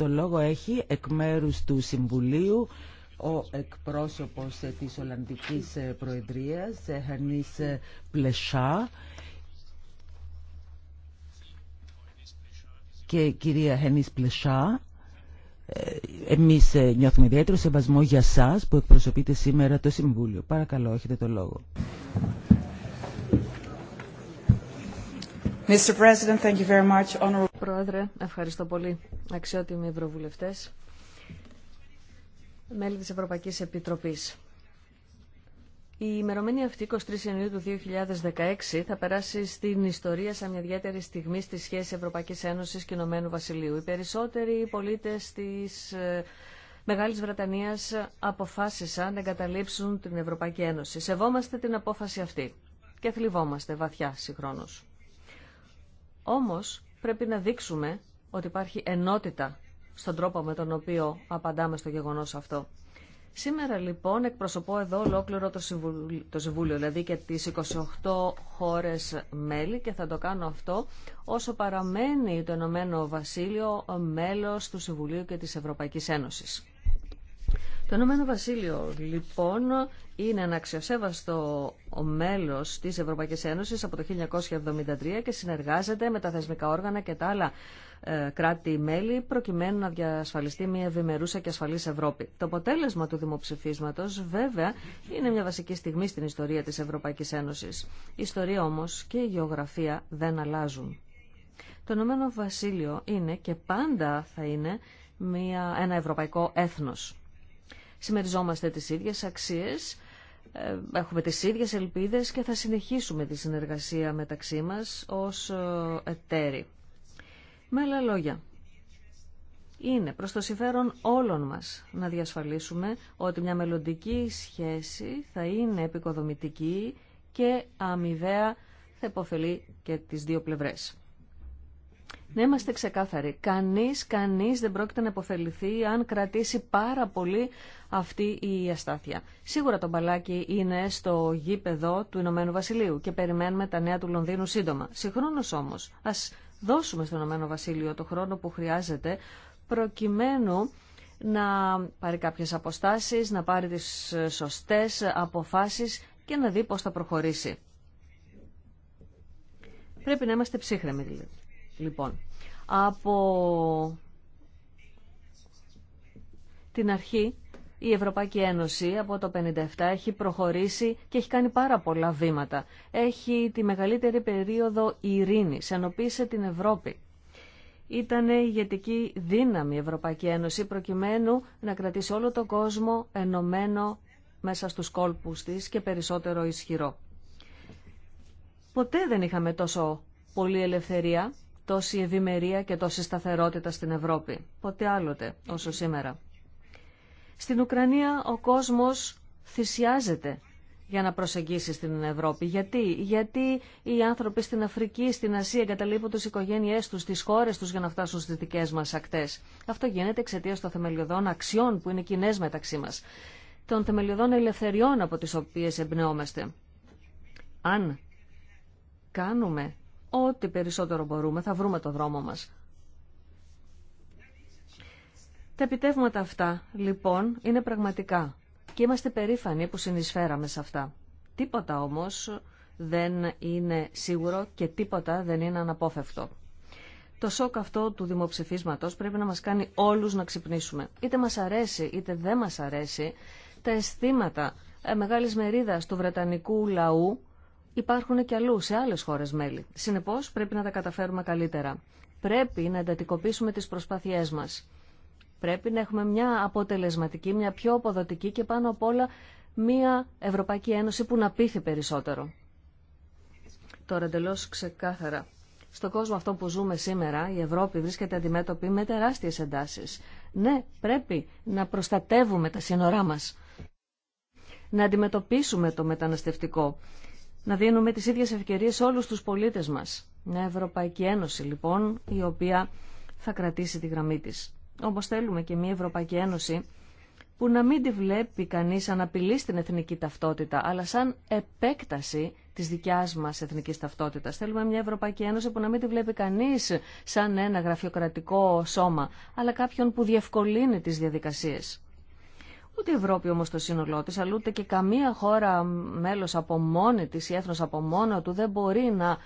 Το λόγο έχει εκ μέρους του Συμβουλίου ο εκπρόσωπος της Ολλανδικής ε, Προεδρίας, Χανής ε, Πλεσά. Και κυρία Χανής Πλεσά, εμείς ε, νιώθουμε ιδιαίτερο σεβασμό για σας που εκπροσωπείτε σήμερα το Συμβούλιο. Παρακαλώ, έχετε το λόγο. Mr. Πρόεδρε, ευχαριστώ πολύ. Αξιότιμοι ευρωβουλευτές, μέλη της Ευρωπαϊκής Επιτροπής. Η ημερομηνία αυτή, 23 Ιανουαρίου του 2016, θα περάσει στην ιστορία σαν μια ιδιαίτερη στιγμή στη σχέση Ευρωπαϊκής Ένωσης και Ηνωμένου Βασιλείου. Οι περισσότεροι πολίτες της ε, Μεγάλης Βρετανίας αποφάσισαν να εγκαταλείψουν την Ευρωπαϊκή Ένωση. Σεβόμαστε την απόφαση αυτή και θλιβόμαστε βαθιά συγχρόνως. Όμως πρέπει να δείξουμε ότι υπάρχει ενότητα στον τρόπο με τον οποίο απαντάμε στο γεγονός αυτό. Σήμερα λοιπόν εκπροσωπώ εδώ ολόκληρο το Συμβούλιο, το δηλαδή και τις 28 χώρες μέλη και θα το κάνω αυτό όσο παραμένει το Ενωμένο Βασίλειο μέλος του Συμβουλίου και της Ευρωπαϊκής Ένωσης. Το Ηνωμένο Βασίλειο, λοιπόν, είναι ένα αξιοσέβαστο μέλο της Ευρωπαϊκής Ένωσης από το 1973 και συνεργάζεται με τα θεσμικά όργανα και τα άλλα ε, κράτη-μέλη προκειμένου να διασφαλιστεί μια ευημερούσα και ασφαλής Ευρώπη. Το αποτέλεσμα του δημοψηφίσματος βέβαια είναι μια βασική στιγμή στην ιστορία της Ευρωπαϊκής Ένωσης. Η ιστορία όμω και η γεωγραφία δεν αλλάζουν. Το Ηνωμένο Βασίλειο είναι και πάντα θα είναι μια, ένα ευρωπαϊκό έθνος συμμεριζόμαστε τις ίδιες αξίες, ε, έχουμε τις ίδιες ελπίδες και θα συνεχίσουμε τη συνεργασία μεταξύ μας ως ε, εταίροι. Με άλλα λόγια, είναι προς το συμφέρον όλων μας να διασφαλίσουμε ότι μια μελλοντική σχέση θα είναι επικοδομητική και αμοιβαία θα υποφελεί και τις δύο πλευρές. Να είμαστε ξεκάθαροι. Κανείς, κανείς δεν πρόκειται να υποφεληθεί αν κρατήσει πάρα πολύ αυτή η αστάθεια. Σίγουρα το μπαλάκι είναι στο γήπεδο του Ηνωμένου Βασιλείου και περιμένουμε τα νέα του Λονδίνου σύντομα. Συγχρόνως όμως, ας δώσουμε στο Ηνωμένο Βασίλειο το χρόνο που χρειάζεται προκειμένου να πάρει κάποιες αποστάσεις, να πάρει τις σωστές αποφάσεις και να δει πώς θα προχωρήσει. Πρέπει να είμαστε ψύχρεμοι δηλαδή λοιπόν. Από την αρχή η Ευρωπαϊκή Ένωση από το 1957 έχει προχωρήσει και έχει κάνει πάρα πολλά βήματα. Έχει τη μεγαλύτερη περίοδο ειρήνης, ενοποίησε την Ευρώπη. Ήταν η ηγετική δύναμη η Ευρωπαϊκή Ένωση προκειμένου να κρατήσει όλο τον κόσμο ενωμένο μέσα στους κόλπους της και περισσότερο ισχυρό. Ποτέ δεν είχαμε τόσο πολύ ελευθερία τόση ευημερία και τόση σταθερότητα στην Ευρώπη. Ποτέ άλλοτε όσο σήμερα. Στην Ουκρανία ο κόσμος θυσιάζεται για να προσεγγίσει στην Ευρώπη. Γιατί, Γιατί οι άνθρωποι στην Αφρική, στην Ασία εγκαταλείπουν τις οικογένειές τους, τις χώρες τους για να φτάσουν στις δικές μας ακτές. Αυτό γίνεται εξαιτία των θεμελιωδών αξιών που είναι κοινέ μεταξύ μας. Των θεμελιωδών ελευθεριών από τις οποίες εμπνεόμαστε. Αν κάνουμε ό,τι περισσότερο μπορούμε. Θα βρούμε το δρόμο μας. Τα επιτεύγματα αυτά, λοιπόν, είναι πραγματικά και είμαστε περήφανοι που συνεισφέραμε σε αυτά. Τίποτα όμως δεν είναι σίγουρο και τίποτα δεν είναι αναπόφευκτο. Το σοκ αυτό του δημοψηφίσματος πρέπει να μας κάνει όλους να ξυπνήσουμε. Είτε μας αρέσει είτε δεν μας αρέσει, τα αισθήματα ε, μεγάλης μερίδας του βρετανικού λαού υπάρχουν και αλλού, σε άλλε χώρε μέλη. Συνεπώ πρέπει να τα καταφέρουμε καλύτερα. Πρέπει να εντατικοποιήσουμε τι προσπάθειές μα. Πρέπει να έχουμε μια αποτελεσματική, μια πιο αποδοτική και πάνω απ' όλα μια Ευρωπαϊκή Ένωση που να πείθει περισσότερο. Τώρα εντελώ ξεκάθαρα. Στον κόσμο αυτό που ζούμε σήμερα, η Ευρώπη βρίσκεται αντιμέτωπη με τεράστιες εντάσεις. Ναι, πρέπει να προστατεύουμε τα σύνορά μας. Να αντιμετωπίσουμε το μεταναστευτικό να δίνουμε τις ίδιες ευκαιρίες σε όλους τους πολίτες μας. Μια Ευρωπαϊκή Ένωση λοιπόν η οποία θα κρατήσει τη γραμμή της. Όμως θέλουμε και μια Ευρωπαϊκή Ένωση που να μην τη βλέπει κανείς σαν απειλή στην εθνική ταυτότητα, αλλά σαν επέκταση της δικιάς μας εθνικής ταυτότητας. Θέλουμε μια Ευρωπαϊκή Ένωση που να μην τη βλέπει κανείς σαν ένα γραφειοκρατικό σώμα, αλλά κάποιον που διευκολύνει τις διαδικασίες. Ούτε η Ευρώπη όμως το σύνολό της, αλλά ούτε και καμία χώρα μέλος από μόνη της ή έθνος από μόνο του δεν μπορεί να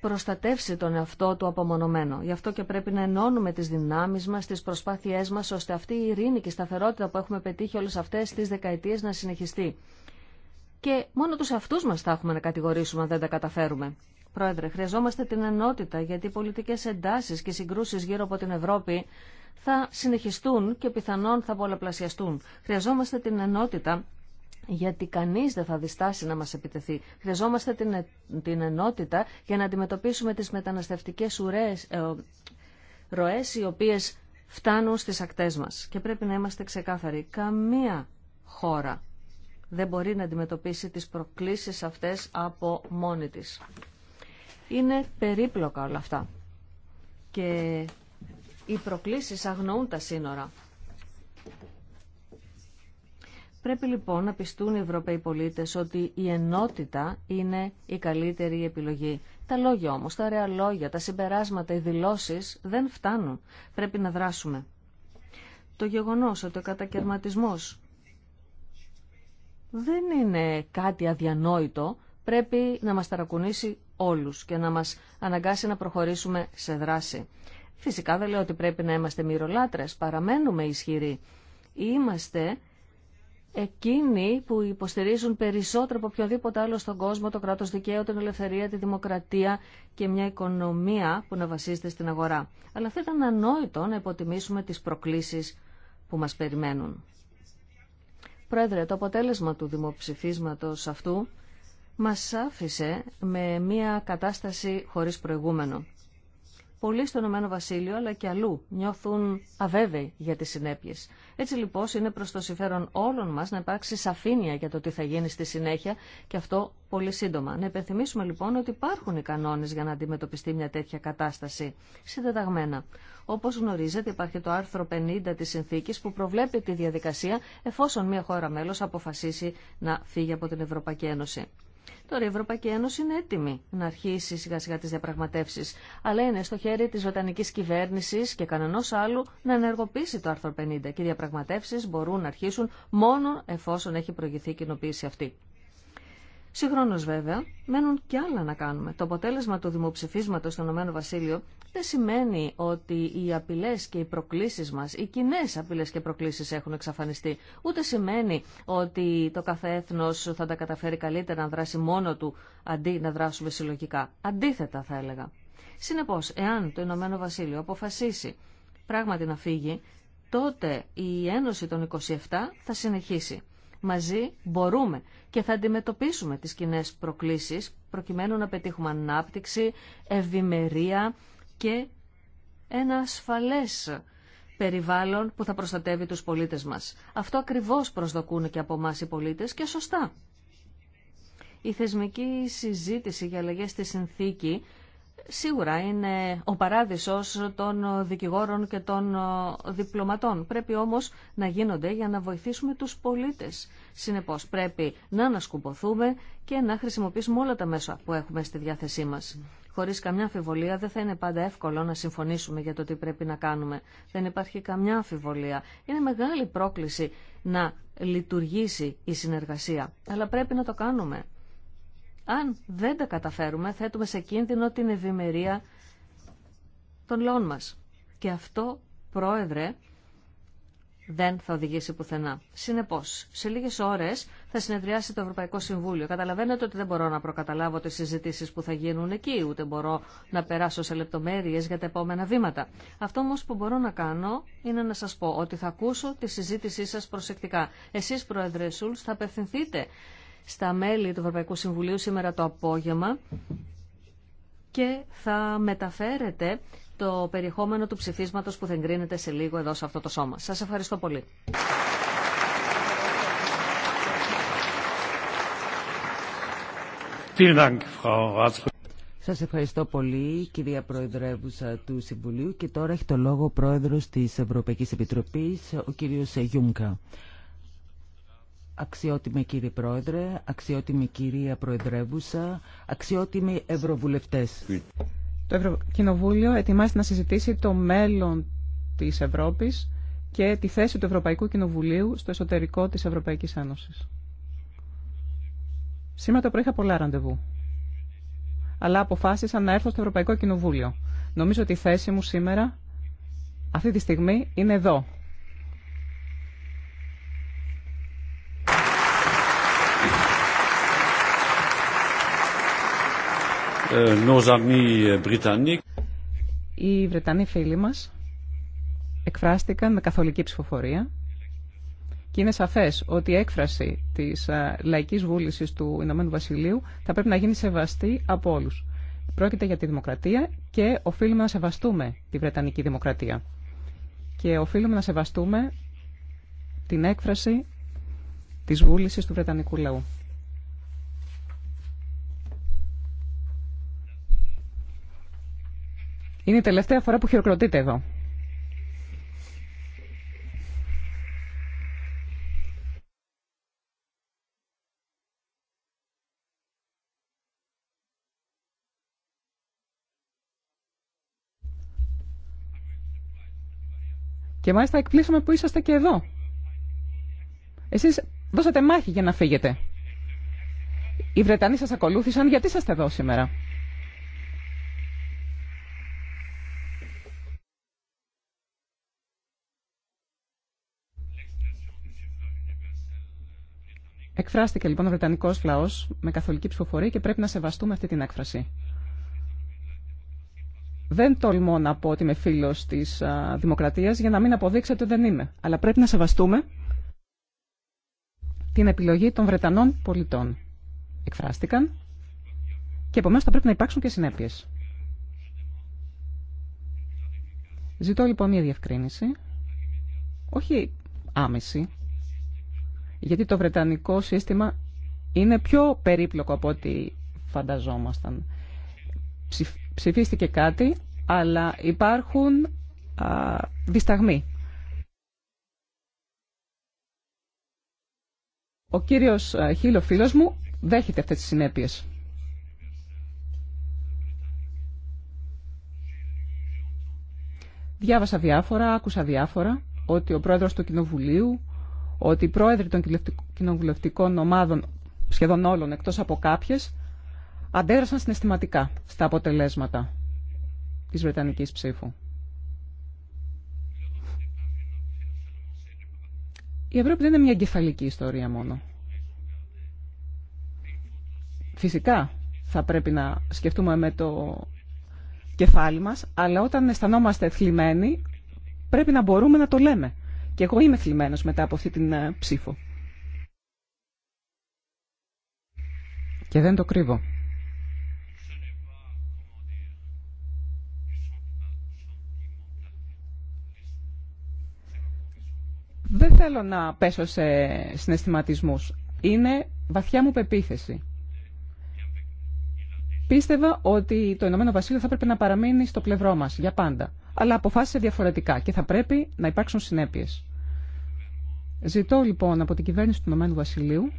προστατεύσει τον εαυτό του απομονωμένο. Γι' αυτό και πρέπει να ενώνουμε τις δυνάμεις μας, τις προσπάθειές μας, ώστε αυτή η ειρήνη και η σταθερότητα που έχουμε πετύχει όλες αυτές τις δεκαετίες να συνεχιστεί. Και μόνο τους αυτούς μας θα έχουμε να κατηγορήσουμε αν δεν τα καταφέρουμε. Πρόεδρε, χρειαζόμαστε την ενότητα γιατί οι πολιτικές εντάσεις και συγκρούσεις γύρω από την Ευρώπη θα συνεχιστούν και πιθανόν θα πολλαπλασιαστούν. Χρειαζόμαστε την ενότητα γιατί κανείς δεν θα διστάσει να μας επιτεθεί. Χρειαζόμαστε την, ε, την ενότητα για να αντιμετωπίσουμε τις μεταναστευτικές ουρές, ε, ροές οι οποίες φτάνουν στις ακτές μας. Και πρέπει να είμαστε ξεκάθαροι. Καμία χώρα δεν μπορεί να αντιμετωπίσει τις προκλήσεις αυτές από μόνη της. Είναι περίπλοκα όλα αυτά. Οι προκλήσεις αγνοούν τα σύνορα. Πρέπει λοιπόν να πιστούν οι Ευρωπαίοι πολίτες ότι η ενότητα είναι η καλύτερη επιλογή. Τα λόγια όμως, τα ωραία τα συμπεράσματα, οι δηλώσεις δεν φτάνουν. Πρέπει να δράσουμε. Το γεγονός ότι ο κατακαιρματισμός δεν είναι κάτι αδιανόητο, πρέπει να μας ταρακουνήσει όλους και να μας αναγκάσει να προχωρήσουμε σε δράση. Φυσικά δεν λέω ότι πρέπει να είμαστε μυρολάτρες, παραμένουμε ισχυροί. Είμαστε εκείνοι που υποστηρίζουν περισσότερο από οποιοδήποτε άλλο στον κόσμο το κράτος δικαίου, την ελευθερία, τη δημοκρατία και μια οικονομία που να βασίζεται στην αγορά. Αλλά θα ήταν ανόητο να υποτιμήσουμε τις προκλήσεις που μας περιμένουν. Πρόεδρε, το αποτέλεσμα του δημοψηφίσματος αυτού μας άφησε με μια κατάσταση χωρίς προηγούμενο πολλοί στο Ηνωμένο Βασίλειο αλλά και αλλού νιώθουν αβέβαιοι για τις συνέπειες. Έτσι λοιπόν είναι προς το συμφέρον όλων μας να υπάρξει σαφήνεια για το τι θα γίνει στη συνέχεια και αυτό πολύ σύντομα. Να υπενθυμίσουμε λοιπόν ότι υπάρχουν οι κανόνες για να αντιμετωπιστεί μια τέτοια κατάσταση συντεταγμένα. Όπως γνωρίζετε υπάρχει το άρθρο 50 της συνθήκης που προβλέπει τη διαδικασία εφόσον μια χώρα μέλος αποφασίσει να φύγει από την Ευρωπαϊκή Ένωση. Τώρα η Ευρωπαϊκή Ένωση είναι έτοιμη να αρχίσει σιγά σιγά τις διαπραγματεύσεις, αλλά είναι στο χέρι της Βρετανική κυβέρνηση και κανενός άλλου να ενεργοποιήσει το άρθρο 50 και οι διαπραγματεύσεις μπορούν να αρχίσουν μόνο εφόσον έχει προηγηθεί η κοινοποίηση αυτή. Συγχρόνω, βέβαια, μένουν και άλλα να κάνουμε. Το αποτέλεσμα του δημοψηφίσματο στον Ηνωμένο Βασίλειο δεν σημαίνει ότι οι απειλέ και οι προκλήσει μα, οι κοινέ απειλέ και προκλήσει έχουν εξαφανιστεί. Ούτε σημαίνει ότι το κάθε έθνο θα τα καταφέρει καλύτερα να δράσει μόνο του, αντί να δράσουμε συλλογικά. Αντίθετα θα έλεγα. Συνεπώ, εάν το Ηνωμένο Βασίλειο αποφασίσει πράγματι να φύγει, τότε η Ένωση των 27 θα συνεχίσει μαζί μπορούμε και θα αντιμετωπίσουμε τις κοινέ προκλήσεις προκειμένου να πετύχουμε ανάπτυξη, ευημερία και ένα ασφαλές περιβάλλον που θα προστατεύει τους πολίτες μας. Αυτό ακριβώς προσδοκούν και από εμά οι πολίτες και σωστά. Η θεσμική συζήτηση για αλλαγές στη συνθήκη σίγουρα είναι ο παράδεισος των δικηγόρων και των διπλωματών. Πρέπει όμως να γίνονται για να βοηθήσουμε τους πολίτες. Συνεπώς πρέπει να ανασκουμποθούμε και να χρησιμοποιήσουμε όλα τα μέσα που έχουμε στη διάθεσή μας. Χωρίς καμιά αμφιβολία δεν θα είναι πάντα εύκολο να συμφωνήσουμε για το τι πρέπει να κάνουμε. Δεν υπάρχει καμιά αμφιβολία. Είναι μεγάλη πρόκληση να λειτουργήσει η συνεργασία. Αλλά πρέπει να το κάνουμε. Αν δεν τα καταφέρουμε, θέτουμε σε κίνδυνο την ευημερία των λαών μας. Και αυτό, Πρόεδρε, δεν θα οδηγήσει πουθενά. Συνεπώ, σε λίγε ώρε θα συνεδριάσει το Ευρωπαϊκό Συμβούλιο. Καταλαβαίνετε ότι δεν μπορώ να προκαταλάβω τι συζητήσει που θα γίνουν εκεί, ούτε μπορώ να περάσω σε λεπτομέρειε για τα επόμενα βήματα. Αυτό όμω που μπορώ να κάνω είναι να σα πω ότι θα ακούσω τη συζήτησή σα προσεκτικά. Εσεί, Πρόεδρε Σούλ, θα απευθυνθείτε στα μέλη του Ευρωπαϊκού Συμβουλίου σήμερα το απόγευμα και θα μεταφέρετε το περιεχόμενο του ψηφίσματος που θα εγκρίνεται σε λίγο εδώ σε αυτό το σώμα. Σας ευχαριστώ πολύ. Σας ευχαριστώ πολύ κυρία Προεδρεύουσα του Συμβουλίου και τώρα έχει το λόγο ο Πρόεδρος της Ευρωπαϊκής Επιτροπής, ο κύριος Γιούμκα. Αξιότιμη κύριε Πρόεδρε, αξιότιμη κυρία Προεδρεύουσα, αξιότιμοι Ευρωβουλευτές. Το Ευρωκοινοβούλιο ετοιμάζεται να συζητήσει το μέλλον της Ευρώπης και τη θέση του Ευρωπαϊκού Κοινοβουλίου στο εσωτερικό της Ευρωπαϊκής Ένωσης. Σήμερα το πρωί είχα πολλά ραντεβού, αλλά αποφάσισα να έρθω στο Ευρωπαϊκό Κοινοβούλιο. Νομίζω ότι η θέση μου σήμερα, αυτή τη στιγμή, είναι εδώ, nos ε, amis ε, Οι Βρετανοί φίλοι μας εκφράστηκαν με καθολική ψηφοφορία και είναι σαφές ότι η έκφραση της ε, λαϊκής βούλησης του Ηνωμένου Βασιλείου θα πρέπει να γίνει σεβαστή από όλους. Πρόκειται για τη δημοκρατία και οφείλουμε να σεβαστούμε τη Βρετανική δημοκρατία. Και οφείλουμε να σεβαστούμε την έκφραση της βούλησης του Βρετανικού λαού. Είναι η τελευταία φορά που χειροκροτείτε εδώ. Και μάλιστα εκπλήσαμε που είσαστε και εδώ. Εσείς δώσατε μάχη για να φύγετε. Οι Βρετανοί σας ακολούθησαν. Γιατί είσαστε εδώ σήμερα. Εκφράστηκε λοιπόν ο Βρετανικό λαό με καθολική ψηφοφορία και πρέπει να σεβαστούμε αυτή την έκφραση. Δεν τολμώ να πω ότι είμαι φίλο τη Δημοκρατία για να μην αποδείξετε ότι δεν είμαι. Αλλά πρέπει να σεβαστούμε την επιλογή των Βρετανών πολιτών. Εκφράστηκαν και επομένω θα πρέπει να υπάρξουν και συνέπειε. Ζητώ λοιπόν μια διευκρίνηση, όχι άμεση, γιατί το βρετανικό σύστημα είναι πιο περίπλοκο από ό,τι φανταζόμασταν. Ψηφίστηκε κάτι, αλλά υπάρχουν α, δισταγμοί. Ο κύριος Χίλο, μου, δέχεται αυτές τις συνέπειες. Διάβασα διάφορα, άκουσα διάφορα, ότι ο πρόεδρος του Κοινοβουλίου ότι οι πρόεδροι των κοινοβουλευτικών ομάδων, σχεδόν όλων εκτός από κάποιες, αντέδρασαν συναισθηματικά στα αποτελέσματα της Βρετανικής ψήφου. Η Ευρώπη δεν είναι μια κεφαλική ιστορία μόνο. Φυσικά θα πρέπει να σκεφτούμε με το κεφάλι μας, αλλά όταν αισθανόμαστε θλιμμένοι πρέπει να μπορούμε να το λέμε. Και εγώ είμαι θλιμμένος μετά από αυτή την ε, ψήφο. Και δεν το κρύβω. Δεν θέλω να πέσω σε συναισθηματισμούς. Είναι βαθιά μου πεποίθηση. Πίστευα ότι το Ηνωμένο Βασίλειο θα πρέπει να παραμείνει στο πλευρό μας για πάντα αλλά αποφάσισε διαφορετικά και θα πρέπει να υπάρξουν συνέπειες. Ζητώ λοιπόν από την κυβέρνηση του Ηνωμένου Βασιλείου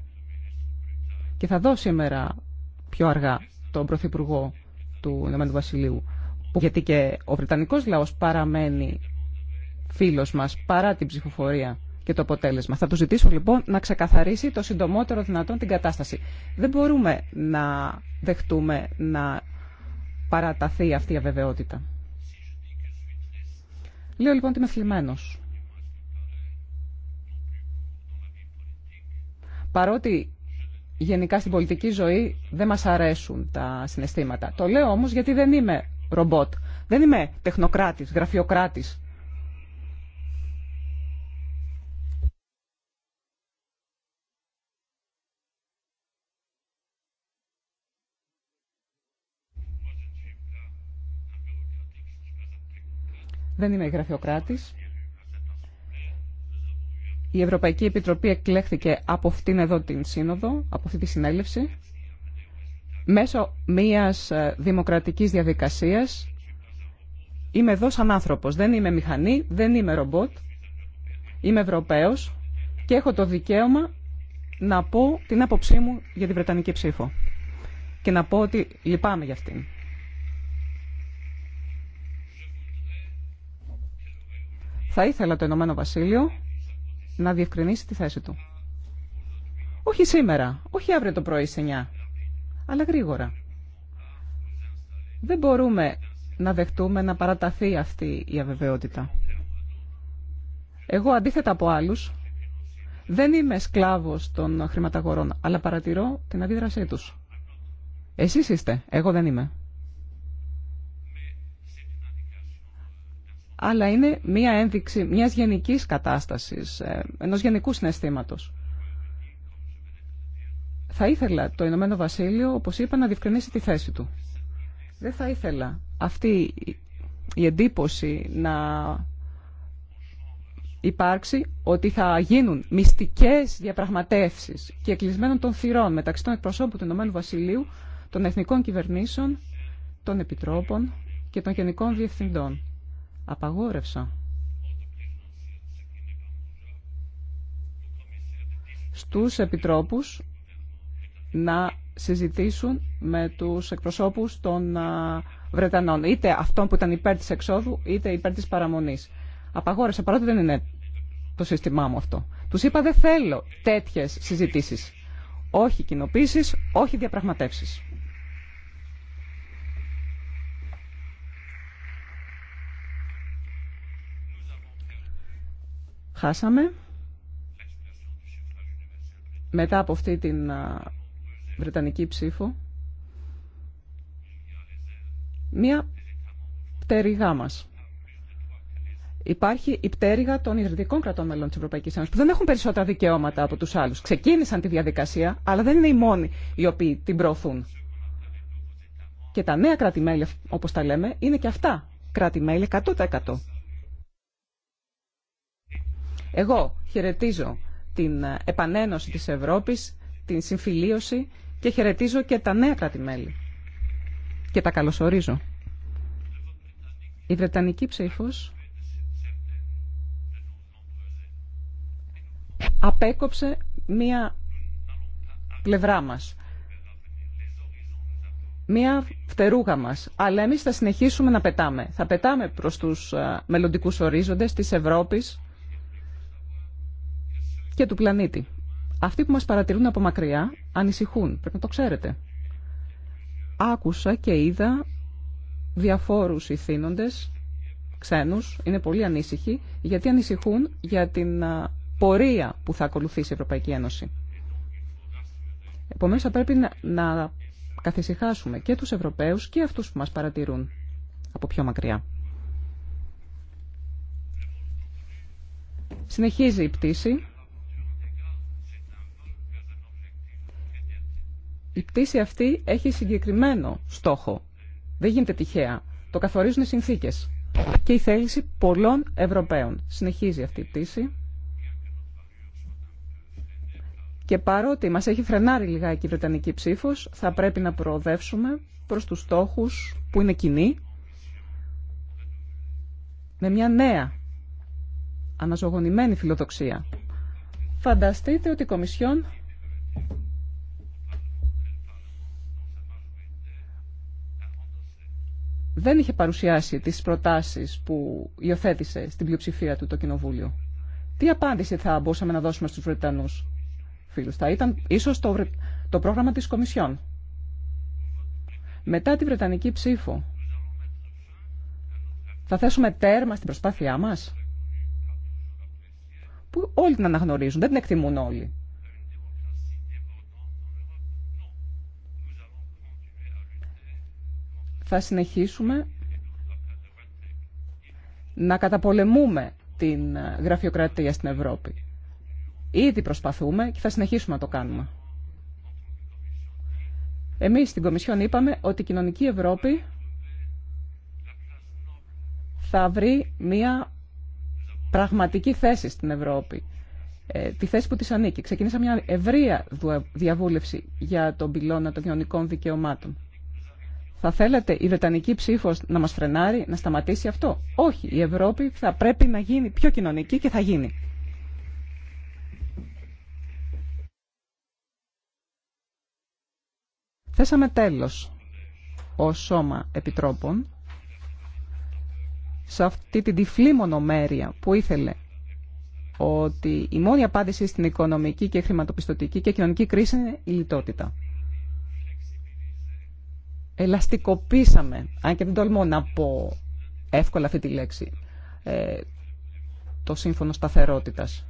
και θα δω σήμερα πιο αργά τον Πρωθυπουργό του Ηνωμένου Βασιλείου γιατί και ο Βρετανικός λαός παραμένει φίλος μας παρά την ψηφοφορία και το αποτέλεσμα. Θα του ζητήσω λοιπόν να ξεκαθαρίσει το συντομότερο δυνατόν την κατάσταση. Δεν μπορούμε να δεχτούμε να παραταθεί αυτή η αβεβαιότητα. Λέω λοιπόν ότι είμαι θλιμμένο. Παρότι γενικά στην πολιτική ζωή δεν μας αρέσουν τα συναισθήματα. Το λέω όμως γιατί δεν είμαι ρομπότ. Δεν είμαι τεχνοκράτης, γραφειοκράτης. Δεν είμαι γραφειοκράτης. Η Ευρωπαϊκή Επιτροπή εκλέχθηκε από αυτήν εδώ την σύνοδο, από αυτή τη συνέλευση, μέσω μιας ε, δημοκρατικής διαδικασίας. Είμαι εδώ σαν άνθρωπος, δεν είμαι μηχανή, δεν είμαι ρομπότ, είμαι Ευρωπαίος και έχω το δικαίωμα να πω την άποψή μου για την Βρετανική ψήφο. Και να πω ότι λυπάμαι για αυτήν. Θα ήθελα το Ηνωμένο Βασίλειο να διευκρινίσει τη θέση του. Όχι σήμερα, όχι αύριο το πρωί σε 9, αλλά γρήγορα. Δεν μπορούμε να δεχτούμε να παραταθεί αυτή η αβεβαιότητα. Εγώ αντίθετα από άλλους δεν είμαι σκλάβος των χρηματαγορών, αλλά παρατηρώ την αντίδρασή τους. Εσείς είστε, εγώ δεν είμαι. αλλά είναι μία ένδειξη μιας γενικής κατάστασης, ε, ενός γενικού συναισθήματος. Θα ήθελα το Ηνωμένο Βασίλειο, όπως είπα, να διευκρινίσει τη θέση του. Δεν θα ήθελα αυτή η εντύπωση να υπάρξει ότι θα γίνουν μυστικές διαπραγματεύσεις και κλεισμένων των θυρών μεταξύ των εκπροσώπων του Ηνωμένου Βασιλείου, των εθνικών κυβερνήσεων, των επιτρόπων και των γενικών διευθυντών απαγόρευσα στους επιτρόπους να συζητήσουν με τους εκπροσώπους των Βρετανών, είτε αυτών που ήταν υπέρ της εξόδου, είτε υπέρ της παραμονής. Απαγόρευσα, παρότι δεν είναι το σύστημά μου αυτό. Τους είπα δεν θέλω τέτοιες συζητήσεις. Όχι κοινοποίησεις, όχι διαπραγματεύσεις. χάσαμε. Μετά από αυτή την Βρετανική ψήφο, μία πτέρυγά μας. Υπάρχει η πτέρυγα των ιδρυτικών κρατών μελών τη Ευρωπαϊκή Ένωση που δεν έχουν περισσότερα δικαιώματα από του άλλου. Ξεκίνησαν τη διαδικασία, αλλά δεν είναι οι μόνοι οι οποίοι την προωθούν. Και τα νέα κράτη-μέλη, όπω τα λέμε, είναι και αυτά κράτη-μέλη 100%. Εγώ χαιρετίζω την επανένωση της Ευρώπης, την συμφιλίωση και χαιρετίζω και τα νέα κράτη-μέλη. Και τα καλωσορίζω. Η Βρετανική ψήφος απέκοψε μία πλευρά μας. Μία φτερούγα μας. Αλλά εμείς θα συνεχίσουμε να πετάμε. Θα πετάμε προς τους ε, μελλοντικού ορίζοντες της Ευρώπης και του πλανήτη. Αυτοί που μας παρατηρούν από μακριά ανησυχούν, πρέπει να το ξέρετε. Άκουσα και είδα διαφόρους ηθήνοντες, ξένους, είναι πολύ ανήσυχοι, γιατί ανησυχούν για την πορεία που θα ακολουθήσει η Ευρωπαϊκή Ένωση. Επομένως θα πρέπει να, καθησυχάσουμε και τους Ευρωπαίους και αυτούς που μας παρατηρούν από πιο μακριά. Συνεχίζει η πτήση η πτήση αυτή έχει συγκεκριμένο στόχο. Δεν γίνεται τυχαία. Το καθορίζουν οι συνθήκες και η θέληση πολλών Ευρωπαίων. Συνεχίζει αυτή η πτήση. Και παρότι μας έχει φρενάρει λιγάκι η Βρετανική ψήφος, θα πρέπει να προοδεύσουμε προς τους στόχους που είναι κοινοί, με μια νέα αναζωογονημένη φιλοδοξία. Φανταστείτε ότι η Κομισιόν δεν είχε παρουσιάσει τις προτάσεις που υιοθέτησε στην πλειοψηφία του το Κοινοβούλιο. Τι απάντηση θα μπορούσαμε να δώσουμε στους Βρετανούς φίλους. Θα ήταν ίσως το, το πρόγραμμα της Κομισιόν. Μετά τη Βρετανική ψήφο, θα θέσουμε τέρμα στην προσπάθειά μας. Που όλοι την αναγνωρίζουν, δεν την εκτιμούν όλοι. θα συνεχίσουμε να καταπολεμούμε την γραφειοκρατία στην Ευρώπη. Ήδη προσπαθούμε και θα συνεχίσουμε να το κάνουμε. Εμείς στην Κομισιόν είπαμε ότι η κοινωνική Ευρώπη θα βρει μια πραγματική θέση στην Ευρώπη. Ε, τη θέση που της ανήκει. Ξεκίνησα μια ευρεία διαβούλευση για τον πυλώνα των κοινωνικών δικαιωμάτων. Θα θέλατε η Βρετανική ψήφο να μα φρενάρει, να σταματήσει αυτό. Όχι. Η Ευρώπη θα πρέπει να γίνει πιο κοινωνική και θα γίνει. Θέσαμε τέλος ω σώμα επιτρόπων σε αυτή την τυφλή μονομέρεια που ήθελε ότι η μόνη απάντηση στην οικονομική και χρηματοπιστωτική και κοινωνική κρίση είναι η λιτότητα ελαστικοποίησαμε, αν και δεν τολμώ να πω εύκολα αυτή τη λέξη, ε, το σύμφωνο σταθερότητας.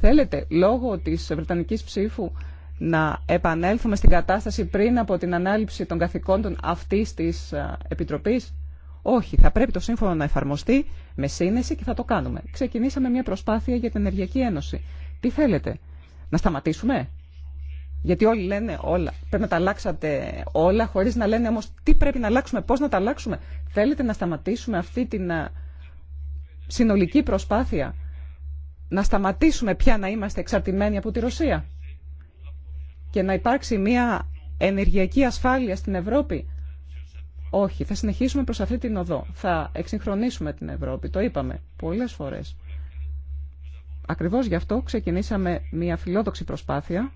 Θέλετε, λόγω της Βρετανικής ψήφου, να επανέλθουμε στην κατάσταση πριν από την ανάληψη των καθηκόντων αυτής της ε, Επιτροπής. Όχι, θα πρέπει το σύμφωνο να εφαρμοστεί με σύνεση και θα το κάνουμε. Ξεκινήσαμε μια προσπάθεια για την Ενεργειακή Ένωση. Τι θέλετε, να σταματήσουμε γιατί όλοι λένε όλα. Πρέπει να τα αλλάξατε όλα, χωρί να λένε όμω τι πρέπει να αλλάξουμε, πώ να τα αλλάξουμε. Θέλετε να σταματήσουμε αυτή την συνολική προσπάθεια. Να σταματήσουμε πια να είμαστε εξαρτημένοι από τη Ρωσία. Και να υπάρξει μια ενεργειακή ασφάλεια στην Ευρώπη. Όχι, θα συνεχίσουμε προς αυτή την οδό. Θα εξυγχρονίσουμε την Ευρώπη, το είπαμε πολλές φορές. Ακριβώς γι' αυτό ξεκινήσαμε μια φιλόδοξη προσπάθεια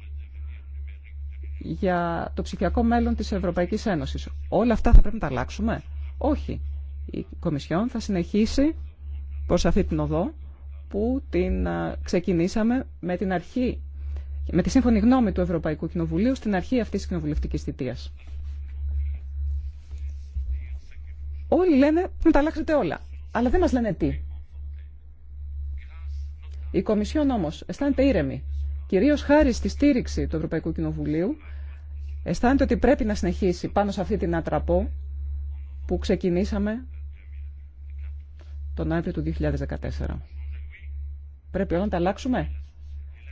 για το ψηφιακό μέλλον της Ευρωπαϊκής Ένωσης. Όλα αυτά θα πρέπει να τα αλλάξουμε. Όχι. Η Κομισιόν θα συνεχίσει προς αυτή την οδό που την ξεκινήσαμε με την αρχή, με τη σύμφωνη γνώμη του Ευρωπαϊκού Κοινοβουλίου στην αρχή αυτής της κοινοβουλευτικής θητείας. Όλοι λένε να τα αλλάξετε όλα, αλλά δεν μας λένε τι. Η Κομισιόν όμως αισθάνεται ήρεμη κυρίως χάρη στη στήριξη του Ευρωπαϊκού Κοινοβουλίου, αισθάνεται ότι πρέπει να συνεχίσει πάνω σε αυτή την ατραπό που ξεκινήσαμε τον Νοέμβριο του 2014. Πρέπει όλα να τα αλλάξουμε.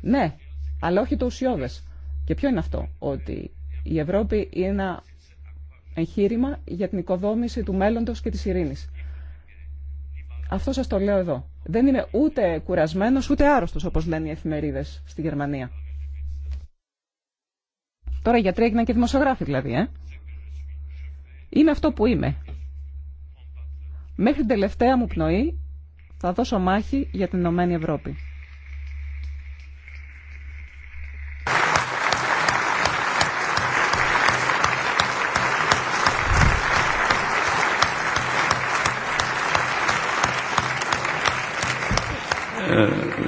Ναι, αλλά όχι το ουσιώδε. Και ποιο είναι αυτό, ότι η Ευρώπη είναι ένα εγχείρημα για την οικοδόμηση του μέλλοντος και της ειρήνης. Αυτό σας το λέω εδώ. Δεν είμαι ούτε κουρασμένος, ούτε άρρωστος, όπως λένε οι εφημερίδες στη Γερμανία. Τώρα οι γιατροί έγιναν και δημοσιογράφοι δηλαδή, ε. Είμαι αυτό που είμαι. Μέχρι την τελευταία μου πνοή θα δώσω μάχη για την Ενωμένη Ευρώπη.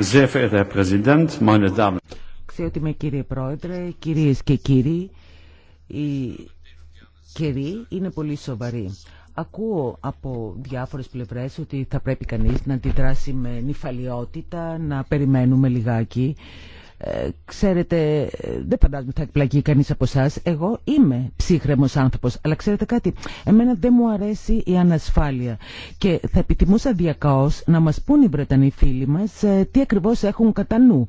Sehr verehrter κύριε Πρόεδρε, κυρίε και κύριοι, η καιροί είναι πολύ σοβαρή. Ακούω από διάφορες πλευρές ότι θα πρέπει κανείς να αντιδράσει με νυφαλιότητα, να περιμένουμε λιγάκι. Ε, ξέρετε, ε, δεν φαντάζομαι θα εκπλαγεί κανείς από εσά. Εγώ είμαι ψύχρεμο άνθρωπο, αλλά ξέρετε κάτι, εμένα δεν μου αρέσει η ανασφάλεια και θα επιθυμούσα Διακάώ να μας πούν οι Βρετανοί φίλοι μας ε, τι ακριβώς έχουν κατά νου.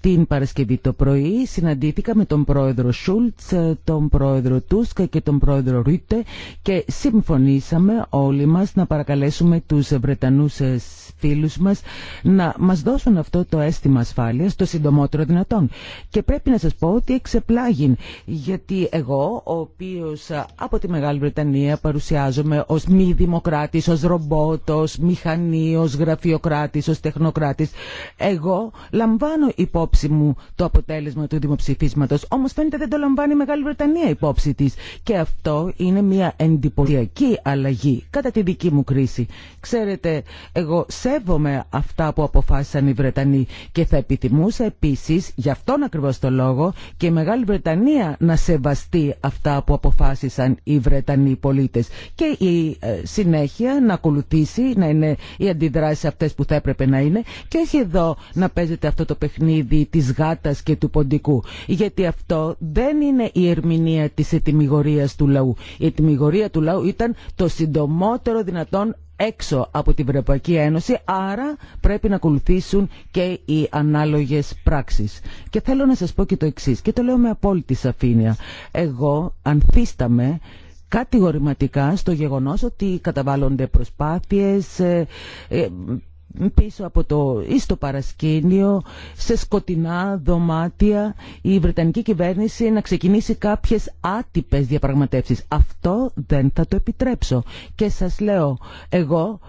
Την Παρασκευή το πρωί συναντήθηκα με τον πρόεδρο Σούλτς, τον πρόεδρο Τούσκα και τον πρόεδρο Ρούτε και συμφωνήσαμε όλοι μας να παρακαλέσουμε τους Βρετανούς φίλους μας να μας δώσουν αυτό το αίσθημα ασφάλειας το συντομότερο δυνατόν. Και πρέπει να σας πω ότι εξεπλάγει γιατί εγώ ο οποίος από τη Μεγάλη Βρετανία παρουσιάζομαι ως μη δημοκράτης, ως ρομπότ, ως μηχανή, ως γραφειοκράτης, τεχνοκράτης εγώ λαμβάνω υπόψη υπόψη το αποτέλεσμα του δημοψηφίσματο. Όμω φαίνεται δεν το λαμβάνει η Μεγάλη Βρετανία υπόψη τη. Και αυτό είναι μια εντυπωσιακή αλλαγή κατά τη δική μου κρίση. Ξέρετε, εγώ σέβομαι αυτά που αποφάσισαν οι Βρετανοί και θα επιθυμούσα επίση, γι' αυτόν ακριβώ το λόγο, και η Μεγάλη Βρετανία να σεβαστεί αυτά που αποφάσισαν οι Βρετανοί πολίτε. και η ε, συνέχεια να ακολουθήσει, να είναι οι αντιδράσει αυτέ που θα έπρεπε να είναι και όχι εδώ να παίζεται αυτό το παιχνίδι Τη της γάτας και του ποντικού. Γιατί αυτό δεν είναι η ερμηνεία της ετοιμιγορίας του λαού. Η ετιμιγορία του λαού ήταν το συντομότερο δυνατόν έξω από την Ευρωπαϊκή Ένωση, άρα πρέπει να ακολουθήσουν και οι ανάλογες πράξεις. Και θέλω να σας πω και το εξής, και το λέω με απόλυτη σαφήνεια. Εγώ ανθίσταμαι κατηγορηματικά στο γεγονός ότι καταβάλλονται προσπάθειες, ε, ε, πίσω από το ή στο παρασκήνιο, σε σκοτεινά δωμάτια, η Βρετανική κυβέρνηση να ξεκινήσει κάποιες άτυπες διαπραγματεύσεις. Αυτό δεν θα το επιτρέψω. Και σας λέω, εγώ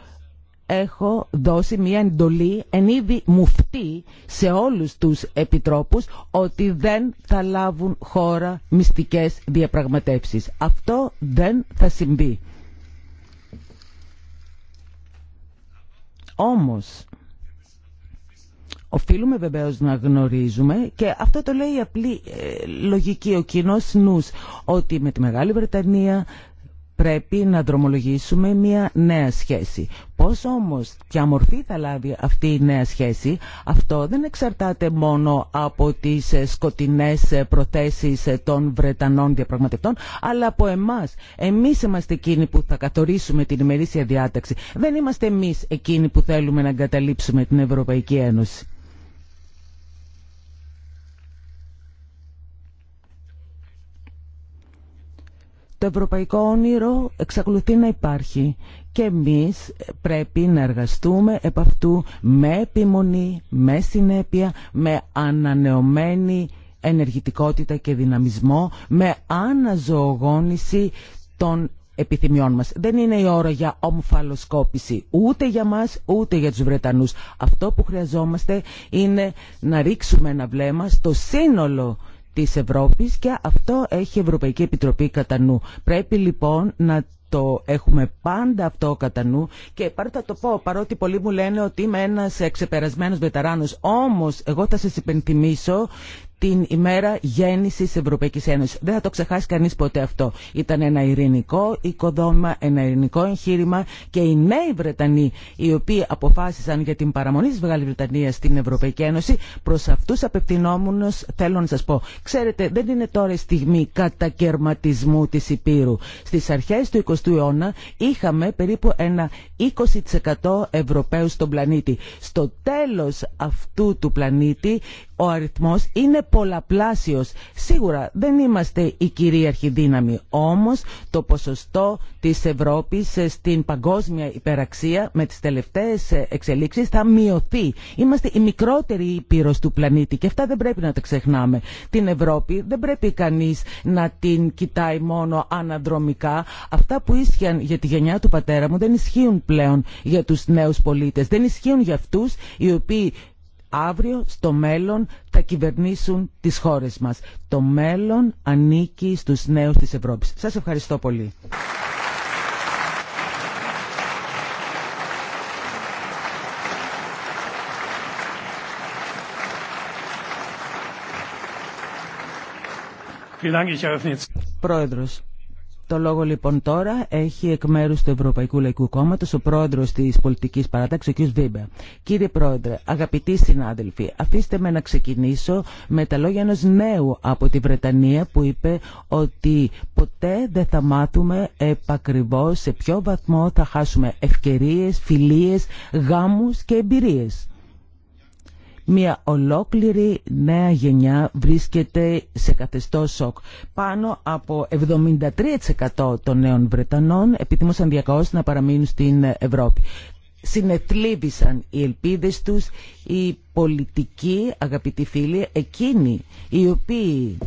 έχω δώσει μια εντολή εν είδη μουφτή σε όλους τους επιτρόπους ότι δεν θα λάβουν χώρα μυστικές διαπραγματεύσεις. Αυτό δεν θα συμβεί. Όμως, οφείλουμε βεβαίως να γνωρίζουμε και αυτό το λέει η απλή ε, λογική, ο κοινός νους, ότι με τη Μεγάλη Βρετανία πρέπει να δρομολογήσουμε μια νέα σχέση. Πώς όμως και αμορφή θα λάβει αυτή η νέα σχέση, αυτό δεν εξαρτάται μόνο από τις σκοτεινές προθέσεις των Βρετανών διαπραγματευτών, αλλά από εμάς. Εμείς είμαστε εκείνοι που θα καθορίσουμε την ημερήσια διάταξη. Δεν είμαστε εμείς εκείνοι που θέλουμε να εγκαταλείψουμε την Ευρωπαϊκή Ένωση. Το ευρωπαϊκό όνειρο εξακολουθεί να υπάρχει και εμείς πρέπει να εργαστούμε επ' αυτού με επιμονή, με συνέπεια, με ανανεωμένη ενεργητικότητα και δυναμισμό, με αναζωογόνηση των επιθυμιών μας. Δεν είναι η ώρα για ομφαλοσκόπηση ούτε για μας ούτε για τους Βρετανούς. Αυτό που χρειαζόμαστε είναι να ρίξουμε ένα βλέμμα στο σύνολο της Ευρώπης και αυτό έχει η Ευρωπαϊκή Επιτροπή κατά νου. Πρέπει λοιπόν να το έχουμε πάντα αυτό κατά νου και πάρα θα το πω παρότι πολλοί μου λένε ότι είμαι ένας ξεπερασμένος βεταράνος όμως εγώ θα σας υπενθυμίσω την ημέρα γέννηση Ευρωπαϊκή Ένωση. Δεν θα το ξεχάσει κανεί ποτέ αυτό. Ήταν ένα ειρηνικό οικοδόμημα, ένα ειρηνικό εγχείρημα και οι νέοι Βρετανοί, οι οποίοι αποφάσισαν για την παραμονή τη Μεγάλη Βρετανία στην Ευρωπαϊκή Ένωση, προ αυτού απευθυνόμουν, θέλω να σα πω. Ξέρετε, δεν είναι τώρα η στιγμή κατακαιρματισμού τη Υπήρου. Στι αρχέ του 20ου αιώνα είχαμε περίπου ένα 20% Ευρωπαίου στον πλανήτη. Στο τέλο αυτού του πλανήτη, ο αριθμό είναι πολλαπλάσιος. Σίγουρα δεν είμαστε η κυρίαρχη δύναμη, όμως το ποσοστό της Ευρώπης ε, στην παγκόσμια υπεραξία με τις τελευταίες ε, εξελίξεις θα μειωθεί. Είμαστε η μικρότερη ήπειρος του πλανήτη και αυτά δεν πρέπει να τα ξεχνάμε. Την Ευρώπη δεν πρέπει κανείς να την κοιτάει μόνο αναδρομικά. Αυτά που ίσχυαν για τη γενιά του πατέρα μου δεν ισχύουν πλέον για τους νέους πολίτες. Δεν ισχύουν για αυτούς οι οποίοι αύριο στο μέλλον θα κυβερνήσουν τις χώρες μας. Το μέλλον ανήκει στους νέους της Ευρώπης. Σας ευχαριστώ πολύ. Πρόεδρος, το λόγο λοιπόν τώρα έχει εκ μέρου του Ευρωπαϊκού Λαϊκού Κόμματο ο πρόεδρο τη πολιτική παράταξη, ο κ. Βίμπερ. Κύριε Πρόεδρε, αγαπητοί συνάδελφοι, αφήστε με να ξεκινήσω με τα λόγια ενό νέου από τη Βρετανία που είπε ότι ποτέ δεν θα μάθουμε επακριβώ σε ποιο βαθμό θα χάσουμε ευκαιρίε, φιλίε, γάμου και εμπειρίε. Μια ολόκληρη νέα γενιά βρίσκεται σε καθεστώς σοκ. Πάνω από 73% των νέων Βρετανών επιθυμούσαν διακαώς να παραμείνουν στην Ευρώπη. Συνεθλίβησαν οι ελπίδες τους, οι πολιτικοί, αγαπητοί φίλοι, εκείνοι οι οποίοι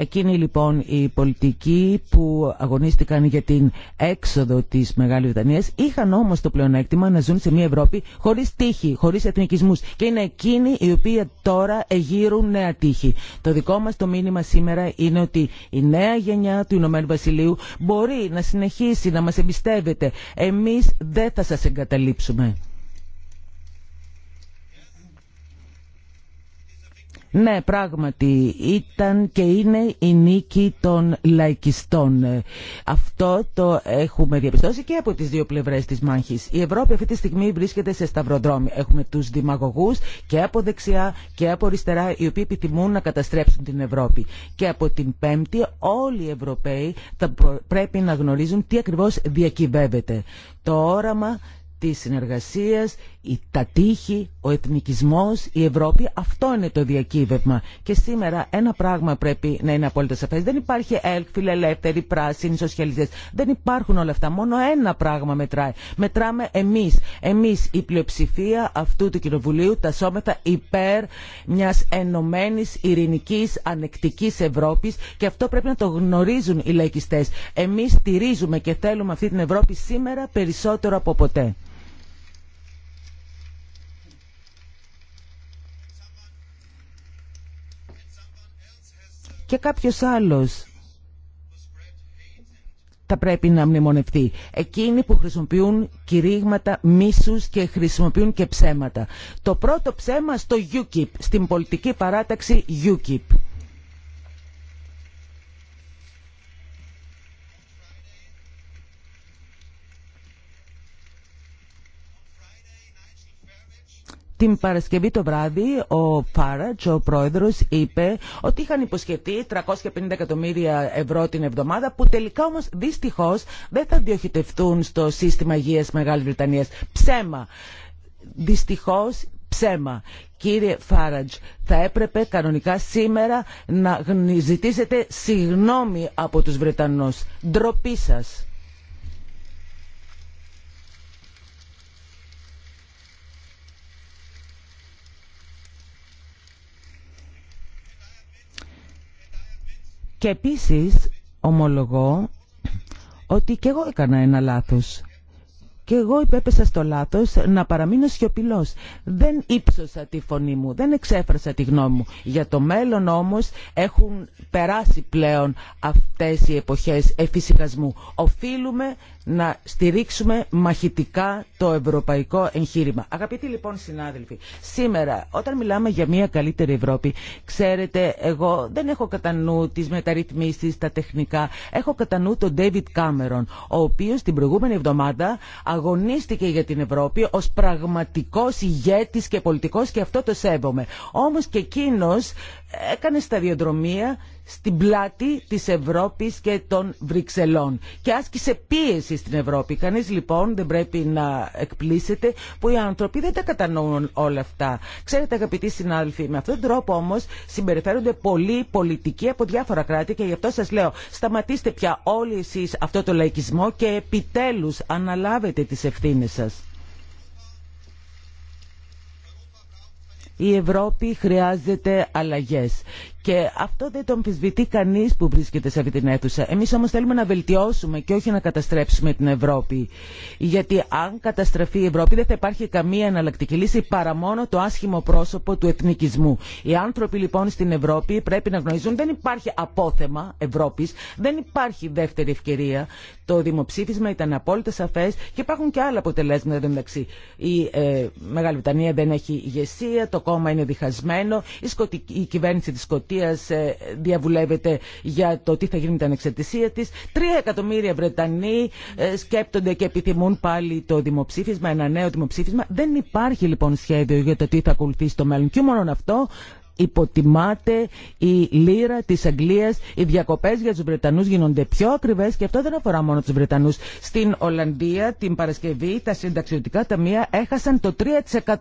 Εκείνοι λοιπόν οι πολιτικοί που αγωνίστηκαν για την έξοδο της Μεγάλης Βρετανία είχαν όμως το πλεονέκτημα να ζουν σε μια Ευρώπη χωρίς τύχη, χωρίς εθνικισμού. και είναι εκείνοι οι οποίοι τώρα εγείρουν νέα τύχη. Το δικό μας το μήνυμα σήμερα είναι ότι η νέα γενιά του Ηνωμένου Βασιλείου μπορεί να συνεχίσει να μα εμπιστεύεται. Εμεί δεν θα σα εγκαταλείψουμε. Ναι, πράγματι ήταν και είναι η νίκη των λαϊκιστών. Ε, αυτό το έχουμε διαπιστώσει και από τις δύο πλευρές της μάχης. Η Ευρώπη αυτή τη στιγμή βρίσκεται σε σταυροδρόμι. Έχουμε τους δημαγωγούς και από δεξιά και από αριστερά οι οποίοι επιθυμούν να καταστρέψουν την Ευρώπη. Και από την Πέμπτη όλοι οι Ευρωπαίοι θα πρέπει να γνωρίζουν τι ακριβώς διακυβεύεται. Το όραμα της συνεργασίας, η, τα τείχη, ο εθνικισμός, η Ευρώπη. Αυτό είναι το διακύβευμα. Και σήμερα ένα πράγμα πρέπει να είναι απόλυτα σαφές. Δεν υπάρχει ΕΛΚ, φιλελεύθεροι, πράσινοι, σοσιαλιστές. Δεν υπάρχουν όλα αυτά. Μόνο ένα πράγμα μετράει. Μετράμε εμείς. Εμείς η πλειοψηφία αυτού του κοινοβουλίου τα σώματα υπέρ μιας ενωμένη ειρηνική, ανεκτική Ευρώπης και αυτό πρέπει να το γνωρίζουν οι λαϊκιστές. Εμείς στηρίζουμε και θέλουμε αυτή την Ευρώπη σήμερα περισσότερο από ποτέ. και κάποιος άλλος θα πρέπει να μνημονευτεί. Εκείνοι που χρησιμοποιούν κηρύγματα μίσους και χρησιμοποιούν και ψέματα. Το πρώτο ψέμα στο UKIP, στην πολιτική παράταξη UKIP. Την Παρασκευή το βράδυ ο Φάρατς, ο πρόεδρος, είπε ότι είχαν υποσχεθεί 350 εκατομμύρια ευρώ την εβδομάδα που τελικά όμως δυστυχώς δεν θα διοχετευτούν στο σύστημα υγείας Μεγάλης Βρετανίας. Ψέμα. Δυστυχώς ψέμα. Κύριε Φάρατς, θα έπρεπε κανονικά σήμερα να ζητήσετε συγνώμη από τους Βρετανούς. Ντροπή σας. Και επίσης ομολογώ ότι και εγώ έκανα ένα λάθος. Και εγώ υπέπεσα στο λάθος να παραμείνω σιωπηλός. Δεν ύψωσα τη φωνή μου, δεν εξέφρασα τη γνώμη μου. Για το μέλλον όμως έχουν περάσει πλέον αυτές οι εποχές εφησυχασμού. Οφείλουμε να στηρίξουμε μαχητικά το ευρωπαϊκό εγχείρημα. Αγαπητοί λοιπόν συνάδελφοι, σήμερα όταν μιλάμε για μια καλύτερη Ευρώπη, ξέρετε εγώ δεν έχω κατά νου τις μεταρρυθμίσεις, τα τεχνικά. Έχω κατά νου τον David Cameron, ο οποίος την προηγούμενη εβδομάδα αγωνίστηκε για την Ευρώπη ως πραγματικός ηγέτης και πολιτικός και αυτό το σέβομαι. Όμως και εκείνος έκανε σταδιοδρομία στην πλάτη της Ευρώπης και των Βρυξελών και άσκησε πίεση στην Ευρώπη. Κανείς λοιπόν δεν πρέπει να εκπλήσεται που οι άνθρωποι δεν τα κατανοούν όλα αυτά. Ξέρετε αγαπητοί συνάδελφοι, με αυτόν τον τρόπο όμως συμπεριφέρονται πολλοί πολιτικοί από διάφορα κράτη και γι' αυτό σας λέω σταματήστε πια όλοι εσείς αυτό το λαϊκισμό και επιτέλους αναλάβετε τις ευθύνες σας. Η Ευρώπη χρειάζεται αλλαγές και αυτό δεν το αμφισβητεί κανεί που βρίσκεται σε αυτή την αίθουσα. Εμεί όμω θέλουμε να βελτιώσουμε και όχι να καταστρέψουμε την Ευρώπη. Γιατί αν καταστραφεί η Ευρώπη δεν θα υπάρχει καμία εναλλακτική λύση παρά μόνο το άσχημο πρόσωπο του εθνικισμού. Οι άνθρωποι λοιπόν στην Ευρώπη πρέπει να γνωρίζουν δεν υπάρχει απόθεμα Ευρώπη, δεν υπάρχει δεύτερη ευκαιρία. Το δημοψήφισμα ήταν απόλυτα σαφέ και υπάρχουν και άλλα αποτελέσματα εδώ Η ε, Μεγάλη Βρετανία δεν έχει ηγεσία, το κόμμα είναι διχασμένο, η, σκοτική, η κυβέρνηση τη Σκοτία εξαιτία ε, διαβουλεύεται για το τι θα γίνει με την ανεξαρτησία τη. Τρία εκατομμύρια Βρετανοί ε, σκέπτονται και επιθυμούν πάλι το δημοψήφισμα, ένα νέο δημοψήφισμα. Δεν υπάρχει λοιπόν σχέδιο για το τι θα ακολουθήσει το μέλλον. Και μόνο αυτό υποτιμάται η λίρα της Αγγλίας, οι διακοπές για τους Βρετανούς γίνονται πιο ακριβές και αυτό δεν αφορά μόνο τους Βρετανούς. Στην Ολλανδία την Παρασκευή τα συνταξιωτικά ταμεία έχασαν το 3%.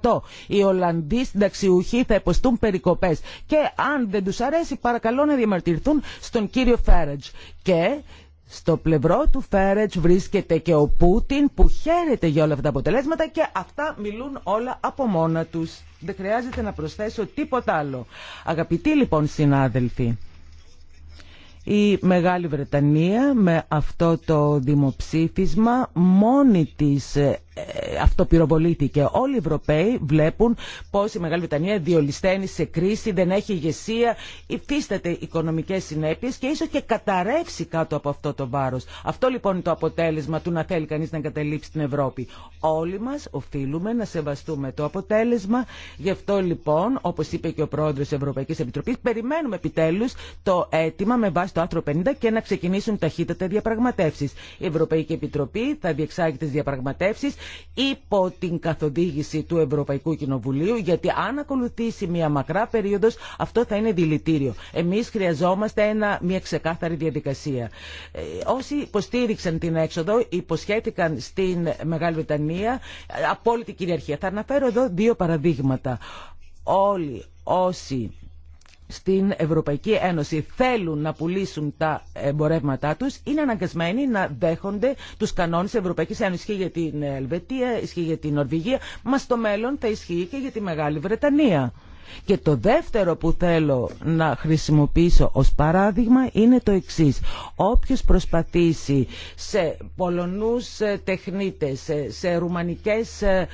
Οι Ολλανδοί συνταξιούχοι θα υποστούν περικοπές και αν δεν τους αρέσει παρακαλώ να διαμαρτυρηθούν στον κύριο Φέρετζ. Και στο πλευρό του Φέρετζ βρίσκεται και ο Πούτιν που χαίρεται για όλα αυτά τα αποτελέσματα και αυτά μιλούν όλα από μόνα τους. Δεν χρειάζεται να προσθέσω τίποτα άλλο. Αγαπητοί λοιπόν συνάδελφοι, η Μεγάλη Βρετανία με αυτό το δημοψήφισμα μόνη της ε, αυτοπυροβολήθηκε. Όλοι οι Ευρωπαίοι βλέπουν πως η Μεγάλη Βρετανία διολυσταίνει σε κρίση, δεν έχει ηγεσία, υφίσταται οικονομικές συνέπειες και ίσως και καταρρεύσει κάτω από αυτό το βάρος. Αυτό λοιπόν είναι το αποτέλεσμα του να θέλει κανείς να εγκαταλείψει την Ευρώπη. Όλοι μας οφείλουμε να σεβαστούμε το αποτέλεσμα. Γι' αυτό λοιπόν, όπως είπε και ο Πρόεδρος της Ευρωπαϊκής Επιτροπής, περιμένουμε επιτέλους το αίτημα με βάση το άρθρο 50 και να ξεκινήσουν ταχύτατα διαπραγματεύσεις. Η Ευρωπαϊκή Επιτροπή θα διεξάγει τις διαπραγματεύσεις υπό την καθοδήγηση του Ευρωπαϊκού Κοινοβουλίου γιατί αν ακολουθήσει μια μακρά περίοδος αυτό θα είναι δηλητήριο. Εμείς χρειαζόμαστε ένα, μια ξεκάθαρη διαδικασία. Ε, όσοι υποστήριξαν την έξοδο υποσχέθηκαν στην Μεγάλη Βρετανία ε, απόλυτη κυριαρχία. Θα αναφέρω εδώ δύο παραδείγματα. Όλοι όσοι στην Ευρωπαϊκή Ένωση θέλουν να πουλήσουν τα εμπορεύματά τους είναι αναγκασμένοι να δέχονται τους κανόνες της Ευρωπαϊκής Ένωσης ισχύει για την Ελβετία, ισχύει για την Νορβηγία μα στο μέλλον θα ισχύει και για τη Μεγάλη Βρετανία και το δεύτερο που θέλω να χρησιμοποιήσω ως παράδειγμα είναι το εξής. Όποιος προσπαθήσει σε Πολωνούς ε, τεχνίτες, ε, σε Ρουμανικές ε,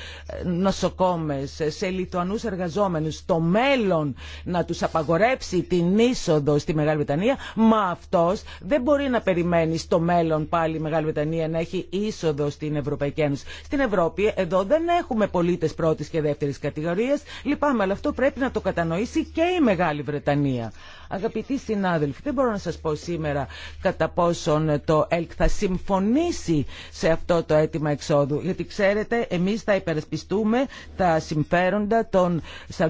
νοσοκόμες, σε Λιτουανούς εργαζόμενους, το μέλλον να τους απαγορέψει την είσοδο στη Μεγάλη Βρετανία, μα αυτός δεν μπορεί να περιμένει στο μέλλον πάλι η Μεγάλη Βρετανία να έχει είσοδο στην Ευρωπαϊκή Ένωση. Στην Ευρώπη εδώ δεν έχουμε πολίτες πρώτης και δεύτερης κατηγορίας, λυπάμαι, αλλά αυτό πρέπει να το κατανοήσει και η Μεγάλη Βρετανία. Αγαπητοί συνάδελφοι, δεν μπορώ να σας πω σήμερα κατά πόσον το ΕΛΚ θα συμφωνήσει σε αυτό το αίτημα εξόδου. Γιατί ξέρετε, εμείς θα υπερασπιστούμε τα συμφέροντα των 44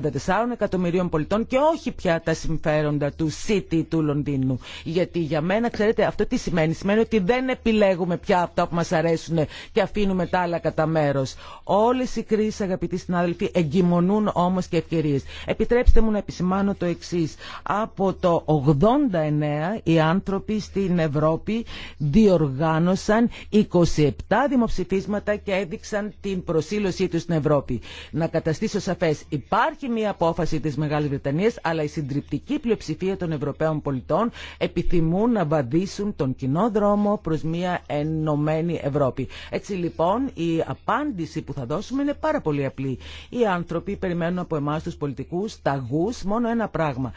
εκατομμυρίων πολιτών και όχι πια τα συμφέροντα του City του Λονδίνου. Γιατί για μένα, ξέρετε, αυτό τι σημαίνει. Σημαίνει ότι δεν επιλέγουμε πια αυτά που μας αρέσουν και αφήνουμε τα άλλα κατά μέρο. Όλες οι κρίσεις, αγαπητοί συνάδελφοι, εγκυμονούν όμως και ευκαιρίε. Επιτρέψτε μου να επισημάνω το εξή. Από από το 89 οι άνθρωποι στην Ευρώπη διοργάνωσαν 27 δημοψηφίσματα και έδειξαν την προσήλωσή τους στην Ευρώπη. Να καταστήσω σαφές, υπάρχει μια απόφαση της Μεγάλης Βρετανίας, αλλά η συντριπτική πλειοψηφία των Ευρωπαίων πολιτών επιθυμούν να βαδίσουν τον κοινό δρόμο προς μια ενωμένη Ευρώπη. Έτσι λοιπόν η απάντηση που θα δώσουμε είναι πάρα πολύ απλή. Οι άνθρωποι περιμένουν από εμάς τους πολιτικούς ταγούς μόνο ένα πράγμα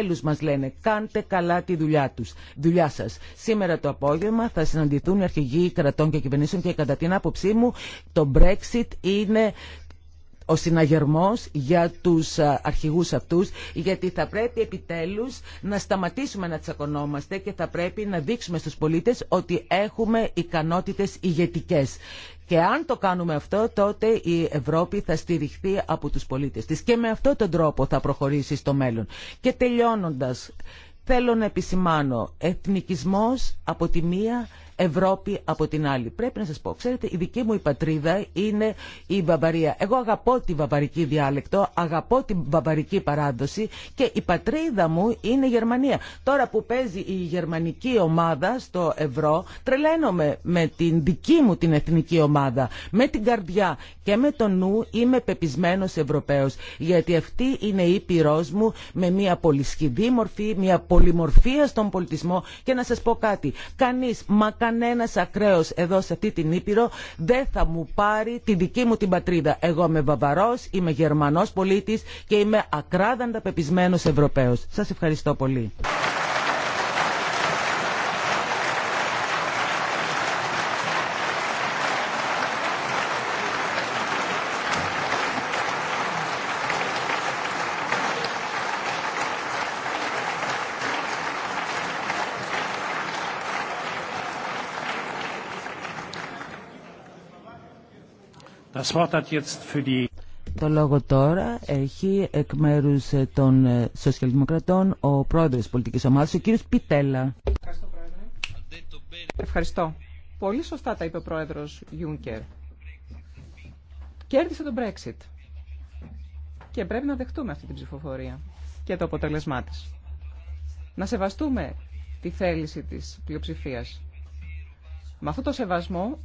επιτέλους μας λένε κάντε καλά τη δουλειά, τους, δουλειά σας. Σήμερα το απόγευμα θα συναντηθούν οι αρχηγοί κρατών και κυβερνήσεων και κατά την άποψή μου το Brexit είναι ο συναγερμός για τους αρχηγούς αυτούς γιατί θα πρέπει επιτέλους να σταματήσουμε να τσακωνόμαστε και θα πρέπει να δείξουμε στους πολίτες ότι έχουμε ικανότητες ηγετικές. Και αν το κάνουμε αυτό, τότε η Ευρώπη θα στηριχθεί από τους πολίτες της και με αυτόν τον τρόπο θα προχωρήσει στο μέλλον. Και τελειώνοντας, θέλω να επισημάνω εθνικισμός από τη μία Ευρώπη από την άλλη. Πρέπει να σας πω, ξέρετε, η δική μου η πατρίδα είναι η Βαβαρία. Εγώ αγαπώ τη βαβαρική διάλεκτο, αγαπώ την βαβαρική παράδοση και η πατρίδα μου είναι η Γερμανία. Τώρα που παίζει η γερμανική ομάδα στο ευρώ, τρελαίνομαι με την δική μου την εθνική ομάδα. Με την καρδιά και με το νου είμαι πεπισμένος Ευρωπαίος, γιατί αυτή είναι η πυρός μου με μια πολυσχηδή μορφή, μια πολυμορφία στον πολιτισμό και να σας πω κάτι. Κανείς, μα κανένας ακραίος εδώ σε αυτή την Ήπειρο δεν θα μου πάρει τη δική μου την πατρίδα. Εγώ είμαι Βαβαρός, είμαι Γερμανός πολίτης και είμαι ακράδαντα πεπισμένος Ευρωπαίος. Σας ευχαριστώ πολύ. Το λόγο τώρα έχει εκ μέρου ε, των ε, Σοσιαλδημοκρατών ο πρόεδρος της πολιτικής ομάδας, ο κύριος Πιτέλα. Ευχαριστώ, Πολύ σωστά τα είπε ο πρόεδρος Γιούνκερ. Κέρδισε τον Brexit. Και πρέπει να δεχτούμε αυτή την ψηφοφορία και το αποτέλεσμά της. Να σεβαστούμε τη θέληση της πλειοψηφίας. Με αυτό το σεβασμό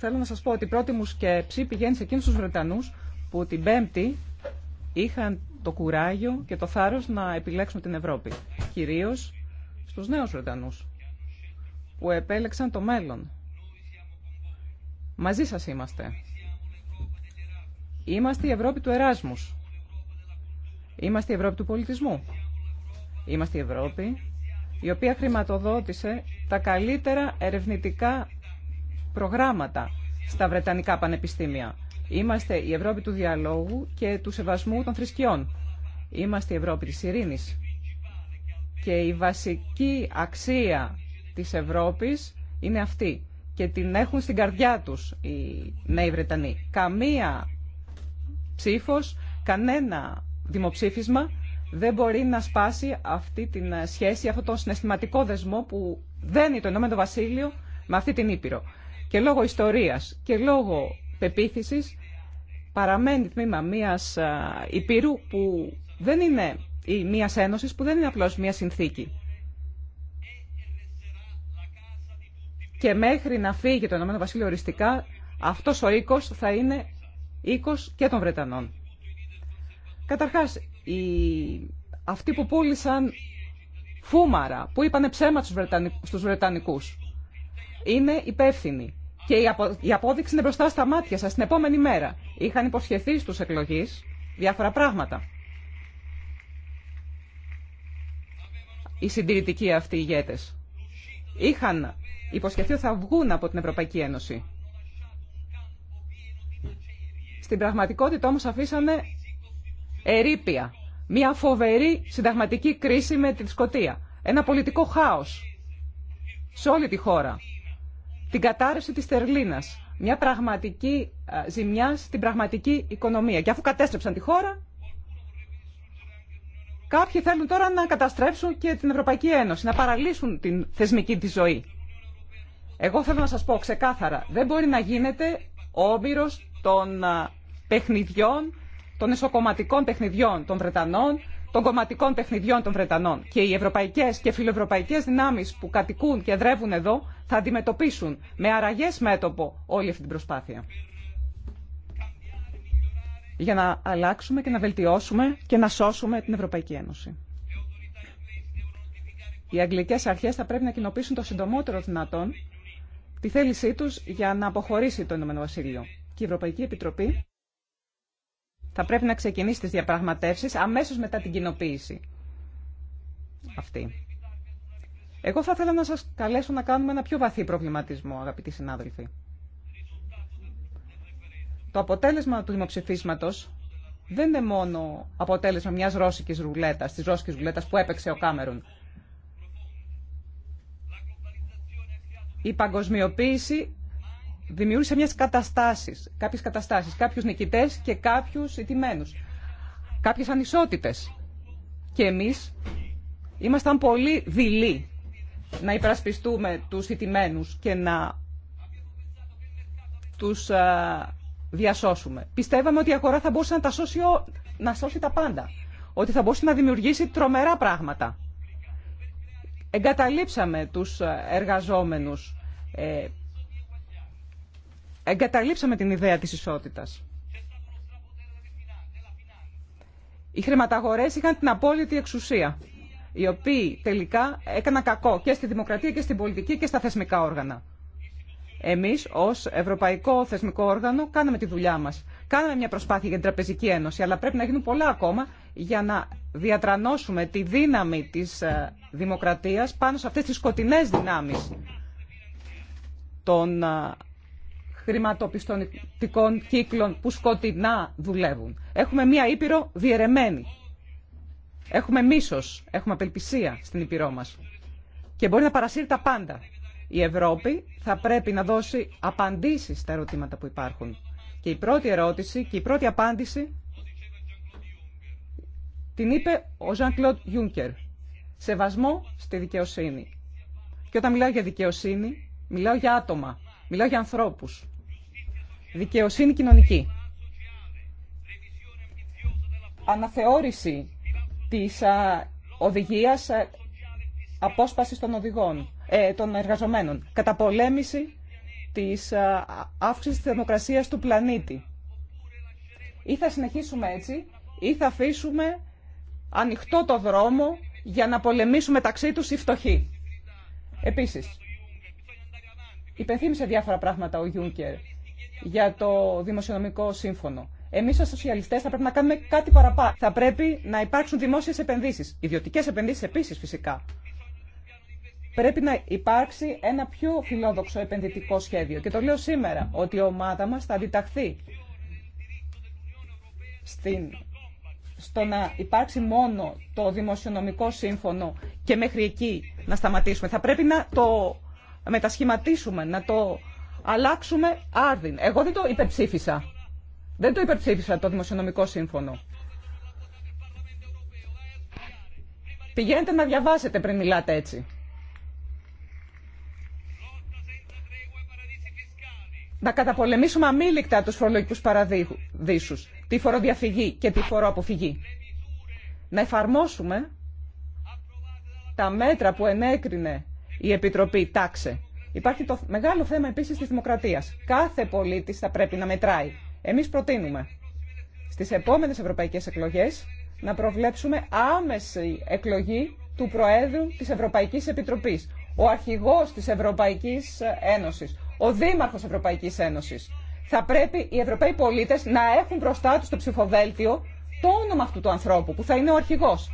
θέλω να σας πω ότι η πρώτη μου σκέψη πηγαίνει σε εκείνους τους Βρετανούς που την Πέμπτη είχαν το κουράγιο και το θάρρος να επιλέξουν την Ευρώπη. Κυρίως στους νέους Βρετανούς που επέλεξαν το μέλλον. Μαζί σας είμαστε. Είμαστε η Ευρώπη του Εράσμους. Είμαστε η Ευρώπη του πολιτισμού. Είμαστε η Ευρώπη η οποία χρηματοδότησε τα καλύτερα ερευνητικά προγράμματα στα Βρετανικά πανεπιστήμια. Είμαστε η Ευρώπη του διαλόγου και του σεβασμού των θρησκειών. Είμαστε η Ευρώπη της ειρήνης. Και η βασική αξία της Ευρώπης είναι αυτή και την έχουν στην καρδιά τους οι νέοι Βρετανοί. Καμία ψήφος, κανένα δημοψήφισμα δεν μπορεί να σπάσει αυτή τη σχέση, αυτόν τον συναισθηματικό δεσμό που δένει το Ηνωμένο Βασίλειο με αυτή την Ήπειρο και λόγω ιστορίας και λόγω πεποίθησης παραμένει τμήμα μιας υπήρου που δεν είναι ή μιας ένωσης που δεν είναι απλώς μια συνθήκη. Και μέχρι να φύγει το ΕΒ οριστικά, αυτός ο οίκος θα είναι οίκος και των Βρετανών. Καταρχάς, οι... αυτοί που πούλησαν φούμαρα, που είπανε ψέμα στους, Βρετανικ... στους Βρετανικούς, είναι υπεύθυνοι και η, απόδειξη είναι μπροστά στα μάτια σα την επόμενη μέρα. Είχαν υποσχεθεί στους εκλογεί διάφορα πράγματα. Οι συντηρητικοί αυτοί οι είχαν υποσχεθεί ότι θα βγουν από την Ευρωπαϊκή Ένωση. Στην πραγματικότητα όμως αφήσανε ερήπια. Μια φοβερή συνταγματική κρίση με τη Σκοτία. Ένα πολιτικό χάος σε όλη τη χώρα την κατάρρευση της Τερλίνας. Μια πραγματική ε, ζημιά στην πραγματική οικονομία. Και αφού κατέστρεψαν τη χώρα, κάποιοι θέλουν τώρα να καταστρέψουν και την Ευρωπαϊκή Ένωση, να παραλύσουν την θεσμική τη ζωή. Εγώ θέλω να σας πω ξεκάθαρα, δεν μπορεί να γίνεται όμπειρος των ε, παιχνιδιών, των εσωκομματικών παιχνιδιών των Βρετανών, των κομματικών τεχνιδιών των Βρετανών. Και οι ευρωπαϊκές και φιλοευρωπαϊκές δυνάμεις που κατοικούν και δρεύουν εδώ θα αντιμετωπίσουν με αραγές μέτωπο όλη αυτή την προσπάθεια. Για να αλλάξουμε και να βελτιώσουμε και να σώσουμε την Ευρωπαϊκή Ένωση. Οι αγγλικές αρχές θα πρέπει να κοινοποιήσουν το συντομότερο δυνατόν τη θέλησή του για να αποχωρήσει το Ηνωμένο Βασίλειο. Και η Ευρωπαϊκή Επιτροπή θα πρέπει να ξεκινήσει τις διαπραγματεύσεις αμέσως μετά την κοινοποίηση αυτή. Εγώ θα ήθελα να σας καλέσω να κάνουμε ένα πιο βαθύ προβληματισμό, αγαπητοί συνάδελφοι. Το αποτέλεσμα του δημοψηφίσματος δεν είναι μόνο αποτέλεσμα μιας ρώσικης ρουλέτας, της ρώσικης ρουλέτας που έπαιξε ο Κάμερον. Η παγκοσμιοποίηση δημιούργησε μιας καταστάσει, κάποιες καταστάσεις, κάποιους νικητές και κάποιου ηττημένου. Κάποιε ανισότητες. Και εμείς ήμασταν πολύ δειλοί να υπερασπιστούμε του ηττημένου και να του διασώσουμε. Πιστεύαμε ότι η αγορά θα μπορούσε να τα σώσει, να σώσει τα πάντα. Ότι θα μπορούσε να δημιουργήσει τρομερά πράγματα. Εγκαταλείψαμε τους εργαζόμενους. Ε, εγκαταλείψαμε την ιδέα της ισότητας. Οι χρηματαγορές είχαν την απόλυτη εξουσία, οι οποίοι τελικά έκαναν κακό και στη δημοκρατία και στην πολιτική και στα θεσμικά όργανα. Εμείς ως Ευρωπαϊκό Θεσμικό Όργανο κάναμε τη δουλειά μας. Κάναμε μια προσπάθεια για την Τραπεζική Ένωση, αλλά πρέπει να γίνουν πολλά ακόμα για να διατρανώσουμε τη δύναμη της ε, δημοκρατίας πάνω σε αυτές τις σκοτεινές δυνάμεις των ε, χρηματοπιστωτικών κύκλων που σκοτεινά δουλεύουν. Έχουμε μία Ήπειρο διαιρεμένη. Έχουμε μίσος, έχουμε απελπισία στην Ήπειρό μας. Και μπορεί να παρασύρει τα πάντα. Η Ευρώπη θα πρέπει να δώσει απαντήσεις στα ερωτήματα που υπάρχουν. Και η πρώτη ερώτηση και η πρώτη απάντηση την είπε ο Ζαν Κλοντ Γιούνκερ. Σεβασμό στη δικαιοσύνη. Και όταν μιλάω για δικαιοσύνη, μιλάω για άτομα, μιλάω για ανθρώπους. Δικαιοσύνη κοινωνική. Αναθεώρηση της οδηγίας απόσπασης των οδηγών, ε, των εργαζομένων. Καταπολέμηση της αύξησης της θερμοκρασίας του πλανήτη. Ή θα συνεχίσουμε έτσι, ή θα αφήσουμε ανοιχτό το δρόμο για να πολεμήσουμε μεταξύ τους οι φτωχοί. Επίσης, υπενθύμισε διάφορα πράγματα ο Γιούνκερ για το δημοσιονομικό σύμφωνο. Εμεί ω σοσιαλιστέ θα πρέπει να κάνουμε κάτι παραπάνω. Θα πρέπει να υπάρξουν δημόσιε επενδύσει. Ιδιωτικέ επενδύσει επίση φυσικά. Πρέπει να υπάρξει ένα πιο φιλόδοξο επενδυτικό σχέδιο. Και το λέω σήμερα ότι η ομάδα μα θα αντιταχθεί στην, στο να υπάρξει μόνο το δημοσιονομικό σύμφωνο και μέχρι εκεί να σταματήσουμε. Θα πρέπει να το μετασχηματίσουμε, να το αλλάξουμε άρδιν. Εγώ δεν το υπερψήφισα. Δεν το υπερψήφισα το Δημοσιονομικό Σύμφωνο. Πηγαίνετε να διαβάσετε πριν μιλάτε έτσι. Να καταπολεμήσουμε αμήλικτα τους φορολογικούς παραδείσους, τη φοροδιαφυγή και τη φοροαποφυγή. Να εφαρμόσουμε τα μέτρα που ενέκρινε η Επιτροπή Τάξε Υπάρχει το μεγάλο θέμα επίση τη δημοκρατία. Κάθε πολίτη θα πρέπει να μετράει. Εμεί προτείνουμε στι επόμενε ευρωπαϊκέ εκλογέ να προβλέψουμε άμεση εκλογή του Προέδρου τη Ευρωπαϊκή Επιτροπή, ο αρχηγό τη Ευρωπαϊκή Ένωση, ο Δήμαρχο Ευρωπαϊκή Ένωση. Θα πρέπει οι Ευρωπαίοι πολίτε να έχουν μπροστά του το ψηφοδέλτιο το όνομα αυτού του ανθρώπου που θα είναι ο αρχηγός.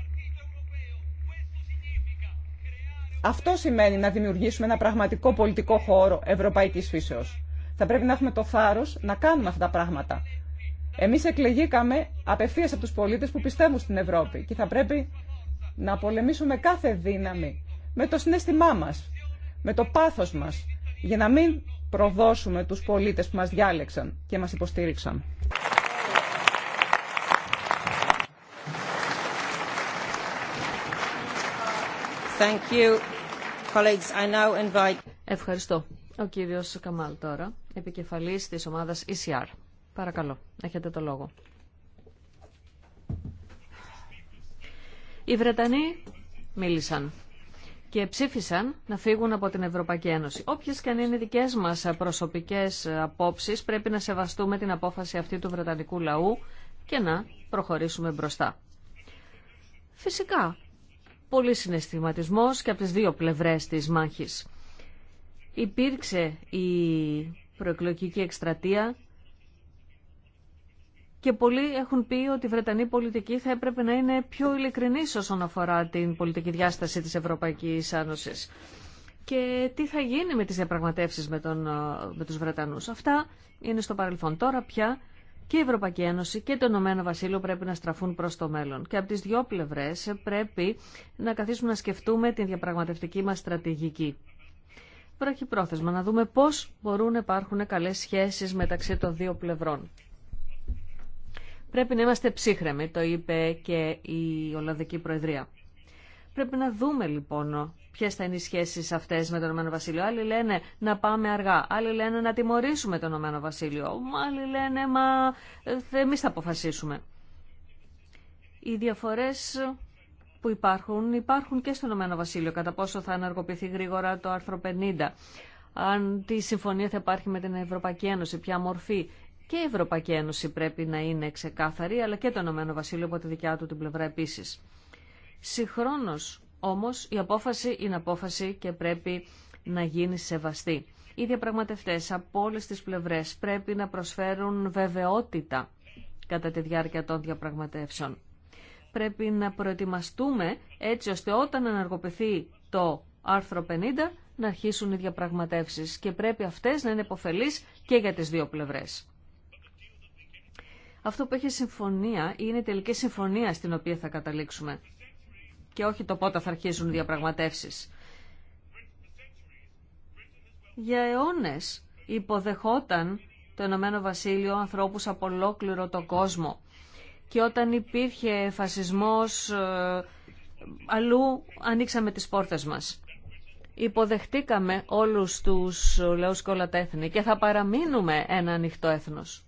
Αυτό σημαίνει να δημιουργήσουμε ένα πραγματικό πολιτικό χώρο ευρωπαϊκής φύσεως. Θα πρέπει να έχουμε το θάρρο να κάνουμε αυτά τα πράγματα. Εμείς εκλεγήκαμε απευθείας από του πολίτες που πιστεύουν στην Ευρώπη και θα πρέπει να πολεμήσουμε κάθε δύναμη με το συνέστημά μας, με το πάθος μας, για να μην προδώσουμε τους πολίτες που μας διάλεξαν και μας υποστήριξαν. Thank you. Ευχαριστώ. Ο κύριος Καμάλ τώρα, επικεφαλής της ομάδας ECR. Παρακαλώ, έχετε το λόγο. Οι Βρετανοί μίλησαν και ψήφισαν να φύγουν από την Ευρωπαϊκή Ένωση. Όποιες και αν είναι οι δικές μας προσωπικές πρέπει να σεβαστούμε την απόφαση αυτή του Βρετανικού λαού και να προχωρήσουμε μπροστά. Φυσικά, πολύ συναισθηματισμός και από τις δύο πλευρές της μάχης. Υπήρξε η προεκλογική εκστρατεία και πολλοί έχουν πει ότι η Βρετανή πολιτική θα έπρεπε να είναι πιο ειλικρινής όσον αφορά την πολιτική διάσταση της Ευρωπαϊκής Άνωσης. Και τι θα γίνει με τις διαπραγματεύσεις με, τον, με τους Βρετανούς. Αυτά είναι στο παρελθόν. Τώρα πια και η Ευρωπαϊκή Ένωση και το Ηνωμένο Βασίλειο πρέπει να στραφούν προς το μέλλον. Και από τις δυο πλευρές πρέπει να καθίσουμε να σκεφτούμε την διαπραγματευτική μα στρατηγική. έχει πρόθεσμα να δούμε πώς μπορούν να υπάρχουν καλές σχέσεις μεταξύ των δύο πλευρών. Πρέπει να είμαστε ψύχρεμοι, το είπε και η Ολλανδική Προεδρία. Πρέπει να δούμε λοιπόν ποιε θα είναι οι σχέσει αυτέ με το Ηνωμένο Βασίλειο. Άλλοι λένε να πάμε αργά. Άλλοι λένε να τιμωρήσουμε το Ηνωμένο Βασίλειο. Άλλοι λένε μα ε, εμεί θα αποφασίσουμε. Οι διαφορέ που υπάρχουν υπάρχουν και στο Ηνωμένο Βασίλειο. Κατά πόσο θα ενεργοποιηθεί γρήγορα το άρθρο 50. Αν τη συμφωνία θα υπάρχει με την Ευρωπαϊκή Ένωση, ποια μορφή. Και η Ευρωπαϊκή Ένωση πρέπει να είναι ξεκάθαρη, αλλά και το Ηνωμένο Βασίλειο από τη δικιά του την πλευρά επίση. Συγχρόνω. Όμως η απόφαση είναι απόφαση και πρέπει να γίνει σεβαστή. Οι διαπραγματευτές από όλε τις πλευρές πρέπει να προσφέρουν βεβαιότητα κατά τη διάρκεια των διαπραγματεύσεων. Πρέπει να προετοιμαστούμε έτσι ώστε όταν αναργοποιηθεί το άρθρο 50 να αρχίσουν οι διαπραγματεύσεις και πρέπει αυτές να είναι υποφελείς και για τις δύο πλευρές. Αυτό που έχει συμφωνία είναι η τελική συμφωνία στην οποία θα καταλήξουμε και όχι το πότε θα αρχίσουν διαπραγματεύσεις. Για αιώνες υποδεχόταν το Ηνωμένο Βασίλειο ανθρώπους από ολόκληρο το κόσμο και όταν υπήρχε φασισμός ε, αλλού ανοίξαμε τις πόρτες μας. Υποδεχτήκαμε όλους τους λαούς και όλα έθνη και θα παραμείνουμε ένα ανοιχτό έθνος.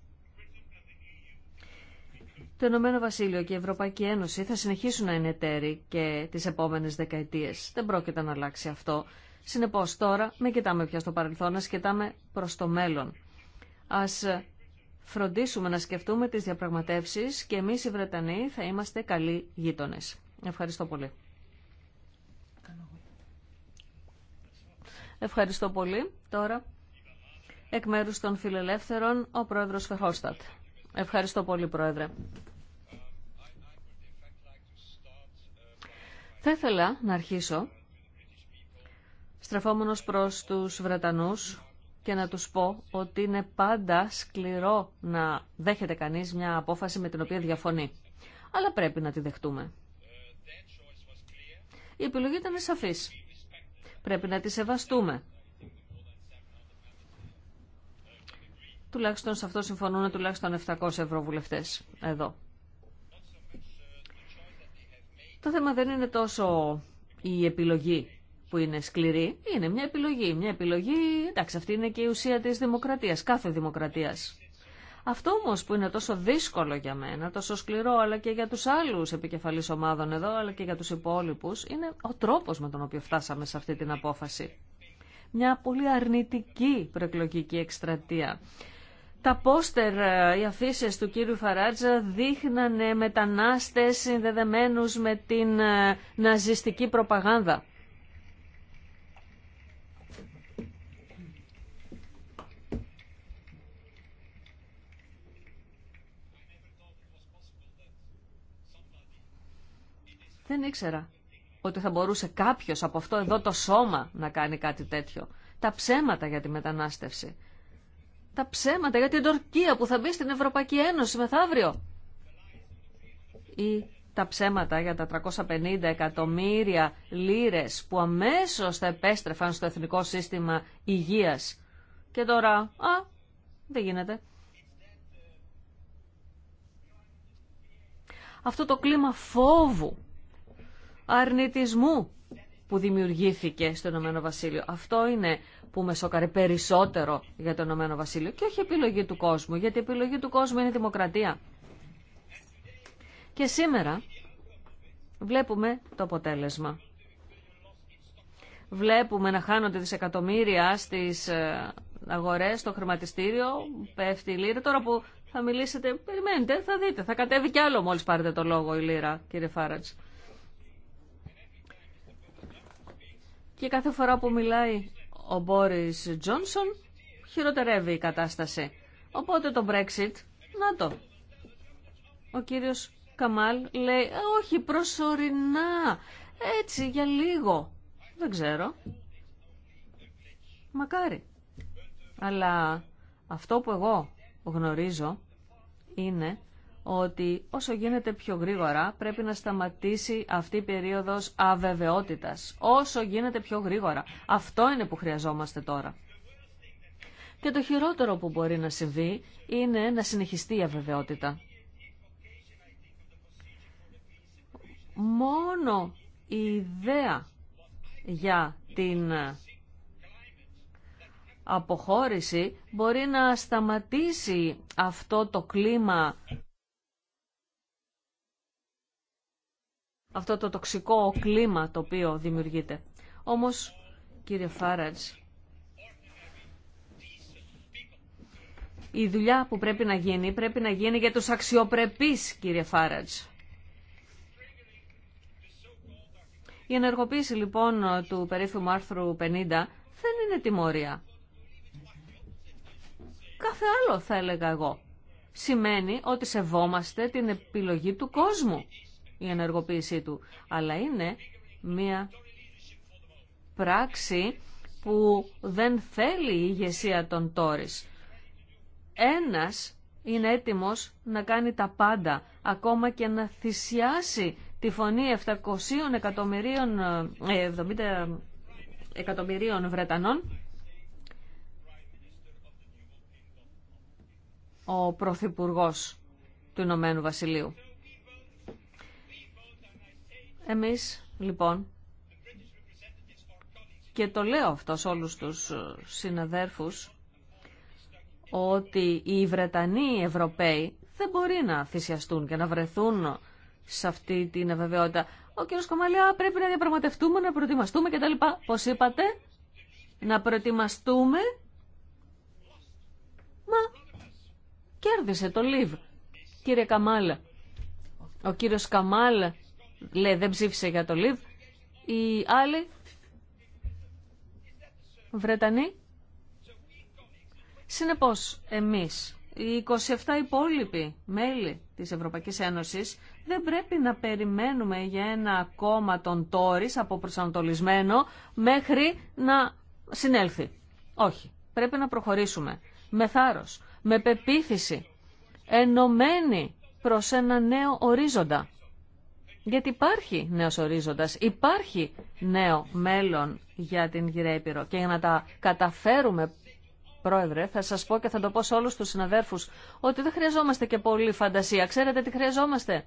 Το Ηνωμένο Βασίλειο και η Ευρωπαϊκή Ένωση θα συνεχίσουν να είναι εταίροι και τις επόμενες δεκαετίες. Δεν πρόκειται να αλλάξει αυτό. Συνεπώς τώρα μην κοιτάμε πια στο παρελθόν, ας κοιτάμε προς το μέλλον. Ας φροντίσουμε να σκεφτούμε τις διαπραγματεύσεις και εμείς οι Βρετανοί θα είμαστε καλοί γείτονε. Ευχαριστώ πολύ. Ευχαριστώ πολύ. Τώρα, εκ μέρους των φιλελεύθερων, ο πρόεδρος Φεχόστατ. Ευχαριστώ πολύ, Πρόεδρε. Θα ήθελα να αρχίσω στρεφόμενος προς τους Βρετανούς και να τους πω ότι είναι πάντα σκληρό να δέχεται κανείς μια απόφαση με την οποία διαφωνεί. Αλλά πρέπει να τη δεχτούμε. Η επιλογή ήταν σαφής. Πρέπει να τη σεβαστούμε. Τουλάχιστον σε αυτό συμφωνούν τουλάχιστον 700 ευρωβουλευτές εδώ. Το θέμα δεν είναι τόσο η επιλογή που είναι σκληρή. Είναι μια επιλογή. Μια επιλογή, εντάξει, αυτή είναι και η ουσία της δημοκρατίας, κάθε δημοκρατίας. Αυτό όμω που είναι τόσο δύσκολο για μένα, τόσο σκληρό, αλλά και για τους άλλους επικεφαλής ομάδων εδώ, αλλά και για τους υπόλοιπου, είναι ο τρόπος με τον οποίο φτάσαμε σε αυτή την απόφαση. Μια πολύ αρνητική προεκλογική εκστρατεία. Τα πόστερ, ε, οι αφήσει του κύριου Φαράτζα δείχνανε μετανάστες συνδεδεμένους με την ε, ναζιστική προπαγάνδα. Δεν ήξερα ότι θα μπορούσε κάποιος από αυτό εδώ το σώμα να κάνει κάτι τέτοιο. Τα ψέματα για τη μετανάστευση τα ψέματα για την Τουρκία που θα μπει στην Ευρωπαϊκή Ένωση μεθαύριο. Ή τα ψέματα για τα 350 εκατομμύρια λίρες που αμέσως θα επέστρεφαν στο Εθνικό Σύστημα Υγείας. Και τώρα, α, δεν γίνεται. Αυτό το κλίμα φόβου, αρνητισμού που δημιουργήθηκε στο Ηνωμένο Βασίλειο. Αυτό είναι που με σοκαρεί περισσότερο για το Ηνωμένο Βασίλειο και όχι επιλογή του κόσμου, γιατί η επιλογή του κόσμου είναι η δημοκρατία. Και σήμερα βλέπουμε το αποτέλεσμα. Βλέπουμε να χάνονται δισεκατομμύρια στις ε, αγορές, στο χρηματιστήριο, πέφτει η λίρα. Τώρα που θα μιλήσετε, περιμένετε, θα δείτε, θα κατέβει κι άλλο μόλις πάρετε το λόγο η λύρα, κύριε Φάρατς. Και κάθε φορά που μιλάει ο Μπόρις Τζόνσον χειροτερεύει η κατάσταση. Οπότε το Brexit, να το. Ο κύριος Καμάλ λέει, «Ε, όχι προσωρινά, έτσι για λίγο. Δεν ξέρω. Μακάρι. Αλλά αυτό που εγώ γνωρίζω είναι ότι όσο γίνεται πιο γρήγορα πρέπει να σταματήσει αυτή η περίοδος αβεβαιότητας. Όσο γίνεται πιο γρήγορα. Αυτό είναι που χρειαζόμαστε τώρα. Και το χειρότερο που μπορεί να συμβεί είναι να συνεχιστεί η αβεβαιότητα. Μόνο η ιδέα για την αποχώρηση μπορεί να σταματήσει αυτό το κλίμα αυτό το τοξικό κλίμα το οποίο δημιουργείται. Όμως, κύριε Φάραντς, η δουλειά που πρέπει να γίνει, πρέπει να γίνει για τους αξιοπρεπείς, κύριε Φάραντς. Η ενεργοποίηση λοιπόν του περίφημου άρθρου 50 δεν είναι τιμωρία. Κάθε άλλο θα έλεγα εγώ. Σημαίνει ότι σεβόμαστε την επιλογή του κόσμου η ενεργοποίησή του, αλλά είναι μια πράξη που δεν θέλει η ηγεσία των τόρις. Ένας είναι έτοιμος να κάνει τα πάντα, ακόμα και να θυσιάσει τη φωνή 700 εκατομμυρίων, 70 ε, εκατομμυρίων Βρετανών. Ο Πρωθυπουργός του Ηνωμένου Βασιλείου. Εμείς, λοιπόν, και το λέω αυτό σε όλους τους συναδέρφους, ότι οι Βρετανοί Ευρωπαίοι δεν μπορεί να θυσιαστούν και να βρεθούν σε αυτή την αβεβαιότητα. Ο κ. Καμαλιά πρέπει να διαπραγματευτούμε, να προετοιμαστούμε κτλ. Πώς είπατε, να προετοιμαστούμε, μα κέρδισε το Λιβ, κύριε Καμάλ. Ο κύριος Καμάλ λέει δεν ψήφισε για το Λιβ. Οι άλλοι, Βρετανοί. Συνεπώς, εμείς, οι 27 υπόλοιποι μέλη της Ευρωπαϊκής Ένωσης, δεν πρέπει να περιμένουμε για ένα κόμμα των τόρις από προσανατολισμένο μέχρι να συνέλθει. Όχι. Πρέπει να προχωρήσουμε με θάρρος, με πεποίθηση, ενωμένοι προς ένα νέο ορίζοντα. Γιατί υπάρχει νέο ορίζοντα, υπάρχει νέο μέλλον για την Γυρέπηρο και για να τα καταφέρουμε Πρόεδρε, θα σας πω και θα το πω σε όλου του συναδέρφους ότι δεν χρειαζόμαστε και πολύ φαντασία. Ξέρετε τι χρειαζόμαστε.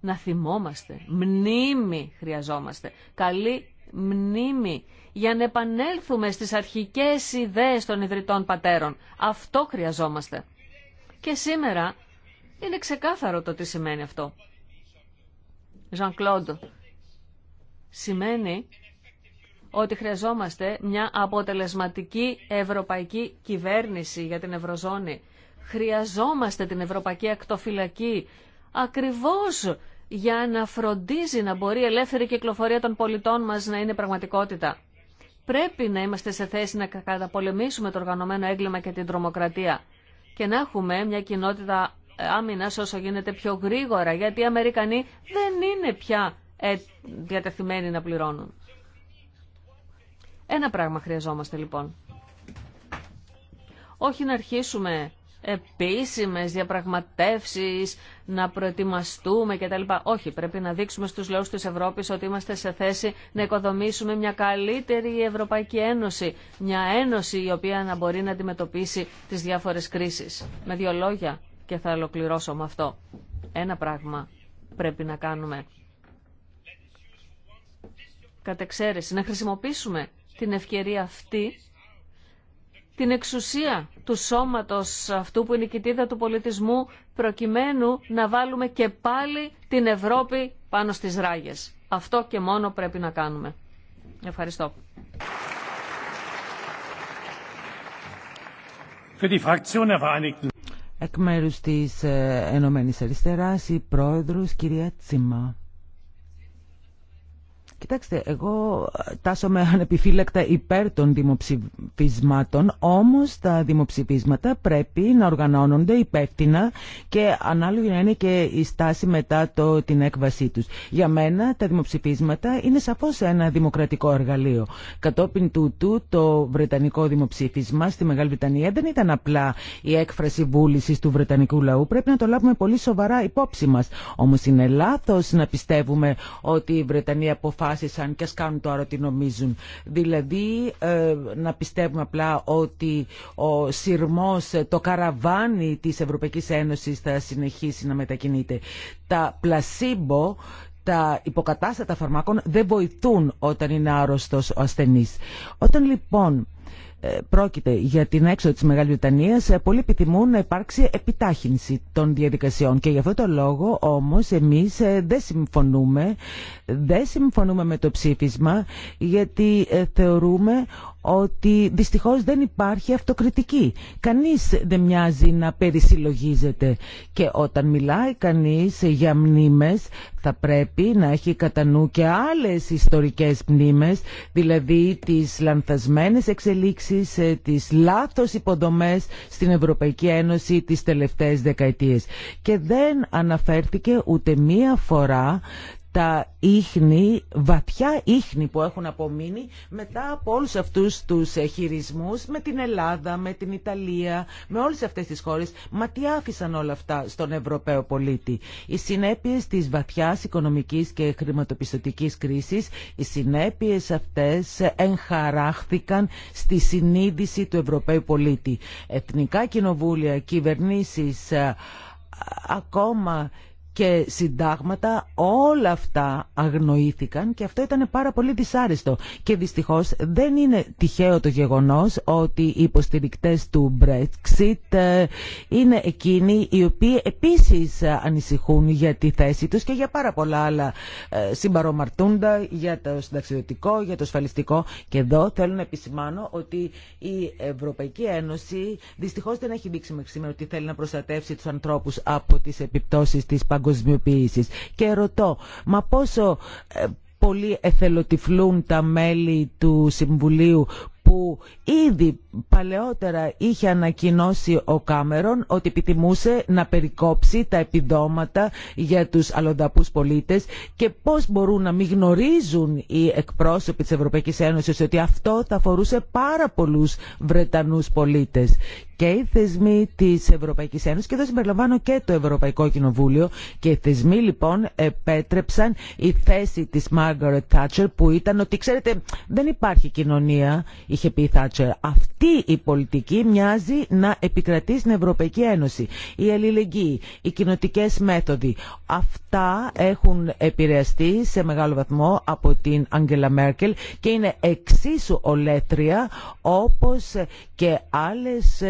Να θυμόμαστε. Μνήμη χρειαζόμαστε. Καλή μνήμη για να επανέλθουμε στις αρχικές ιδέες των ιδρυτών πατέρων. Αυτό χρειαζόμαστε. Και σήμερα είναι ξεκάθαρο το τι σημαίνει αυτό jean Κλοντ, σημαίνει ότι χρειαζόμαστε μια αποτελεσματική ευρωπαϊκή κυβέρνηση για την Ευρωζώνη. Χρειαζόμαστε την Ευρωπαϊκή Ακτοφυλακή ακριβώς για να φροντίζει να μπορεί η ελεύθερη κυκλοφορία των πολιτών μας να είναι πραγματικότητα. Πρέπει να είμαστε σε θέση να καταπολεμήσουμε το οργανωμένο έγκλημα και την τρομοκρατία και να έχουμε μια κοινότητα Άμυνα όσο γίνεται πιο γρήγορα, γιατί οι Αμερικανοί δεν είναι πια ε, διατεθειμένοι να πληρώνουν. Ένα πράγμα χρειαζόμαστε λοιπόν. Όχι να αρχίσουμε επίσημες διαπραγματεύσεις, να προετοιμαστούμε κτλ. Όχι, πρέπει να δείξουμε στους λαούς της Ευρώπης ότι είμαστε σε θέση να οικοδομήσουμε μια καλύτερη Ευρωπαϊκή Ένωση. Μια ένωση η οποία να μπορεί να αντιμετωπίσει τις διάφορες κρίσεις. Με δύο λόγια, και θα ολοκληρώσω με αυτό. Ένα πράγμα πρέπει να κάνουμε. Κατ' εξαίρεση, να χρησιμοποιήσουμε την ευκαιρία αυτή, την εξουσία του σώματος αυτού που είναι η κοιτίδα του πολιτισμού, προκειμένου να βάλουμε και πάλι την Ευρώπη πάνω στις ράγες. Αυτό και μόνο πρέπει να κάνουμε. Ευχαριστώ. Für die Fraktion der Vereinigten Εκ μέρους της ε, Ενωμένης Αριστεράς η πρόεδρος κυρία Τσίμα. Κοιτάξτε, εγώ τάσομαι ανεπιφύλακτα υπέρ των δημοψηφισμάτων, όμως τα δημοψηφίσματα πρέπει να οργανώνονται υπεύθυνα και ανάλογη να είναι και η στάση μετά το, την έκβασή τους. Για μένα τα δημοψηφίσματα είναι σαφώς ένα δημοκρατικό εργαλείο. Κατόπιν τούτου το Βρετανικό δημοψήφισμα στη Μεγάλη Βρετανία δεν ήταν απλά η έκφραση βούλησης του Βρετανικού λαού. Πρέπει να το λάβουμε πολύ σοβαρά υπόψη μας. Όμως είναι λάθος να πιστεύουμε ότι η Βρετανία αποφάσισε αποφάσισαν και ας κάνουν τώρα ό,τι νομίζουν. Δηλαδή ε, να πιστεύουμε απλά ότι ο σειρμός, ε, το καραβάνι της Ευρωπαϊκής Ένωσης θα συνεχίσει να μετακινείται. Τα πλασίμπο τα υποκατάστατα φαρμάκων δεν βοηθούν όταν είναι άρρωστος ο ασθενής. Όταν λοιπόν ε, πρόκειται για την έξοδο της Μεγάλης Βρετανίας ε, πολλοί επιθυμούν να υπάρξει επιτάχυνση των διαδικασιών και γι' αυτό το λόγο όμως εμείς ε, δεν συμφωνούμε δεν συμφωνούμε με το ψήφισμα γιατί θεωρούμε ότι δυστυχώς δεν υπάρχει αυτοκριτική. Κανείς δεν μοιάζει να περισυλλογίζεται και όταν μιλάει κανείς για μνήμες θα πρέπει να έχει κατά νου και άλλες ιστορικές μνήμες, δηλαδή τις λανθασμένες εξελίξεις, ε, τις λάθος υποδομές στην Ευρωπαϊκή Ένωση τις τελευταίες δεκαετίες. Και δεν αναφέρθηκε ούτε μία φορά τα ίχνη, βαθιά ίχνη που έχουν απομείνει μετά από όλους αυτούς τους ε, χειρισμούς με την Ελλάδα, με την Ιταλία, με όλες αυτές τις χώρες. Μα τι άφησαν όλα αυτά στον Ευρωπαίο πολίτη. Οι συνέπειες της βαθιάς οικονομικής και χρηματοπιστωτικής κρίσης, οι συνέπειες αυτές εγχαράχθηκαν στη συνείδηση του Ευρωπαίου πολίτη. Εθνικά κοινοβούλια, κυβερνήσεις, ε, ακόμα και συντάγματα, όλα αυτά αγνοήθηκαν και αυτό ήταν πάρα πολύ δυσάρεστο. Και δυστυχώς δεν είναι τυχαίο το γεγονός ότι οι υποστηρικτές του Brexit ε, είναι εκείνοι οι οποίοι επίσης ανησυχούν για τη θέση τους και για πάρα πολλά άλλα ε, συμπαρομαρτούντα για το συνταξιδοτικό, για το ασφαλιστικό. Και εδώ θέλω να επισημάνω ότι η Ευρωπαϊκή Ένωση δυστυχώς δεν έχει δείξει μέχρι σήμερα ότι θέλει να προστατεύσει τους ανθρώπους από τις επιπτώσεις της παγκοσμίας παγκοσμιοποίησης. Και ρωτώ, μα πόσο ε, πολύ εθελοτυφλούν τα μέλη του Συμβουλίου που ήδη παλαιότερα είχε ανακοινώσει ο Κάμερον ότι επιτιμούσε να περικόψει τα επιδόματα για τους αλλονταπούς πολίτες και πώς μπορούν να μην γνωρίζουν οι εκπρόσωποι της Ευρωπαϊκής Ένωσης ότι αυτό θα αφορούσε πάρα πολλούς Βρετανούς πολίτες και οι θεσμοί τη Ευρωπαϊκή Ένωση και εδώ συμπεριλαμβάνω και το Ευρωπαϊκό Κοινοβούλιο και οι θεσμοί λοιπόν επέτρεψαν η θέση τη Μάργαρετ Θάτσερ που ήταν ότι ξέρετε δεν υπάρχει κοινωνία είχε πει η Θάτσερ αυτή η πολιτική μοιάζει να επικρατεί στην Ευρωπαϊκή Ένωση η αλληλεγγύη, οι κοινοτικέ μέθοδοι αυτά έχουν επηρεαστεί σε μεγάλο βαθμό από την Άγγελα Μέρκελ και είναι εξίσου όπως και άλλες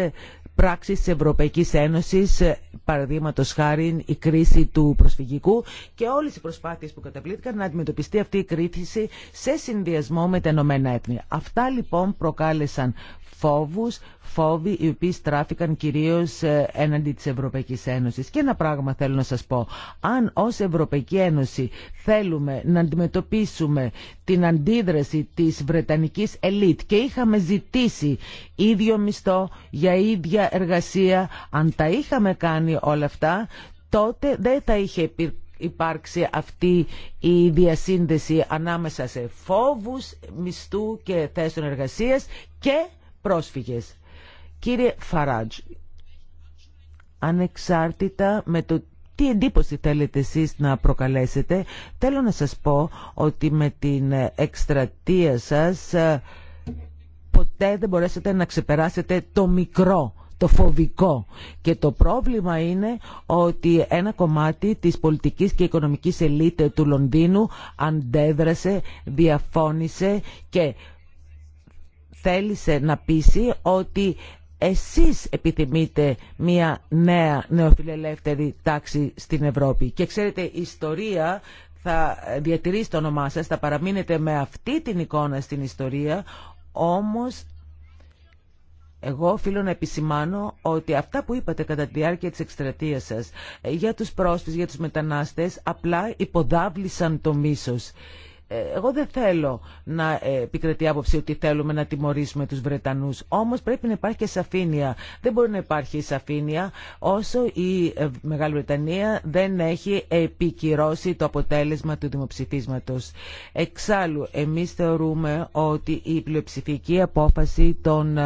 πράξεις της Ευρωπαϊκής Ένωσης, ε, παραδείγματος χάρη η κρίση του προσφυγικού και όλες οι προσπάθειες που καταβλήθηκαν να αντιμετωπιστεί αυτή η κρίση σε συνδυασμό με τα Ηνωμένα Έθνη. Αυτά λοιπόν προκάλεσαν φόβους, φόβοι οι οποίοι στράφηκαν κυρίως ε, έναντι της Ευρωπαϊκής Ένωσης. Και ένα πράγμα θέλω να σας πω. Αν ως Ευρωπαϊκή Ένωση θέλουμε να αντιμετωπίσουμε την αντίδραση της Βρετανικής ελίτ και είχαμε ζητήσει ίδιο μισθό για ίδια εργασία, αν τα είχαμε κάνει όλα αυτά, τότε δεν θα είχε υπάρξει αυτή η διασύνδεση ανάμεσα σε φόβους μισθού και θέσεων εργασίας και πρόσφυγες. Κύριε Φαράτζ, ανεξάρτητα με το τι εντύπωση θέλετε εσείς να προκαλέσετε, θέλω να σας πω ότι με την εκστρατεία σας ε, ποτέ δεν μπορέσετε να ξεπεράσετε το μικρό το φοβικό. Και το πρόβλημα είναι ότι ένα κομμάτι της πολιτικής και οικονομικής ελίτ του Λονδίνου αντέδρασε, διαφώνησε και θέλησε να πείσει ότι εσείς επιθυμείτε μια νέα νεοφιλελεύθερη τάξη στην Ευρώπη. Και ξέρετε, η ιστορία θα διατηρήσει το όνομά σας, θα παραμείνετε με αυτή την εικόνα στην ιστορία, όμως εγώ οφείλω να επισημάνω ότι αυτά που είπατε κατά τη διάρκεια της εκστρατείας σας ε, για τους πρόσφυγες, για τους μετανάστες, απλά υποδάβλησαν το μίσος. Ε, εγώ δεν θέλω να ε, επικρατεί άποψη ότι θέλουμε να τιμωρήσουμε τους Βρετανούς. Όμως πρέπει να υπάρχει και σαφήνεια. Δεν μπορεί να υπάρχει σαφήνεια όσο η ε, Μεγάλη Βρετανία δεν έχει επικυρώσει το αποτέλεσμα του δημοψηφίσματος. Εξάλλου, εμείς θεωρούμε ότι η πλειοψηφική απόφαση των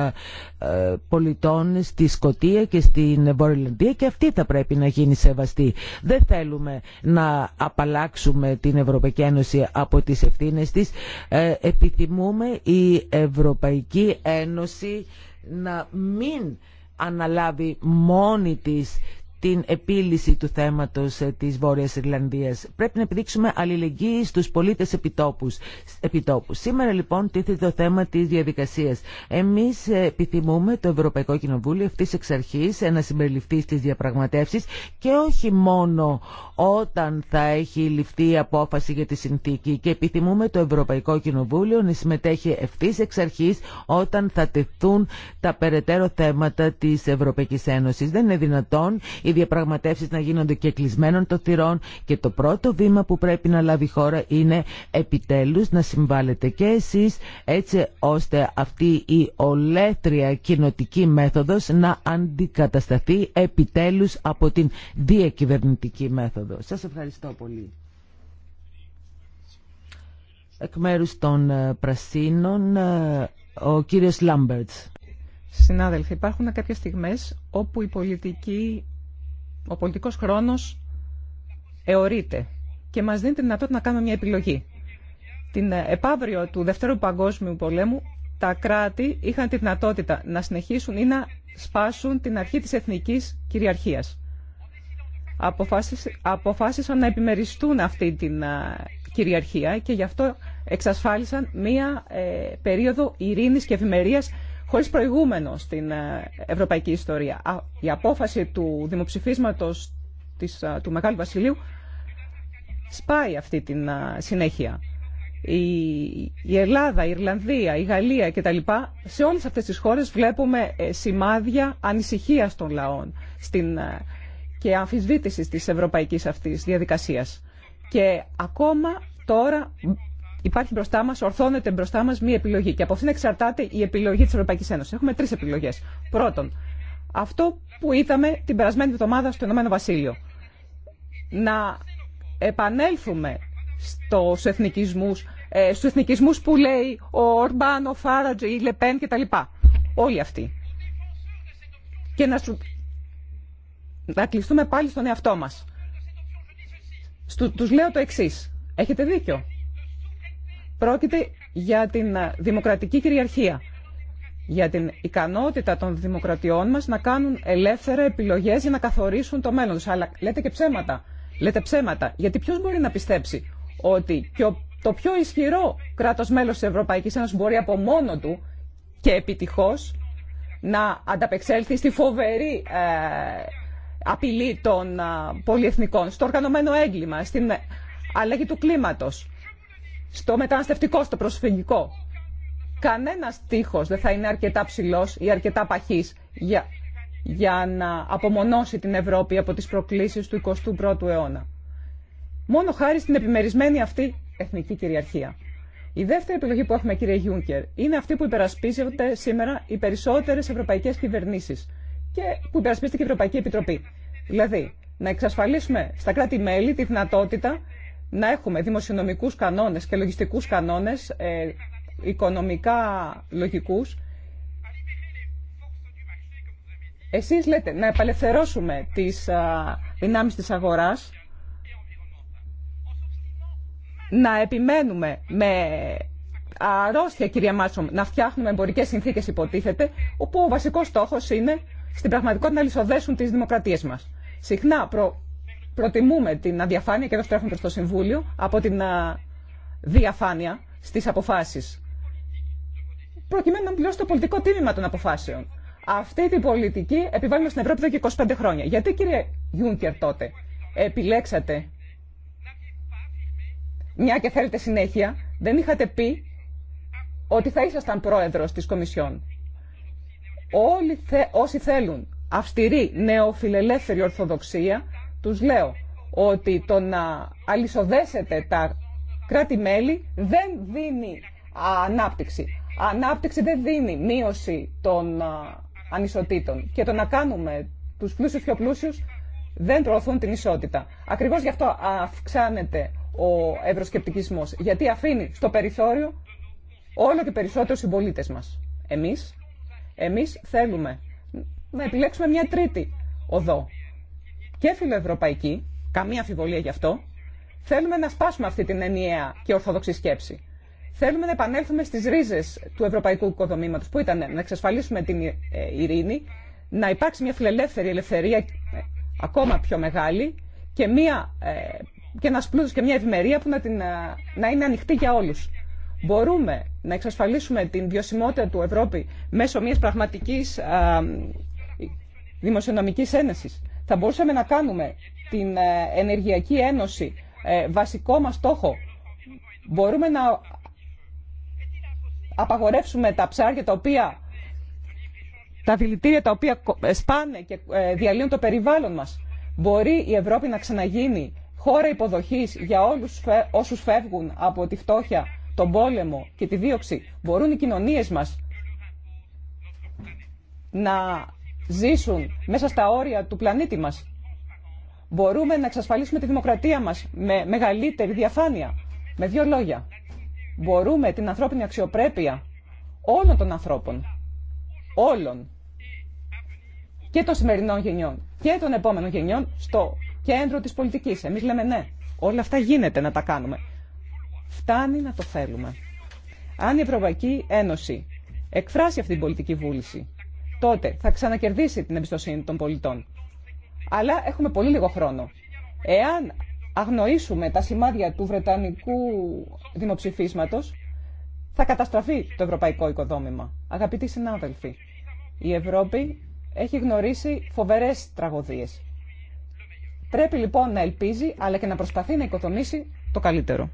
πολιτών στη Σκοτία και στην Βορειολανδία και αυτή θα πρέπει να γίνει σεβαστή. Δεν θέλουμε να απαλλάξουμε την Ευρωπαϊκή Ένωση από τις ευθύνες της. Ε, επιθυμούμε η Ευρωπαϊκή Ένωση να μην αναλάβει μόνη της την επίλυση του θέματος ε, της Βόρειας Ιρλανδίας. Πρέπει να επιδείξουμε αλληλεγγύη στους πολίτες επιτόπους. Σήμερα λοιπόν τίθεται το θέμα της διαδικασίας. Εμείς ε, επιθυμούμε το Ευρωπαϊκό Κοινοβούλιο αυτή εξ αρχής ε, να συμπεριληφθεί στις διαπραγματεύσεις και όχι μόνο όταν θα έχει ληφθεί η απόφαση για τη συνθήκη και επιθυμούμε το Ευρωπαϊκό Κοινοβούλιο να συμμετέχει ευθύ εξ αρχής όταν θα τεθούν τα περαιτέρω θέματα της Ευρωπαϊκής Ένωσης. Δεν είναι δυνατόν διαπραγματεύσεις να γίνονται και κλεισμένων των θυρών και το πρώτο βήμα που πρέπει να λάβει η χώρα είναι επιτέλους να συμβάλλετε και εσείς έτσι ώστε αυτή η ολέτρια κοινοτική μέθοδος να αντικατασταθεί επιτέλους από την διακυβερνητική μέθοδο. Σας ευχαριστώ πολύ. Εκ μέρους των ε, Πρασίνων, ε, ο κύριος Λάμπερτς. Συνάδελφοι, υπάρχουν κάποιες στιγμές όπου η πολιτική ο πολιτικός χρόνος εωρείται και μας δίνει τη δυνατότητα να κάνουμε μια επιλογή. Την ε, επαύριο του Δευτέρου Παγκόσμιου Πολέμου, τα κράτη είχαν τη δυνατότητα να συνεχίσουν ή να σπάσουν την αρχή της εθνικής κυριαρχίας. Αποφάσισαν να επιμεριστούν αυτή την ε, κυριαρχία και γι' αυτό εξασφάλισαν μία ε, περίοδο ειρήνης και ευημερίας χωρίς προηγούμενο στην ε, ευρωπαϊκή ιστορία. Η απόφαση του δημοψηφίσματος της, ε, του Μεγάλου Βασιλείου σπάει αυτή την ε, συνέχεια. Η Ελλάδα, η Ιρλανδία, η Γαλλία κτλ. Σε όλες αυτές τις χώρες βλέπουμε σημάδια ανησυχίας των λαών στην, και αμφισβήτησης της ευρωπαϊκής αυτής διαδικασίας. Και ακόμα τώρα Υπάρχει μπροστά μα, ορθώνεται μπροστά μα μία επιλογή. Και από αυτήν εξαρτάται η επιλογή τη Ευρωπαϊκή Ένωση. Έχουμε τρει επιλογέ. Πρώτον, αυτό που είδαμε την περασμένη εβδομάδα στο Ηνωμένο Βασίλειο. Να επανέλθουμε στους εθνικισμούς, ε, στους εθνικισμούς που λέει ο Ορμπάν, ο Φάρατζ, η Λεπέν κτλ. Όλοι αυτοί. Και να, σου... να κλειστούμε πάλι στον εαυτό μας. Στου... Τους λέω το εξής. Έχετε δίκιο. Πρόκειται για την ε, δημοκρατική κυριαρχία, για την ικανότητα των δημοκρατιών μας να κάνουν ελεύθερα επιλογές για να καθορίσουν το μέλλον τους. Αλλά λέτε και ψέματα. Λέτε ψέματα. Γιατί ποιος μπορεί να πιστέψει ότι το πιο ισχυρό κράτος μέλος της Ευρωπαϊκής Ένωσης μπορεί από μόνο του και επιτυχώς να ανταπεξέλθει στη φοβερή ε, απειλή των ε, πολυεθνικών, στο οργανωμένο έγκλημα, στην αλλαγή του κλίματος στο μεταναστευτικό, στο προσφυγικό. Κανένα τείχο δεν θα είναι αρκετά ψηλό ή αρκετά παχή για, για να απομονώσει την Ευρώπη από τι προκλήσει του 21ου αιώνα. Μόνο χάρη στην επιμερισμένη αυτή εθνική κυριαρχία. Η δεύτερη επιλογή που έχουμε, κύριε Γιούνκερ, είναι αυτή που υπερασπίζονται σήμερα οι περισσότερε ευρωπαϊκέ κυβερνήσει και που υπερασπίζεται και η Ευρωπαϊκή Επιτροπή. Δηλαδή, να εξασφαλίσουμε στα κράτη-μέλη τη δυνατότητα να έχουμε δημοσιονομικούς κανόνες και λογιστικούς κανόνες, ε, οικονομικά λογικούς. Εσείς λέτε να επαλευθερώσουμε τις α, δυνάμεις της αγοράς, να επιμένουμε με αρρώστια, κυρία Μάτσομ, να φτιάχνουμε εμπορικέ συνθήκε, υποτίθεται, όπου ο βασικό στόχο είναι στην πραγματικότητα να λησοδέσουν τι δημοκρατίε μα. Συχνά προ προτιμούμε την αδιαφάνεια, και εδώ στρέφουμε προς το Συμβούλιο, από την διαφάνεια στις αποφάσεις. Προκειμένου να πληρώσει το πολιτικό τίμημα των αποφάσεων. Αυτή την πολιτική επιβάλλουμε στην Ευρώπη εδώ και 25 χρόνια. Γιατί κύριε Γιούνκερ τότε επιλέξατε, μια και θέλετε συνέχεια, δεν είχατε πει ότι θα ήσασταν πρόεδρος της Κομισιόν. όσοι θέλουν αυστηρή νεοφιλελεύθερη ορθοδοξία τους λέω ότι το να αλυσοδέσετε τα κράτη-μέλη δεν δίνει ανάπτυξη. Ανάπτυξη δεν δίνει μείωση των ανισοτήτων και το να κάνουμε τους πλούσιους πιο πλούσιους δεν προωθούν την ισότητα. Ακριβώς γι' αυτό αυξάνεται ο ευρωσκεπτικισμός, γιατί αφήνει στο περιθώριο όλο και περισσότερους συμπολίτε μας. Εμείς, εμείς θέλουμε να επιλέξουμε μια τρίτη οδό και φιλοευρωπαϊκή, καμία αφιβολία γι' αυτό, θέλουμε να σπάσουμε αυτή την ενιαία και ορθόδοξη σκέψη. Θέλουμε να επανέλθουμε στι ρίζε του ευρωπαϊκού οικοδομήματος, που ήταν να εξασφαλίσουμε την ε, ειρήνη, να υπάρξει μια φιλελεύθερη ελευθερία ε, ακόμα πιο μεγάλη και, μια, ε, και ένας πλούτος και μια ευημερία που να, την, να είναι ανοιχτή για όλους. Μπορούμε να εξασφαλίσουμε την βιωσιμότητα του Ευρώπη μέσω μιας πραγματικής δημοσιονομικής ένεσης θα μπορούσαμε να κάνουμε την ε, Ενεργειακή Ένωση ε, βασικό μας στόχο. Μπορούμε να απαγορεύσουμε τα ψάρια τα οποία τα δηλητήρια τα οποία ε, σπάνε και διαλύουν το περιβάλλον μας. Μπορεί η Ευρώπη να ξαναγίνει χώρα υποδοχής για όλους όσους φεύγουν από τη φτώχεια, τον πόλεμο και τη δίωξη. Μπορούν οι κοινωνίες μας να ζήσουν μέσα στα όρια του πλανήτη μας. Μπορούμε να εξασφαλίσουμε τη δημοκρατία μας με μεγαλύτερη διαφάνεια. Με δύο λόγια. Μπορούμε την ανθρώπινη αξιοπρέπεια όλων των ανθρώπων, όλων, και των σημερινών γενιών και των επόμενων γενιών στο κέντρο της πολιτικής. Εμείς λέμε ναι, όλα αυτά γίνεται να τα κάνουμε. Φτάνει να το θέλουμε. Αν η Ευρωπαϊκή Ένωση εκφράσει αυτή την πολιτική βούληση τότε θα ξανακερδίσει την εμπιστοσύνη των πολιτών. Αλλά έχουμε πολύ λίγο χρόνο. Εάν αγνοήσουμε τα σημάδια του Βρετανικού δημοψηφίσματος, θα καταστραφεί το ευρωπαϊκό οικοδόμημα. Αγαπητοί συνάδελφοι, η Ευρώπη έχει γνωρίσει φοβερές τραγωδίες. Πρέπει λοιπόν να ελπίζει, αλλά και να προσπαθεί να οικοδομήσει το καλύτερο.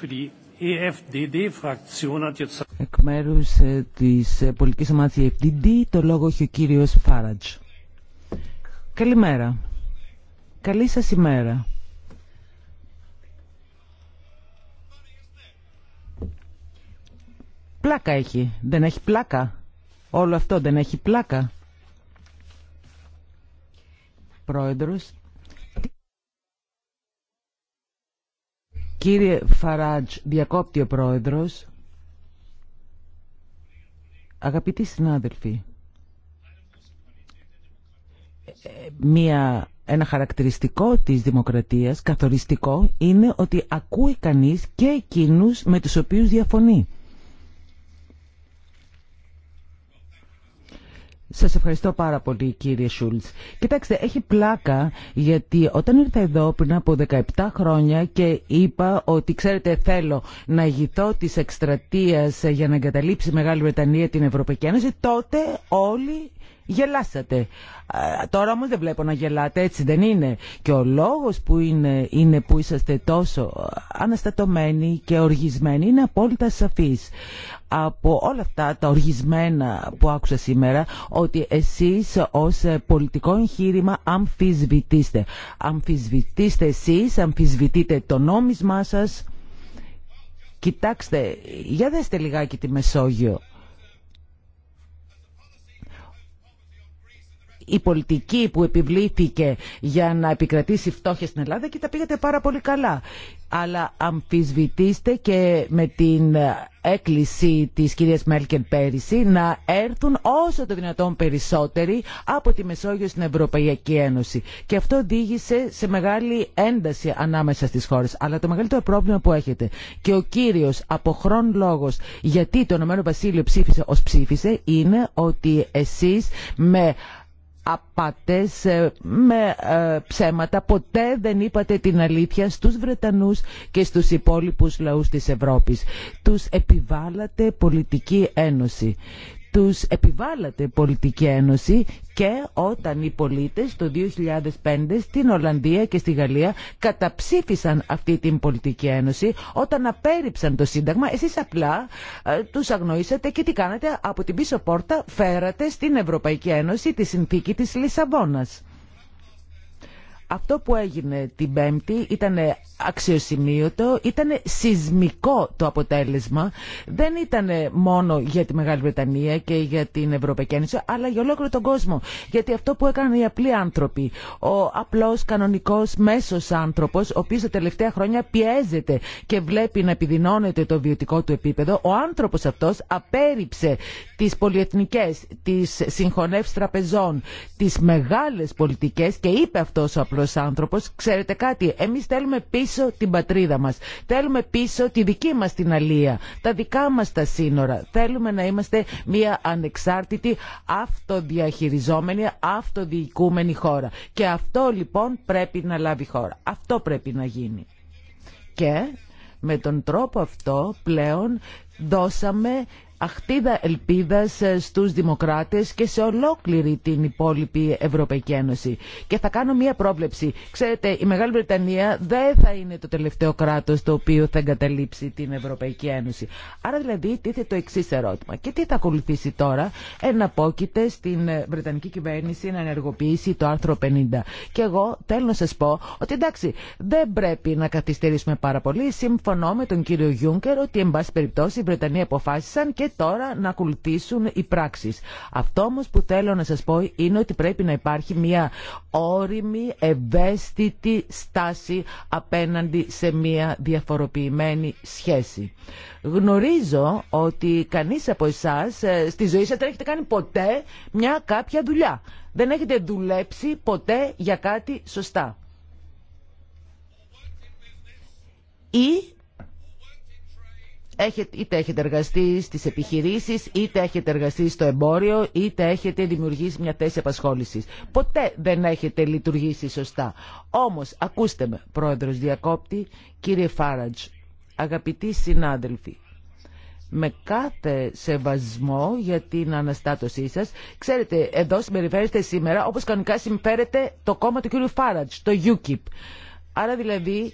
E Εκ μέρου ε, τη ε, πολιτική ομάδα EFDD, το λόγο έχει ο κύριο Φάρατζ. Καλημέρα. Καλή σα ημέρα. Πλάκα έχει. Δεν έχει πλάκα. Όλο αυτό δεν έχει πλάκα. Πρόεδρος, Κύριε Φαράτζ, διακόπτει ο πρόεδρος. Αγαπητοί συνάδελφοι, μία, ένα χαρακτηριστικό της δημοκρατίας, καθοριστικό, είναι ότι ακούει κανείς και εκείνους με τους οποίους διαφωνεί. Σα ευχαριστώ πάρα πολύ κύριε Σουλτ. Κοιτάξτε, έχει πλάκα γιατί όταν ήρθα εδώ πριν από 17 χρόνια και είπα ότι ξέρετε θέλω να ηγηθώ τη εκστρατεία για να εγκαταλείψει η Μεγάλη Βρετανία την Ευρωπαϊκή Ένωση, τότε όλοι Γελάσατε. Τώρα όμως δεν βλέπω να γελάτε, έτσι δεν είναι. Και ο λόγος που είναι, που είσαστε τόσο αναστατωμένοι και οργισμένοι είναι απόλυτα σαφής. Από όλα αυτά τα οργισμένα που άκουσα σήμερα, ότι εσείς ως πολιτικό εγχείρημα αμφισβητήστε. Αμφισβητήστε εσείς, αμφισβητείτε το νόμισμά σας. Κοιτάξτε, για δέστε λιγάκι τη Μεσόγειο. η πολιτική που επιβλήθηκε για να επικρατήσει φτώχεια στην Ελλάδα και τα πήγατε πάρα πολύ καλά. Αλλά αμφισβητήστε και με την έκκληση της κυρίας Μέλκεν πέρυσι να έρθουν όσο το δυνατόν περισσότεροι από τη Μεσόγειο στην Ευρωπαϊκή Ένωση. Και αυτό οδήγησε σε μεγάλη ένταση ανάμεσα στις χώρες. Αλλά το μεγαλύτερο πρόβλημα που έχετε και ο κύριος από χρόν λόγος γιατί το Ηνωμένο Βασίλειο ψήφισε ως ψήφισε είναι ότι εσείς με απάτες, ε, με ε, ψέματα. Ποτέ δεν είπατε την αλήθεια στους Βρετανούς και στους υπόλοιπους λαούς της Ευρώπης. Τους επιβάλλατε πολιτική ένωση τους επιβάλλατε πολιτική ένωση και όταν οι πολίτες το 2005 στην Ολλανδία και στη Γαλλία καταψήφισαν αυτή την πολιτική ένωση όταν απέρριψαν το Σύνταγμα εσείς απλά ε, τους αγνοήσατε και τι κάνατε από την πίσω πόρτα φέρατε στην Ευρωπαϊκή Ένωση τη συνθήκη της Λισαβόνας. Αυτό που έγινε την Πέμπτη ήταν αξιοσημείωτο, ήταν σεισμικό το αποτέλεσμα. Δεν ήταν μόνο για τη Μεγάλη Βρετανία και για την Ευρωπαϊκή Ένωση, αλλά για ολόκληρο τον κόσμο. Γιατί αυτό που έκαναν οι απλοί άνθρωποι, ο απλό κανονικό μέσο άνθρωπο, ο οποίο τα τελευταία χρόνια πιέζεται και βλέπει να επιδεινώνεται το βιωτικό του επίπεδο, ο άνθρωπο αυτό απέρριψε τι πολυεθνικές, τι συγχωνεύσει τραπεζών, τι μεγάλε πολιτικέ, και είπε αυτό ο απλό άνθρωπο, ξέρετε κάτι, εμεί θέλουμε πίσω πίσω την πατρίδα μας. Θέλουμε πίσω τη δική μας την αλία, τα δικά μας τα σύνορα. Θέλουμε να είμαστε μια ανεξάρτητη, αυτοδιαχειριζόμενη, αυτοδιοικούμενη χώρα. Και αυτό λοιπόν πρέπει να λάβει χώρα. Αυτό πρέπει να γίνει. Και με τον τρόπο αυτό πλέον δώσαμε αχτίδα ελπίδας ε, στους δημοκράτες και σε ολόκληρη την υπόλοιπη Ευρωπαϊκή Ένωση. Και θα κάνω μία πρόβλεψη. Ξέρετε, η Μεγάλη Βρετανία δεν θα είναι το τελευταίο κράτος το οποίο θα εγκαταλείψει την Ευρωπαϊκή Ένωση. Άρα δηλαδή τίθεται το εξή ερώτημα. Και τι θα ακολουθήσει τώρα εναπόκειται στην ε, Βρετανική κυβέρνηση να ενεργοποιήσει το άρθρο 50. Και εγώ θέλω να σας πω ότι εντάξει δεν πρέπει να καθυστερήσουμε πάρα πολύ. Συμφωνώ με τον κύριο Γιούγκερ ότι εν πάση περιπτώσει η Βρετανία αποφάσισαν τώρα να ακολουθήσουν οι πράξεις. Αυτό όμως που θέλω να σας πω είναι ότι πρέπει να υπάρχει μια όρημη, ευαίσθητη στάση απέναντι σε μια διαφοροποιημένη σχέση. Γνωρίζω ότι κανείς από εσάς ε, στη ζωή σας δεν έχετε κάνει ποτέ μια κάποια δουλειά. Δεν έχετε δουλέψει ποτέ για κάτι σωστά. Ή έχετε, είτε έχετε εργαστεί στις επιχειρήσεις, είτε έχετε εργαστεί στο εμπόριο, είτε έχετε δημιουργήσει μια θέση απασχόλησης. Ποτέ δεν έχετε λειτουργήσει σωστά. Όμως, ακούστε με, πρόεδρος Διακόπτη, κύριε Φάραντζ, αγαπητοί συνάδελφοι, με κάθε σεβασμό για την αναστάτωσή σας. Ξέρετε, εδώ συμπεριφέρεστε σήμερα όπως κανονικά συμφέρεται το κόμμα του κύριου Φάρατζ, το UKIP. Άρα δηλαδή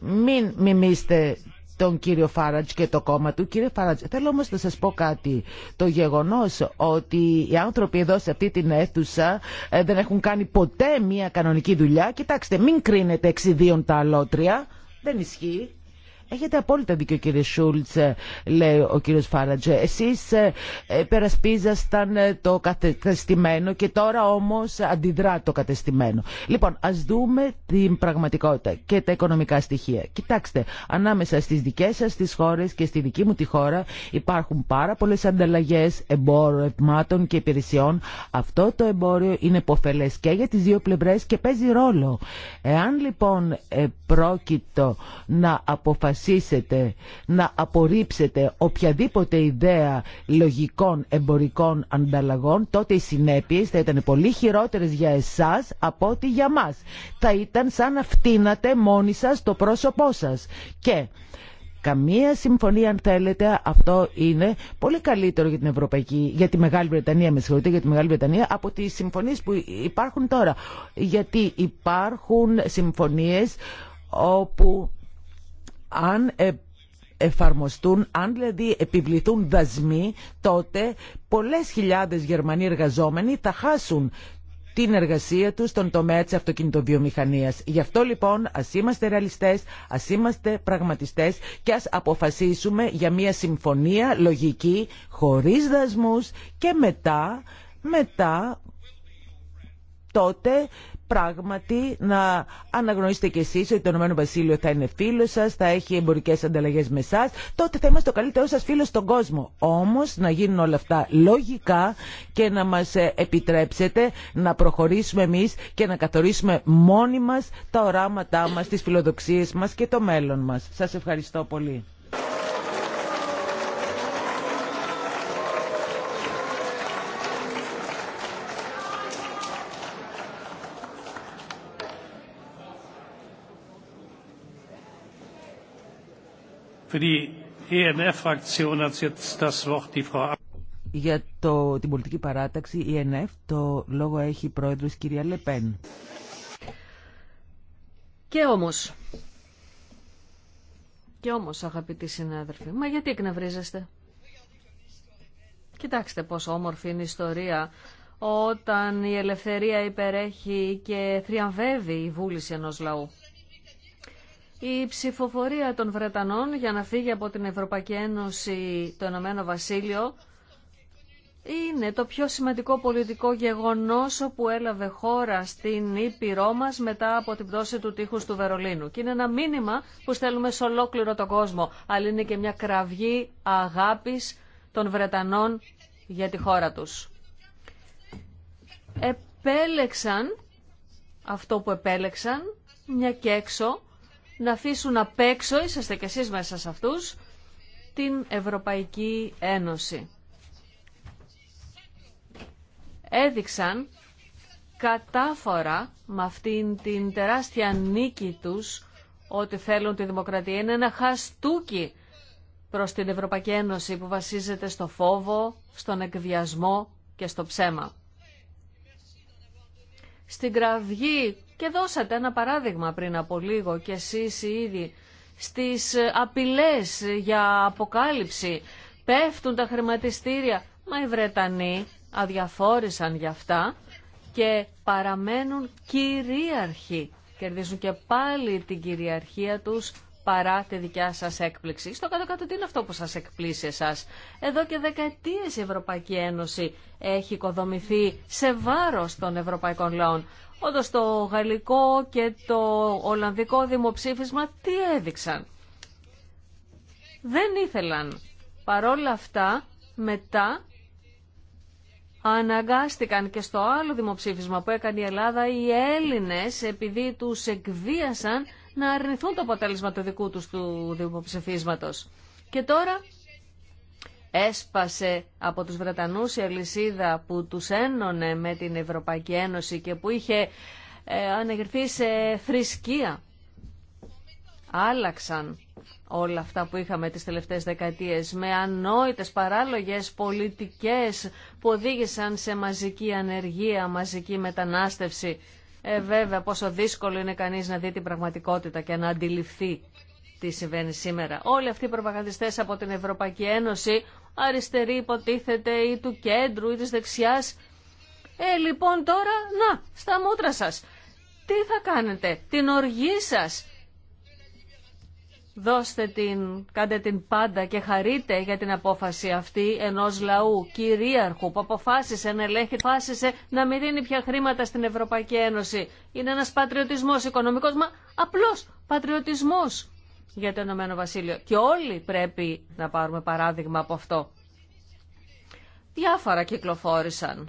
μην μιμήστε τον κύριο Φάρατζ και το κόμμα του. Κύριε Φάρατζ, θέλω όμω να σας πω κάτι. Το γεγονός ότι οι άνθρωποι εδώ σε αυτή την αίθουσα ε, δεν έχουν κάνει ποτέ μία κανονική δουλειά. Κοιτάξτε, μην κρίνετε εξιδίων τα αλότρια. Δεν ισχύει. Έχετε απόλυτα δίκιο κύριε Σούλτ, ε, λέει ο κύριο Φάρατζε. Εσεί ε, περασπίζασταν ε, το κατεστημένο και τώρα όμω αντιδρά το κατεστημένο. Λοιπόν, α δούμε την πραγματικότητα και τα οικονομικά στοιχεία. Κοιτάξτε, ανάμεσα στι δικέ σα τι χώρε και στη δική μου τη χώρα υπάρχουν πάρα πολλέ ανταλλαγέ εμπόρων, ευμάτων και υπηρεσιών. Αυτό το εμπόριο είναι υποφελέ και για τι δύο πλευρέ και παίζει ρόλο. Εάν λοιπόν πρόκειτο να αποφασίσουμε αποφασίσετε να απορρίψετε οποιαδήποτε ιδέα λογικών εμπορικών ανταλλαγών, τότε οι συνέπειες θα ήταν πολύ χειρότερες για εσάς από ό,τι για μας. Θα ήταν σαν να φτύνατε μόνοι σας το πρόσωπό σας. Και καμία συμφωνία αν θέλετε αυτό είναι πολύ καλύτερο για την Ευρωπαϊκή, για τη Μεγάλη Βρετανία με συγχωρείτε, για τη Μεγάλη Βρετανία από τις συμφωνίες που υπάρχουν τώρα γιατί υπάρχουν συμφωνίες όπου αν ε, εφαρμοστούν, αν δηλαδή επιβληθούν δασμοί, τότε πολλές χιλιάδες Γερμανοί εργαζόμενοι θα χάσουν την εργασία τους στον τομέα της αυτοκινητοβιομηχανίας. Γι' αυτό λοιπόν ας είμαστε ρεαλιστές, ας είμαστε πραγματιστές και ας αποφασίσουμε για μια συμφωνία λογική, χωρίς δασμούς και μετά, μετά τότε πράγματι να αναγνωρίσετε κι εσείς ότι το Ηνωμένο Βασίλειο θα είναι φίλο σας, θα έχει εμπορικές ανταλλαγές με εσά, τότε θα είμαστε ο καλύτερό σας φίλο στον κόσμο. Όμως να γίνουν όλα αυτά λογικά και να μας ε, επιτρέψετε να προχωρήσουμε εμείς και να καθορίσουμε μόνοι μας τα οράματά μας, τις φιλοδοξίες μας και το μέλλον μας. Σας ευχαριστώ πολύ. Για το, την πολιτική παράταξη ΕΝΕΦ, e το λόγο έχει η πρόεδρος κυρία Λεπέν. Και όμως, και όμως αγαπητοί συνάδελφοι, μα γιατί εκνευρίζεστε. Κοιτάξτε πόσο όμορφη είναι η ιστορία όταν η ελευθερία υπερέχει και θριαμβεύει η βούληση ενός λαού. Η ψηφοφορία των Βρετανών για να φύγει από την Ευρωπαϊκή Ένωση το Ενωμένο Βασίλειο είναι το πιο σημαντικό πολιτικό γεγονός που έλαβε χώρα στην Ήπειρό μας μετά από την πτώση του τείχους του Βερολίνου. Και είναι ένα μήνυμα που στέλνουμε σε ολόκληρο τον κόσμο, αλλά είναι και μια κραυγή αγάπης των Βρετανών για τη χώρα τους. Επέλεξαν αυτό που επέλεξαν, μια και να αφήσουν απ' έξω, είσαστε κι εσείς μέσα σε αυτούς, την Ευρωπαϊκή Ένωση. Έδειξαν κατάφορα με αυτήν την τεράστια νίκη τους ότι θέλουν τη δημοκρατία. Είναι ένα χαστούκι προς την Ευρωπαϊκή Ένωση που βασίζεται στο φόβο, στον εκβιασμό και στο ψέμα. Στην κραυγή και δώσατε ένα παράδειγμα πριν από λίγο και εσείς ήδη στις απειλές για αποκάλυψη. Πέφτουν τα χρηματιστήρια. Μα οι Βρετανοί αδιαφόρησαν για αυτά και παραμένουν κυρίαρχοι. Κερδίζουν και πάλι την κυριαρχία τους παρά τη δικιά σας έκπληξη. Στο κάτω-κάτω τι είναι αυτό που σας εκπλήσει εσάς. Εδώ και δεκαετίες η Ευρωπαϊκή Ένωση έχει οικοδομηθεί σε βάρος των ευρωπαϊκών λαών. Όντω το γαλλικό και το ολλανδικό δημοψήφισμα τι έδειξαν. Δεν ήθελαν. Παρόλα αυτά μετά αναγκάστηκαν και στο άλλο δημοψήφισμα που έκανε η Ελλάδα οι Έλληνες επειδή τους εκβίασαν να αρνηθούν το αποτέλεσμα του δικού τους του δημοψηφίσματος. Και τώρα έσπασε από τους Βρετανούς η αλυσίδα που τους ένωνε με την Ευρωπαϊκή Ένωση και που είχε ε, ανεγερθεί σε θρησκεία. Άλλαξαν όλα αυτά που είχαμε τις τελευταίες δεκαετίες με ανόητες παράλογες πολιτικές που οδήγησαν σε μαζική ανεργία, μαζική μετανάστευση. Ε, βέβαια, πόσο δύσκολο είναι κανείς να δει την πραγματικότητα και να αντιληφθεί τι συμβαίνει σήμερα. Όλοι αυτοί οι προπαγανδιστές από την Ευρωπαϊκή Ένωση αριστερή υποτίθεται ή του κέντρου ή της δεξιάς. Ε, λοιπόν τώρα, να, στα μούτρα σας. Τι θα κάνετε, την οργή σας. Δώστε την, κάντε την πάντα και χαρείτε για την απόφαση αυτή ενός λαού κυρίαρχου που αποφάσισε να ελέγχει, να μην δίνει πια χρήματα στην Ευρωπαϊκή Ένωση. Είναι ένας πατριωτισμός οικονομικός, μα απλός πατριωτισμός για το Ηνωμένο Βασίλειο. Και όλοι πρέπει να πάρουμε παράδειγμα από αυτό. Διάφορα κυκλοφόρησαν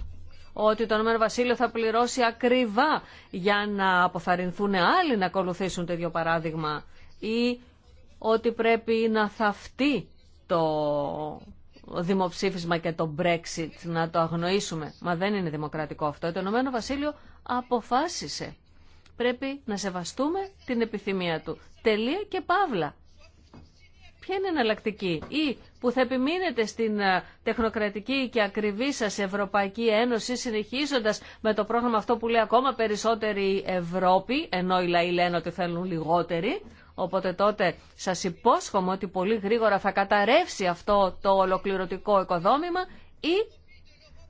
ότι το Ηνωμένο Βασίλειο θα πληρώσει ακριβά για να αποθαρρυνθούν άλλοι να ακολουθήσουν το ίδιο παράδειγμα ή ότι πρέπει να θαυτεί το δημοψήφισμα και το Brexit, να το αγνοήσουμε. Μα δεν είναι δημοκρατικό αυτό. Το Ηνωμένο Βασίλειο αποφάσισε πρέπει να σεβαστούμε την επιθυμία του. Τελεία και παύλα. Ποια είναι εναλλακτική ή που θα επιμείνετε στην ε, τεχνοκρατική και ακριβή σας Ευρωπαϊκή Ένωση συνεχίζοντας με το πρόγραμμα αυτό που λέει ακόμα περισσότερη Ευρώπη ενώ οι λαοί λένε ότι θέλουν λιγότερη οπότε τότε σας υπόσχομαι ότι πολύ γρήγορα θα καταρρεύσει αυτό το ολοκληρωτικό οικοδόμημα ή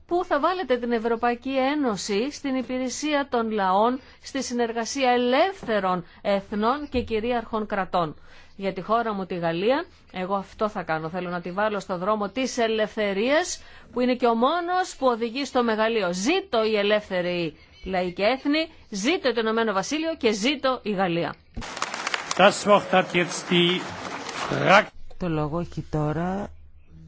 που θα βάλετε την Ευρωπαϊκή Ένωση στην υπηρεσία των λαών, στη συνεργασία ελεύθερων εθνών και κυρίαρχων κρατών. Για τη χώρα μου, τη Γαλλία, εγώ αυτό θα κάνω. Θέλω να τη βάλω στο δρόμο της ελευθερίας, που είναι και ο μόνος που οδηγεί στο μεγαλείο. Ζήτω η ελεύθερη λαϊκή έθνη, ζήτω το Ηνωμένο Βασίλειο και ζήτω η Γαλλία. Το λόγο τώρα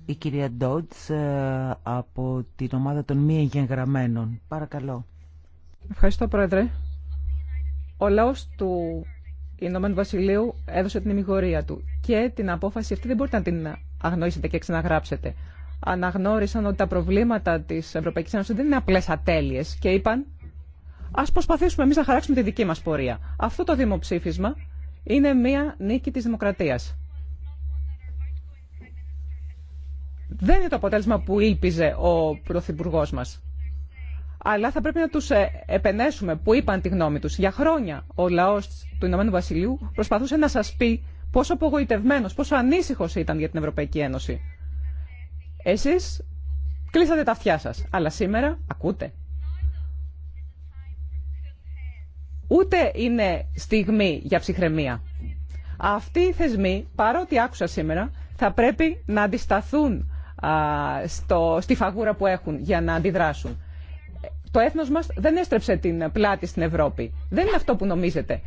η κυρία Ντότς ε, από την ομάδα των μη εγγεγραμμένων. Παρακαλώ. Ευχαριστώ, Πρόεδρε. Ο λαός του Ηνωμένου Βασιλείου έδωσε την ημιγορία του και την απόφαση αυτή δεν μπορείτε να την αγνοήσετε και ξαναγράψετε. Αναγνώρισαν ότι τα προβλήματα της Ευρωπαϊκής Ένωσης δεν είναι απλές ατέλειες και είπαν ας προσπαθήσουμε εμείς να χαράξουμε τη δική μας πορεία. Αυτό το δημοψήφισμα είναι μία νίκη της δημοκρατίας. Δεν είναι το αποτέλεσμα που ήλπιζε ο Πρωθυπουργό μα. Αλλά θα πρέπει να του ε, επενέσουμε που είπαν τη γνώμη του. Για χρόνια ο λαό του Ηνωμένου Βασιλείου προσπαθούσε να σα πει πόσο απογοητευμένο, πόσο ανήσυχο ήταν για την Ευρωπαϊκή Ένωση. Εσεί κλείσατε τα αυτιά σα. Αλλά σήμερα ακούτε. Ούτε είναι στιγμή για ψυχραιμία. Αυτοί οι θεσμοί, παρότι άκουσα σήμερα, θα πρέπει να αντισταθούν στο, στη φαγούρα που έχουν για να αντιδράσουν. Το έθνος μας δεν έστρεψε την πλάτη στην Ευρώπη. Δεν είναι αυτό που νομίζετε.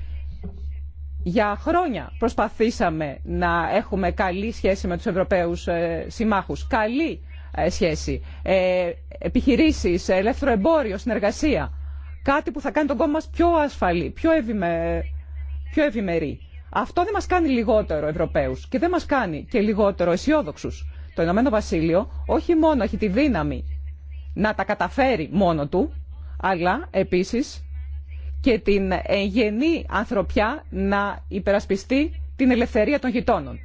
Για χρόνια προσπαθήσαμε να έχουμε καλή σχέση με τους Ευρωπαίους ε, συμμάχους. Καλή ε, σχέση. Ε, επιχειρήσεις, ελεύθερο εμπόριο, συνεργασία. Κάτι που θα κάνει τον κόμμα μας πιο ασφαλή, πιο, πιο ευημερή. Αυτό δεν μας κάνει λιγότερο Ευρωπαίους και δεν μας κάνει και λιγότερο αισιόδοξου το Ηνωμένο Βασίλειο όχι μόνο έχει τη δύναμη να τα καταφέρει μόνο του, αλλά επίσης και την εγγενή ανθρωπιά να υπερασπιστεί την ελευθερία των γειτόνων.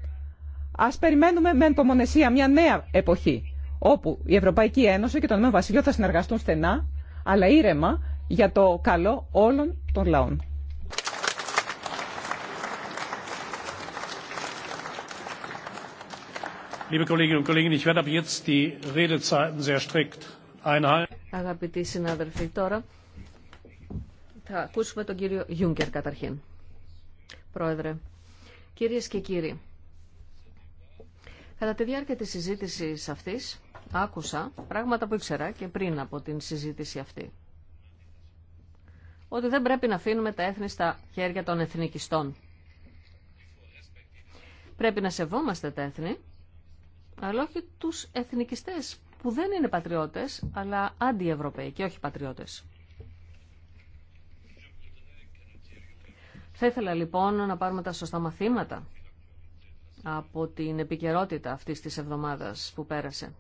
Ας περιμένουμε με υπομονεσία μια νέα εποχή, όπου η Ευρωπαϊκή Ένωση και το Ηνωμένο Βασίλειο θα συνεργαστούν στενά, αλλά ήρεμα για το καλό όλων των λαών. Liebe Kolleginnen und Kollegen, Αγαπητοί συνάδελφοι, τώρα θα ακούσουμε τον κύριο Γιούγκερ καταρχήν. Πρόεδρε, κυρίες και κύριοι, κατά τη διάρκεια της συζήτησης αυτής άκουσα πράγματα που ήξερα και πριν από την συζήτηση αυτή. Ότι δεν πρέπει να αφήνουμε τα έθνη στα χέρια των εθνικιστών. Πρέπει να σεβόμαστε τα έθνη, αλλά όχι τους εθνικιστές που δεν είναι πατριώτες, αλλά αντιευρωπαίοι και όχι πατριώτες. Θα ήθελα λοιπόν να πάρουμε τα σωστά μαθήματα από την επικαιρότητα αυτής της εβδομάδας που πέρασε.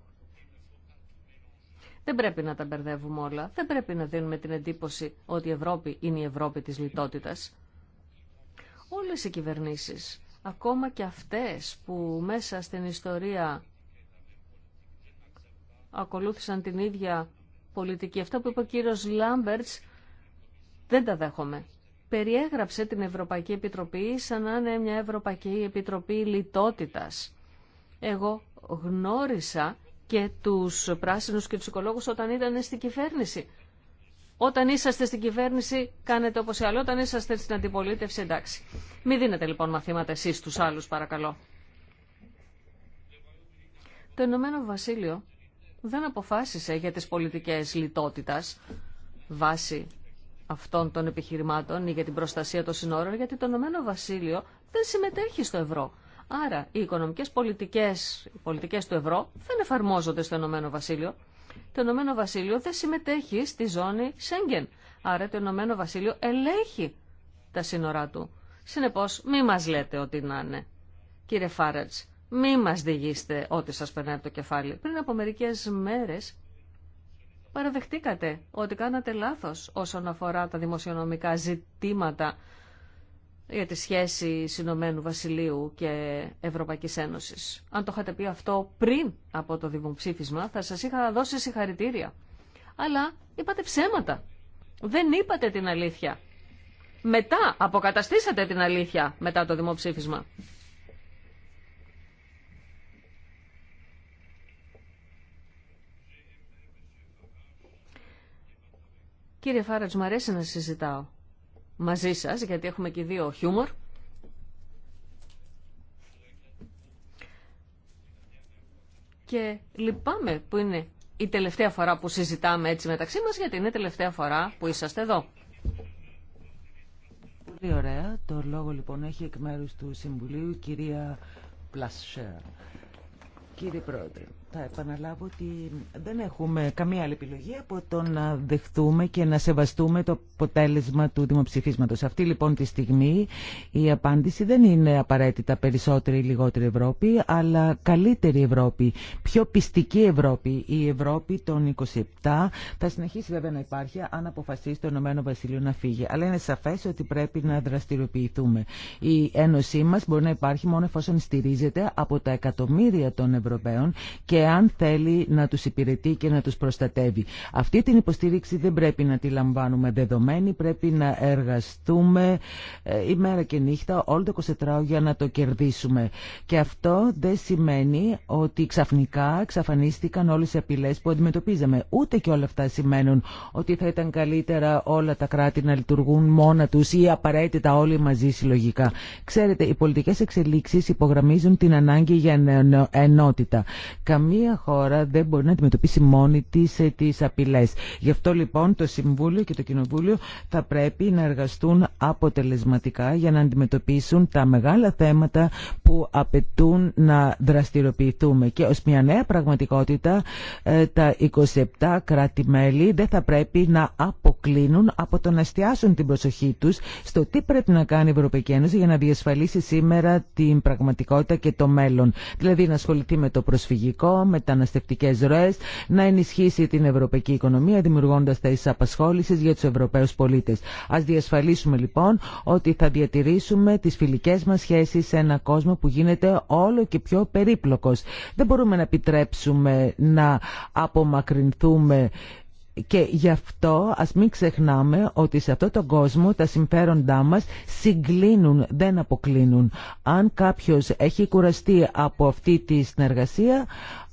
Δεν πρέπει να τα μπερδεύουμε όλα. Δεν πρέπει να δίνουμε την εντύπωση ότι η Ευρώπη είναι η Ευρώπη της λιτότητας. Όλες οι κυβερνήσεις, ακόμα και αυτές που μέσα στην ιστορία ακολούθησαν την ίδια πολιτική. Αυτά που είπε ο κύριος Λάμπερτς δεν τα δέχομαι. Περιέγραψε την Ευρωπαϊκή Επιτροπή σαν να είναι μια Ευρωπαϊκή Επιτροπή λιτότητας. Εγώ γνώρισα και τους πράσινους και τους οικολόγους όταν ήταν στην κυβέρνηση. Όταν είσαστε στην κυβέρνηση, κάνετε όπω οι άλλοι. Όταν είσαστε στην αντιπολίτευση, εντάξει. Μην δίνετε λοιπόν μαθήματα εσεί στου άλλου, παρακαλώ. Το Ηνωμένο Βασίλειο δεν αποφάσισε για τις πολιτικές λιτότητας βάσει αυτών των επιχειρημάτων ή για την προστασία των συνόρων, γιατί το Ηνωμένο Βασίλειο δεν συμμετέχει στο ευρώ. Άρα οι οικονομικές πολιτικές, οι πολιτικές του ευρώ δεν εφαρμόζονται στο Ηνωμένο Βασίλειο. Το Ηνωμένο Βασίλειο δεν συμμετέχει στη ζώνη Σέγγεν. Άρα το Ηνωμένο Βασίλειο ελέγχει τα σύνορά του. Συνεπώς μη μας λέτε ότι να είναι. Κύριε Φάρατς, μη μας διηγήσετε ό,τι σας περνάει από το κεφάλι. Πριν από μερικές μέρες παραδεχτήκατε ότι κάνατε λάθος όσον αφορά τα δημοσιονομικά ζητήματα για τη σχέση Συνωμένου Βασιλείου και Ευρωπαϊκής Ένωσης. Αν το είχατε πει αυτό πριν από το δημοψήφισμα θα σας είχα δώσει συγχαρητήρια. Αλλά είπατε ψέματα. Δεν είπατε την αλήθεια. Μετά αποκαταστήσατε την αλήθεια μετά το δημοψήφισμα. Κύριε Φάρατς, μου αρέσει να συζητάω μαζί σας, γιατί έχουμε και δύο χιούμορ. Και λυπάμαι που είναι η τελευταία φορά που συζητάμε έτσι μεταξύ μας, γιατί είναι η τελευταία φορά που είσαστε εδώ. Πολύ ωραία. Το λόγο λοιπόν έχει εκ μέρους του Συμβουλίου η κυρία Πλασσέρ. Κύριε Πρόεδρε, θα επαναλάβω ότι δεν έχουμε καμία άλλη επιλογή από το να δεχτούμε και να σεβαστούμε το αποτέλεσμα του δημοψηφίσματος. Αυτή λοιπόν τη στιγμή η απάντηση δεν είναι απαραίτητα περισσότερη ή λιγότερη Ευρώπη, αλλά καλύτερη Ευρώπη, πιο πιστική Ευρώπη. Η Ευρώπη των 27 θα συνεχίσει βέβαια να υπάρχει αν αποφασίσει το Ηνωμένο Βασίλειο να φύγει. Αλλά είναι σαφές ότι πρέπει να δραστηριοποιηθούμε. Η Ένωσή μας μπορεί να υπάρχει μόνο εφόσον στηρίζεται από τα εκατομμύρια των Ευρωπαίων και και αν θέλει να τους υπηρετεί και να τους προστατεύει. Αυτή την υποστήριξη δεν πρέπει να τη λαμβάνουμε δεδομένη, πρέπει να εργαστούμε ε, ημέρα και νύχτα όλο το 24 για να το κερδίσουμε. Και αυτό δεν σημαίνει ότι ξαφνικά εξαφανίστηκαν όλες οι απειλές που αντιμετωπίζαμε. Ούτε και όλα αυτά σημαίνουν ότι θα ήταν καλύτερα όλα τα κράτη να λειτουργούν μόνα τους ή απαραίτητα όλοι μαζί συλλογικά. Ξέρετε, οι πολιτικές εξελίξεις υπογραμμίζουν την ανάγκη για ενότητα καμία χώρα δεν μπορεί να αντιμετωπίσει μόνη της ε, τις απειλέ. Γι' αυτό λοιπόν το Συμβούλιο και το Κοινοβούλιο θα πρέπει να εργαστούν αποτελεσματικά για να αντιμετωπίσουν τα μεγάλα θέματα που απαιτούν να δραστηριοποιηθούμε. Και ω μια νέα πραγματικότητα ε, τα 27 κράτη-μέλη δεν θα πρέπει να αποκλίνουν από το να εστιάσουν την προσοχή του στο τι πρέπει να κάνει η Ευρωπαϊκή Ένωση για να διασφαλίσει σήμερα την πραγματικότητα και το μέλλον. Δηλαδή να ασχοληθεί με το προσφυγικό, μεταναστευτικές ροέ να ενισχύσει την ευρωπαϊκή οικονομία δημιουργώντας θέσεις απασχόληση για τους Ευρωπαίους πολίτες. Ας διασφαλίσουμε λοιπόν ότι θα διατηρήσουμε τις φιλικές μας σχέσεις σε ένα κόσμο που γίνεται όλο και πιο περίπλοκος. Δεν μπορούμε να επιτρέψουμε να απομακρυνθούμε και γι' αυτό ας μην ξεχνάμε ότι σε αυτόν τον κόσμο τα συμφέροντά μας συγκλίνουν, δεν αποκλίνουν. Αν κάποιος έχει κουραστεί από αυτή τη συνεργασία,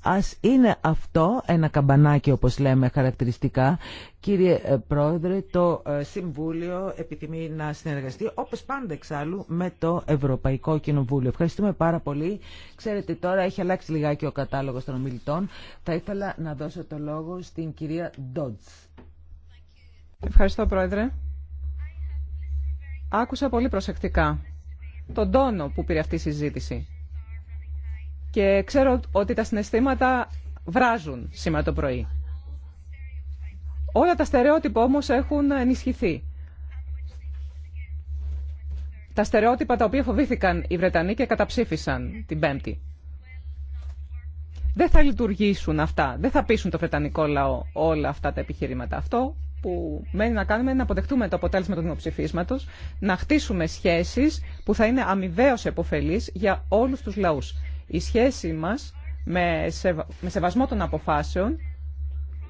Ας είναι αυτό ένα καμπανάκι όπως λέμε χαρακτηριστικά. Κύριε ε, Πρόεδρε, το ε, Συμβούλιο επιθυμεί να συνεργαστεί όπως πάντα εξάλλου με το Ευρωπαϊκό Κοινοβούλιο. Ευχαριστούμε πάρα πολύ. Ξέρετε τώρα έχει αλλάξει λιγάκι ο κατάλογος των ομιλητών. Θα ήθελα να δώσω το λόγο στην κυρία Ντότς. Ευχαριστώ Πρόεδρε. Άκουσα πολύ προσεκτικά τον τόνο που πήρε αυτή η συζήτηση και ξέρω ότι τα συναισθήματα βράζουν σήμερα το πρωί. Όλα τα στερεότυπα όμως έχουν ενισχυθεί. Τα στερεότυπα τα οποία φοβήθηκαν οι Βρετανοί και καταψήφισαν την Πέμπτη. Δεν θα λειτουργήσουν αυτά, δεν θα πείσουν το Βρετανικό λαό όλα αυτά τα επιχειρήματα. Αυτό που μένει να κάνουμε είναι να αποδεχτούμε το αποτέλεσμα του δημοψηφίσματος, να χτίσουμε σχέσεις που θα είναι αμοιβαίως επωφελείς για όλους τους λαούς η σχέση μας με, σεβα... με σεβασμό των αποφάσεων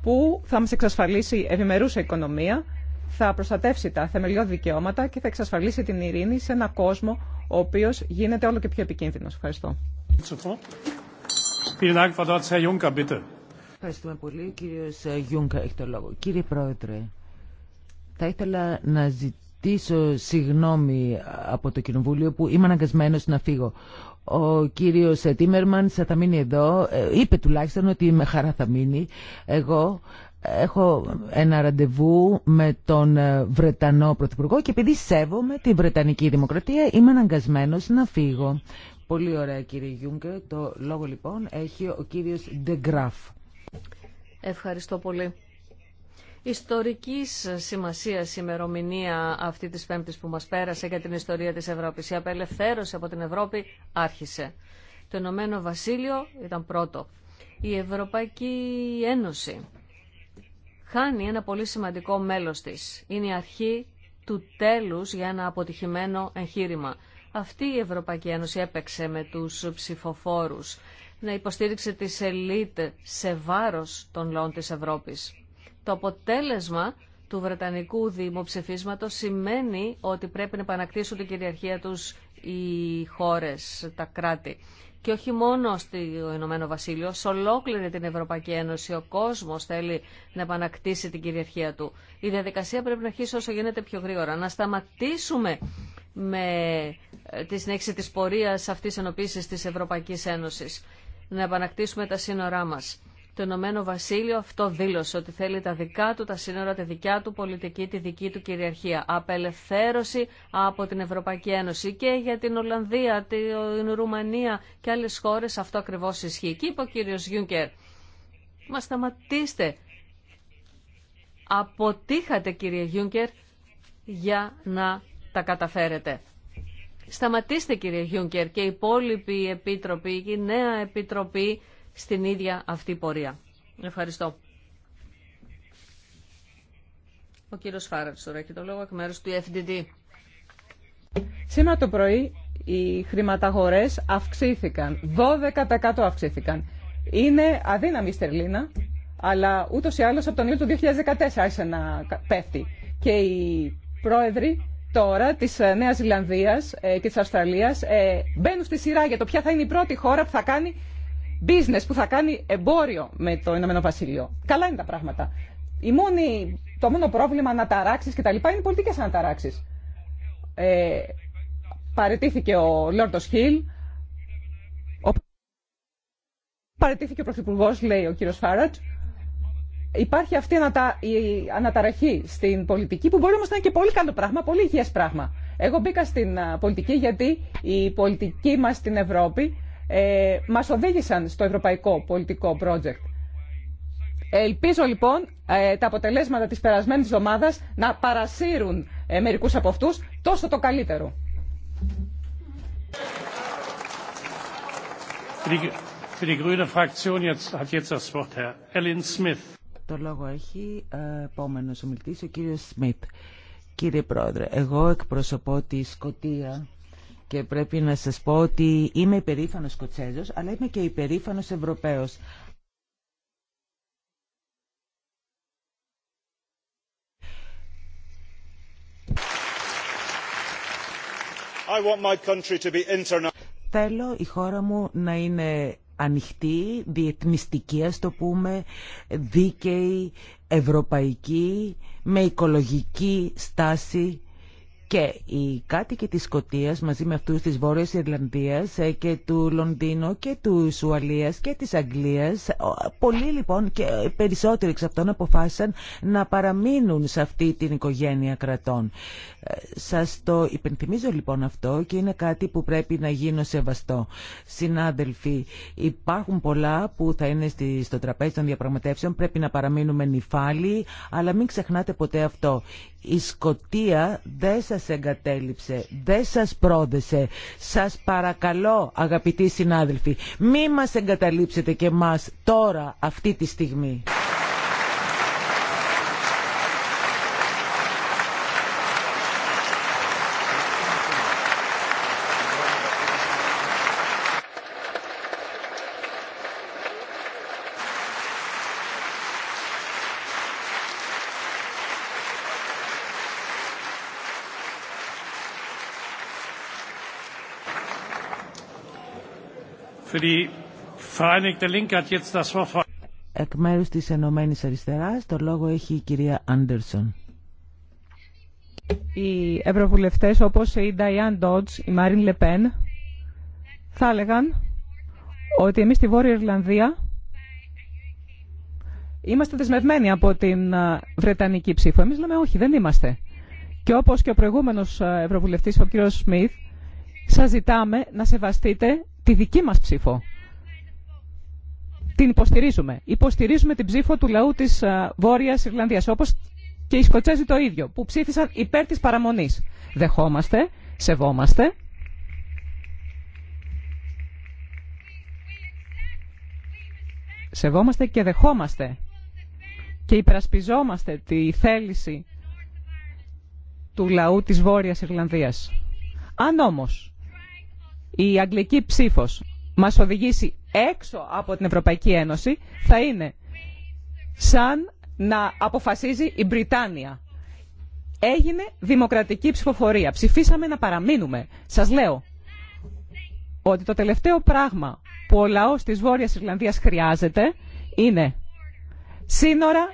που θα μας εξασφαλίσει ευημερούσα οικονομία, θα προστατεύσει τα θεμελιώδη δικαιώματα και θα εξασφαλίσει την ειρήνη σε ένα κόσμο ο οποίος γίνεται όλο και πιο επικίνδυνος. Ευχαριστώ. Ευχαριστούμε πολύ. Κύριος Γιούγκα ε, έχει το λόγο. Κύριε Πρόεδρε, θα ήθελα να ζητήσω συγγνώμη από το Κοινοβούλιο που είμαι αναγκασμένος να φύγω. Ο κύριος Τίμερμαν θα μείνει εδώ. Ε, είπε τουλάχιστον ότι με χαρά θα μείνει. Εγώ έχω ένα ραντεβού με τον ε, Βρετανό Πρωθυπουργό και επειδή σέβομαι τη Βρετανική Δημοκρατία είμαι αναγκασμένος να φύγω. Πολύ ωραία κύριε Γιούγκε, Το λόγο λοιπόν έχει ο κύριος Ντεγκράφ. Ευχαριστώ πολύ ιστορικής σημασίας ημερομηνία αυτή της Πέμπτης που μας πέρασε για την ιστορία της Ευρώπης. Η απελευθέρωση από την Ευρώπη άρχισε. Το Ηνωμένο Βασίλειο ήταν πρώτο. Η Ευρωπαϊκή Ένωση χάνει ένα πολύ σημαντικό μέλος της. Είναι η αρχή του τέλους για ένα αποτυχημένο εγχείρημα. Αυτή η Ευρωπαϊκή Ένωση έπαιξε με τους ψηφοφόρους να υποστήριξε τις ελίτ σε βάρος των λαών της Ευρώπης. Το αποτέλεσμα του Βρετανικού δημοψηφίσματος σημαίνει ότι πρέπει να επανακτήσουν την κυριαρχία τους οι χώρες, τα κράτη. Και όχι μόνο στο Ηνωμένο Βασίλειο, σε ολόκληρη την Ευρωπαϊκή Ένωση ο κόσμος θέλει να επανακτήσει την κυριαρχία του. Η διαδικασία πρέπει να αρχίσει όσο γίνεται πιο γρήγορα. Να σταματήσουμε με ε, τη συνέχιση της πορείας αυτής ενοποίησης τη Ευρωπαϊκή Ένωση, Να επανακτήσουμε τα σύνορά μα. Το Ηνωμένο Βασίλειο αυτό δήλωσε ότι θέλει τα δικά του, τα σύνορα, τη δικιά του πολιτική, τη δική του κυριαρχία. Απελευθέρωση από την Ευρωπαϊκή Ένωση και για την Ολλανδία, την Ρουμανία και άλλες χώρες αυτό ακριβώ ισχύει. Και είπε ο κύριο Γιούγκερ, μα σταματήστε. Αποτύχατε κύριε Γιούγκερ για να τα καταφέρετε. Σταματήστε κύριε Γιούγκερ και οι υπόλοιποι επίτροποι, η νέα επιτροπή στην ίδια αυτή πορεία. Ευχαριστώ. Ο κύριος Φάραντς τώρα έχει το λόγο εκ μέρους του FDD. Σήμερα το πρωί οι χρηματαγορές αυξήθηκαν. 12% αυξήθηκαν. Είναι αδύναμη η στερλίνα, αλλά ούτως ή άλλως από τον Ιούλιο του 2014 άρχισε να πέφτει. Και οι πρόεδροι τώρα τη ε, Νέα Ζηλανδία ε, και τη Αυστραλία ε, μπαίνουν στη σειρά για το ποια θα είναι η πρώτη χώρα που θα κάνει business που θα κάνει εμπόριο με το Ηνωμένο Βασίλειο. Καλά είναι τα πράγματα. Η μόνη, το μόνο πρόβλημα αναταράξει και τα λοιπά είναι οι πολιτικέ αναταράξει. Ε, παρετήθηκε ο Λόρτο Χιλ. Ο... Παρετήθηκε ο Πρωθυπουργό, λέει ο κύριο Φάρατ. Υπάρχει αυτή ανατα... η αναταραχή στην πολιτική που μπορεί όμω να είναι και πολύ καλό πράγμα, πολύ υγιέ πράγμα. Εγώ μπήκα στην πολιτική γιατί η πολιτική μα στην Ευρώπη ε, μας οδήγησαν στο ευρωπαϊκό πολιτικό project. Ελπίζω λοιπόν ε, τα αποτελέσματα της περασμένης εβδομάδας να παρασύρουν ε, μερικούς από αυτούς τόσο το καλύτερο. Το λόγο έχει ε, επόμενο ομιλητή, ο κύριο Σμιτ. Κύριε Πρόεδρε, εγώ εκπροσωπώ τη Σκοτία και πρέπει να σας πω ότι είμαι υπερήφανος Σκοτσέζος αλλά είμαι και υπερήφανος Ευρωπαίος. Θέλω η χώρα μου να είναι ανοιχτή, διεθνιστική ας το πούμε, δίκαιη, ευρωπαϊκή, με οικολογική στάση και οι κάτοικοι της Σκοτίας μαζί με αυτούς της Βόρειας Ιρλανδίας ε, και του Λονδίνου και του Σουαλίας και της Αγγλίας, ε, πολλοί λοιπόν και περισσότεροι εξ αυτών αποφάσισαν να παραμείνουν σε αυτή την οικογένεια κρατών. Ε, σας το υπενθυμίζω λοιπόν αυτό και είναι κάτι που πρέπει να γίνω σεβαστό. Συνάδελφοι, υπάρχουν πολλά που θα είναι στο τραπέζι των διαπραγματεύσεων, πρέπει να παραμείνουμε νυφάλοι, αλλά μην ξεχνάτε ποτέ αυτό η σκοτία δεν σας εγκατέλειψε, δεν σας πρόδεσε. Σας παρακαλώ αγαπητοί συνάδελφοι, μη μας εγκαταλείψετε και μας τώρα αυτή τη στιγμή. Εκ μέρους της Ενωμένης Αριστεράς, το λόγο έχει η κυρία Άντερσον. Οι ευρωβουλευτές όπως η Νταϊάν Ντότζ, η Μάριν Λεπέν, θα έλεγαν ότι εμείς στη Βόρεια Ιρλανδία είμαστε δεσμευμένοι από την ε, Βρετανική ψήφο. Εμείς λέμε όχι, δεν είμαστε. Και όπως και ο προηγούμενος ε, Ευρωβουλευτής, ο κύριος Σμιθ, σας ζητάμε να σεβαστείτε τη δική μας ψήφο. Την υποστηρίζουμε. Υποστηρίζουμε την ψήφο του λαού της ε, Βόρειας Ιρλανδίας, όπως και οι Σκοτσέζοι το ίδιο, που ψήφισαν υπέρ της παραμονής. Δεχόμαστε, σεβόμαστε. Σεβόμαστε και δεχόμαστε και υπερασπιζόμαστε τη θέληση του λαού της Βόρειας Ιρλανδίας. Αν όμως η αγγλική ψήφος μας οδηγήσει έξω από την Ευρωπαϊκή Ένωση θα είναι σαν να αποφασίζει η Βρυτάνια. Έγινε δημοκρατική ψηφοφορία. Ψηφίσαμε να παραμείνουμε. Σας λέω ότι το τελευταίο πράγμα που ο λαός της Βόρειας Ιρλανδίας χρειάζεται είναι σύνορα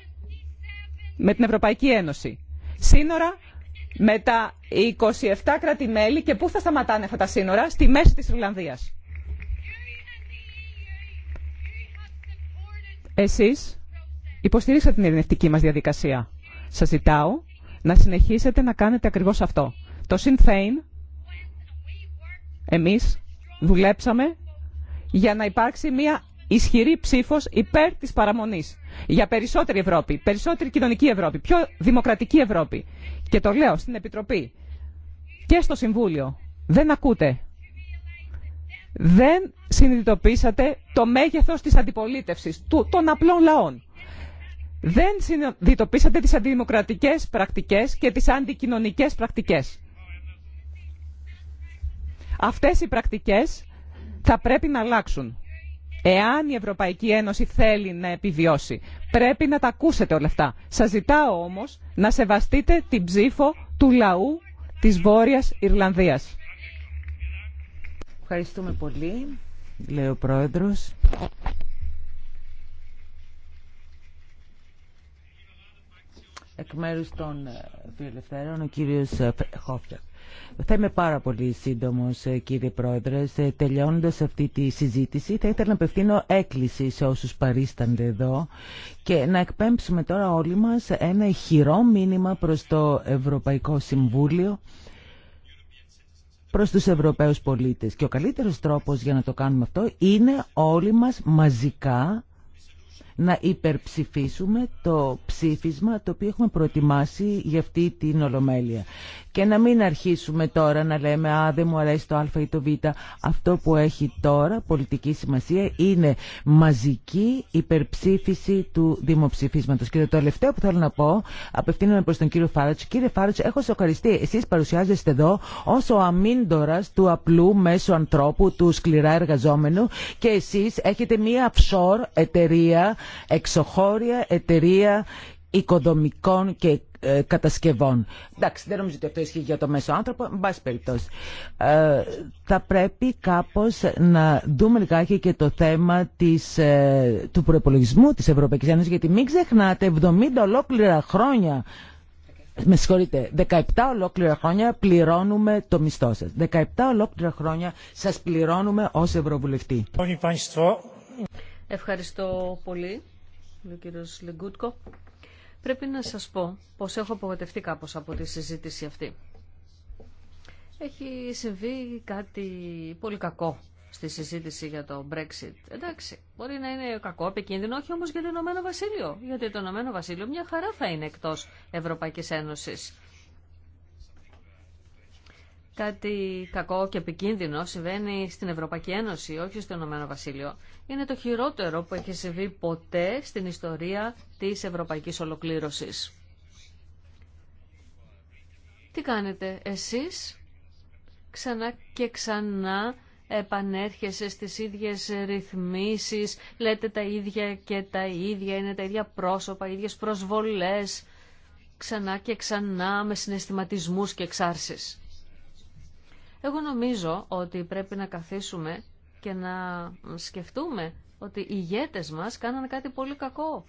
με την Ευρωπαϊκή Ένωση. Σύνορα με τα 27 κράτη-μέλη και πού θα σταματάνε αυτά τα σύνορα, στη μέση της Ιρλανδίας. Εσείς υποστηρίξατε την ειρηνευτική μας διαδικασία. Σας ζητάω να συνεχίσετε να κάνετε ακριβώς αυτό. Το Sinn Féin, εμείς δουλέψαμε για να υπάρξει μια ισχυρή ψήφο υπέρ τη παραμονή. Για περισσότερη Ευρώπη, περισσότερη κοινωνική Ευρώπη, πιο δημοκρατική Ευρώπη. Και το λέω στην Επιτροπή και στο Συμβούλιο. Δεν ακούτε. Δεν συνειδητοποίησατε το μέγεθος της αντιπολίτευσης του, των απλών λαών. Δεν συνειδητοποίησατε τις αντιδημοκρατικές πρακτικές και τις αντικοινωνικές πρακτικές. Αυτές οι πρακτικές θα πρέπει να αλλάξουν. Εάν η Ευρωπαϊκή Ένωση θέλει να επιβιώσει, πρέπει να τα ακούσετε όλα αυτά. Σας ζητάω όμως να σεβαστείτε την ψήφο του λαού της Βόρειας Ιρλανδίας. Ευχαριστούμε πολύ, λέει ο Πρόεδρος. Εκ μέρους των ε, φιλελευθέρων, ο κύριος ε, θα είμαι πάρα πολύ σύντομο, ε, κύριε Πρόεδρε. Τελειώνοντα αυτή τη συζήτηση, θα ήθελα να απευθύνω έκκληση σε όσου παρίστανται εδώ και να εκπέμψουμε τώρα όλοι μα ένα χειρό μήνυμα προ το Ευρωπαϊκό Συμβούλιο προς τους Ευρωπαίους πολίτες. Και ο καλύτερος τρόπος για να το κάνουμε αυτό είναι όλοι μας μαζικά να υπερψηφίσουμε το ψήφισμα το οποίο έχουμε προετοιμάσει για αυτή την Ολομέλεια. Και να μην αρχίσουμε τώρα να λέμε «Α, δεν μου αρέσει το Α ή το Β». Αυτό που έχει τώρα πολιτική σημασία είναι μαζική υπερψήφιση του δημοψηφίσματος. Και το τελευταίο που θέλω να πω, απευθύνομαι προς τον κύριο Φάρατς. Κύριε Φάρατς, έχω σοκαριστεί. Εσείς παρουσιάζεστε εδώ ως ο αμύντορας του απλού μέσου ανθρώπου, του σκληρά εργαζόμενου και εσείς έχετε μία offshore εταιρεία εξωχώρια εταιρεία οικοδομικών και ε, κατασκευών. Εντάξει, δεν νομίζω ότι αυτό ισχύει για το μέσο άνθρωπο, εν πάση περιπτώσει. Ε, θα πρέπει κάπως να δούμε λιγάκι και το θέμα της, ε, του προπολογισμού της Ευρωπαϊκής Ένωσης, γιατί μην ξεχνάτε 70 ολόκληρα χρόνια με συγχωρείτε, 17 ολόκληρα χρόνια πληρώνουμε το μισθό σα. 17 ολόκληρα χρόνια σας πληρώνουμε ως Ευρωβουλευτή. Ευχαριστώ πολύ, ο κύριος Λεγκούτκο. Πρέπει να σας πω πως έχω απογοητευτεί κάπως από τη συζήτηση αυτή. Έχει συμβεί κάτι πολύ κακό στη συζήτηση για το Brexit. Εντάξει, μπορεί να είναι κακό, επικίνδυνο, όχι όμως για το Ηνωμένο Βασίλειο. Γιατί το Ηνωμένο Βασίλειο μια χαρά θα είναι εκτός Ευρωπαϊκής Ένωσης κάτι κακό και επικίνδυνο συμβαίνει στην Ευρωπαϊκή Ένωση, όχι στο Ηνωμένο Βασίλειο. Είναι το χειρότερο που έχει συμβεί ποτέ στην ιστορία της ευρωπαϊκής ολοκλήρωσης. Τι κάνετε εσείς ξανά και ξανά επανέρχεσαι στις ίδιες ρυθμίσεις, λέτε τα ίδια και τα ίδια, είναι τα ίδια πρόσωπα, οι ίδιες προσβολές, ξανά και ξανά με συναισθηματισμούς και εξάρσεις. Εγώ νομίζω ότι πρέπει να καθίσουμε και να σκεφτούμε ότι οι ηγέτες μας κάνανε κάτι πολύ κακό.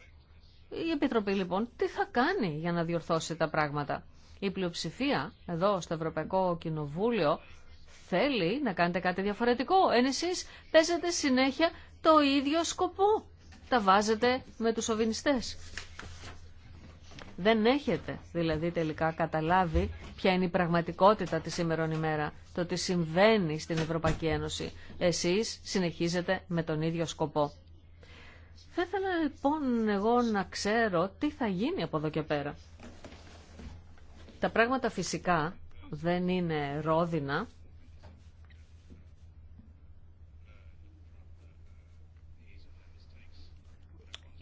Η Επιτροπή λοιπόν τι θα κάνει για να διορθώσει τα πράγματα. Η πλειοψηφία εδώ στο Ευρωπαϊκό Κοινοβούλιο θέλει να κάνετε κάτι διαφορετικό. Εν εσείς παίζετε συνέχεια το ίδιο σκοπό. Τα βάζετε με τους σοβινιστές. Δεν έχετε δηλαδή τελικά καταλάβει ποια είναι η πραγματικότητα της σήμερον ημέρα, το τι συμβαίνει στην Ευρωπαϊκή Ένωση. Εσείς συνεχίζετε με τον ίδιο σκοπό. Θα ήθελα λοιπόν εγώ να ξέρω τι θα γίνει από εδώ και πέρα. Τα πράγματα φυσικά δεν είναι ρόδινα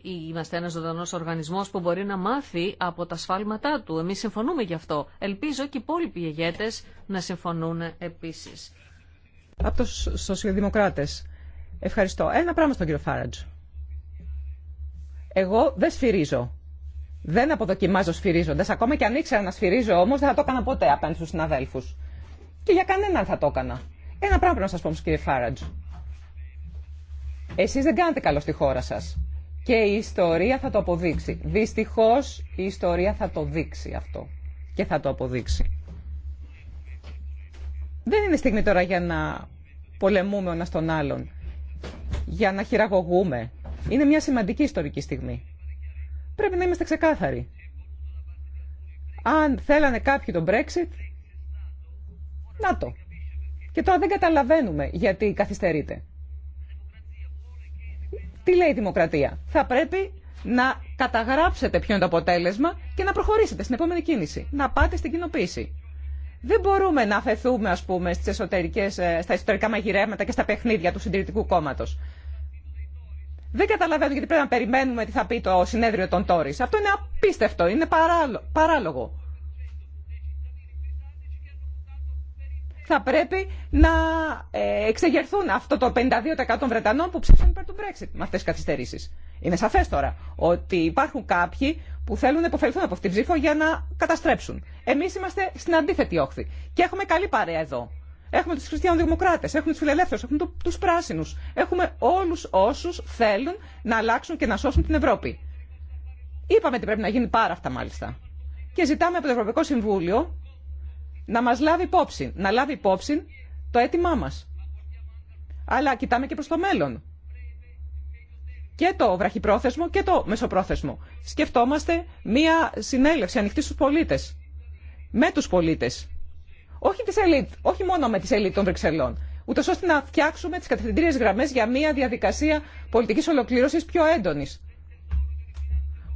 Είμαστε ένα ζωντανό οργανισμό που μπορεί να μάθει από τα σφάλματά του. Εμεί συμφωνούμε γι' αυτό. Ελπίζω και οι υπόλοιποι ηγέτε να συμφωνούν επίση. Από τους σοσιαλδημοκράτες. Ευχαριστώ. Ένα πράγμα στον κύριο Φάρατζ. Εγώ δεν σφυρίζω. Δεν αποδοκιμάζω σφυρίζοντα. Ακόμα και αν ήξερα να σφυρίζω όμω, δεν θα το έκανα ποτέ απέναντι στου συναδέλφου. Και για κανέναν θα το έκανα. Ένα πράγμα να σα πω, κύριε Φάραντζ. Εσεί δεν κάνετε καλό στη χώρα σα. Και η ιστορία θα το αποδείξει. Δυστυχώ η ιστορία θα το δείξει αυτό. Και θα το αποδείξει. Δεν είναι στιγμή τώρα για να πολεμούμε ο ένας τον άλλον. Για να χειραγωγούμε. Είναι μια σημαντική ιστορική στιγμή. Πρέπει να είμαστε ξεκάθαροι. Αν θέλανε κάποιοι τον Brexit, να το. Και τώρα δεν καταλαβαίνουμε γιατί καθυστερείται. Τι λέει η δημοκρατία. Θα πρέπει να καταγράψετε ποιο είναι το αποτέλεσμα και να προχωρήσετε στην επόμενη κίνηση. Να πάτε στην κοινοποίηση. Δεν μπορούμε να αφαιθούμε, ας πούμε, στις εσωτερικές, ε, στα εσωτερικά μαγειρέματα και στα παιχνίδια του συντηρητικού κόμματο. Δεν καταλαβαίνω γιατί πρέπει να περιμένουμε τι θα πει το συνέδριο των Τόρι. Αυτό είναι απίστευτο, είναι παράλογο. θα πρέπει να ε, εξεγερθούν αυτό το 52% των Βρετανών που ψήφισαν υπέρ του Brexit με αυτέ τι καθυστερήσει. Είναι σαφέ τώρα ότι υπάρχουν κάποιοι που θέλουν να υποφελθούν από αυτή την ψήφο για να καταστρέψουν. Εμεί είμαστε στην αντίθετη όχθη και έχουμε καλή παρέα εδώ. Έχουμε του χριστιανοδημοκράτε, έχουμε του φιλελεύθερου, έχουμε του πράσινου. Έχουμε όλου όσου θέλουν να αλλάξουν και να σώσουν την Ευρώπη. Είπαμε ότι πρέπει να γίνει πάρα αυτά μάλιστα. Και ζητάμε από το Ευρωπαϊκό Συμβούλιο να μας λάβει υπόψη, να λάβει υπόψη το αίτημά μας. Αλλά κοιτάμε και προς το μέλλον. Και το βραχυπρόθεσμο και το μεσοπρόθεσμο. Σκεφτόμαστε μία συνέλευση ανοιχτή στους πολίτες. Με τους πολίτες. Όχι, τις ελίτ, όχι μόνο με τις ελίτ των Βρυξελών. Ούτως ώστε να φτιάξουμε τις κατευθυντήριες γραμμές για μία διαδικασία πολιτικής ολοκλήρωσης πιο έντονης.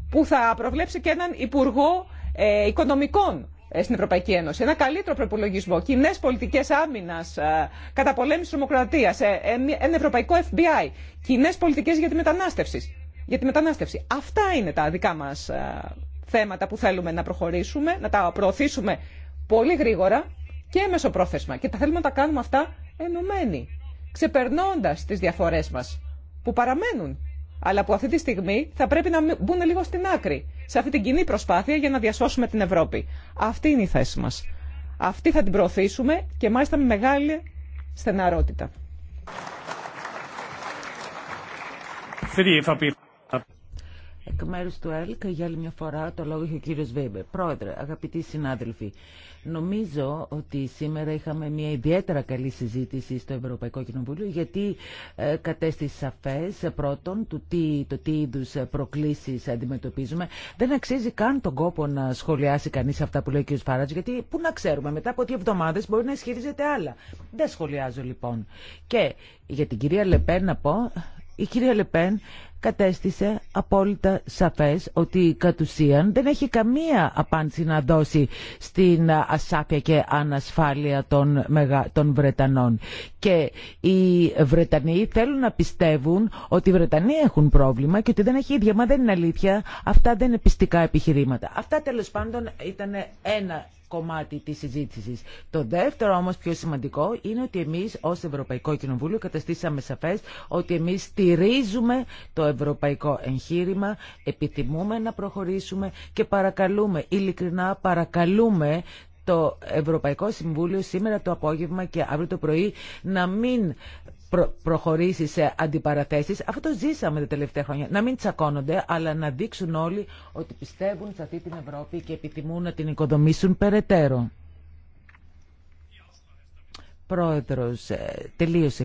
Που θα προβλέψει και έναν Υπουργό ε, Οικονομικών ε, στην Ευρωπαϊκή Ένωση. Ένα καλύτερο προπολογισμό, κοινέ πολιτικέ άμυνα, ε, καταπολέμηση τρομοκρατία, ε, ένα ευρωπαϊκό FBI, κοινέ πολιτικέ για τη μετανάστευση. Για τη μετανάστευση. Αυτά είναι τα δικά μα θέματα που θέλουμε να προχωρήσουμε, να τα προωθήσουμε πολύ γρήγορα και μεσοπρόθεσμα. Και τα θέλουμε να τα κάνουμε αυτά ενωμένοι, ξεπερνώντα τι διαφορέ μα που παραμένουν αλλά που αυτή τη στιγμή θα πρέπει να μπουν λίγο στην άκρη σε αυτή την κοινή προσπάθεια για να διασώσουμε την Ευρώπη. Αυτή είναι η θέση μας. Αυτή θα την προωθήσουμε και μάλιστα με μεγάλη στεναρότητα. Εκ μέρου του ΕΛΚ, για άλλη μια φορά, το λόγο έχει ο κύριο Πρόεδρε, αγαπητοί συνάδελφοι, Νομίζω ότι σήμερα είχαμε μια ιδιαίτερα καλή συζήτηση στο Ευρωπαϊκό Κοινοβούλιο γιατί ε, κατέστη σαφές ε, πρώτον του τι, το τι είδους ε, προκλήσεις αντιμετωπίζουμε. Δεν αξίζει καν τον κόπο να σχολιάσει κανείς αυτά που λέει ο κ. Φάρατζ γιατί πού να ξέρουμε μετά από δύο εβδομάδες μπορεί να ισχυρίζεται άλλα. Δεν σχολιάζω λοιπόν. Και για την κυρία Λεπέ να πω η κυρία Λεπέν κατέστησε απόλυτα σαφές ότι κατ' ουσίαν δεν έχει καμία απάντηση να δώσει στην ασάφεια και ανασφάλεια των, των Βρετανών. Και οι Βρετανοί θέλουν να πιστεύουν ότι οι Βρετανοί έχουν πρόβλημα και ότι δεν έχει ίδια. Μα δεν είναι αλήθεια. Αυτά δεν είναι πιστικά επιχειρήματα. Αυτά τέλος πάντων ήταν ένα κομμάτι της συζήτησης. Το δεύτερο όμως πιο σημαντικό είναι ότι εμείς ως Ευρωπαϊκό Κοινοβούλιο καταστήσαμε σαφές ότι εμείς στηρίζουμε το ευρωπαϊκό εγχείρημα, επιθυμούμε να προχωρήσουμε και παρακαλούμε, ειλικρινά παρακαλούμε το Ευρωπαϊκό Συμβούλιο σήμερα το απόγευμα και αύριο το πρωί να μην προ προχωρήσει σε αντιπαραθέσεις. Αυτό το ζήσαμε τα τελευταία χρόνια. Να μην τσακώνονται, αλλά να δείξουν όλοι ότι πιστεύουν σε αυτή την Ευρώπη και επιθυμούν να την οικοδομήσουν περαιτέρω. Πρόεδρος, ε, τελείωσε.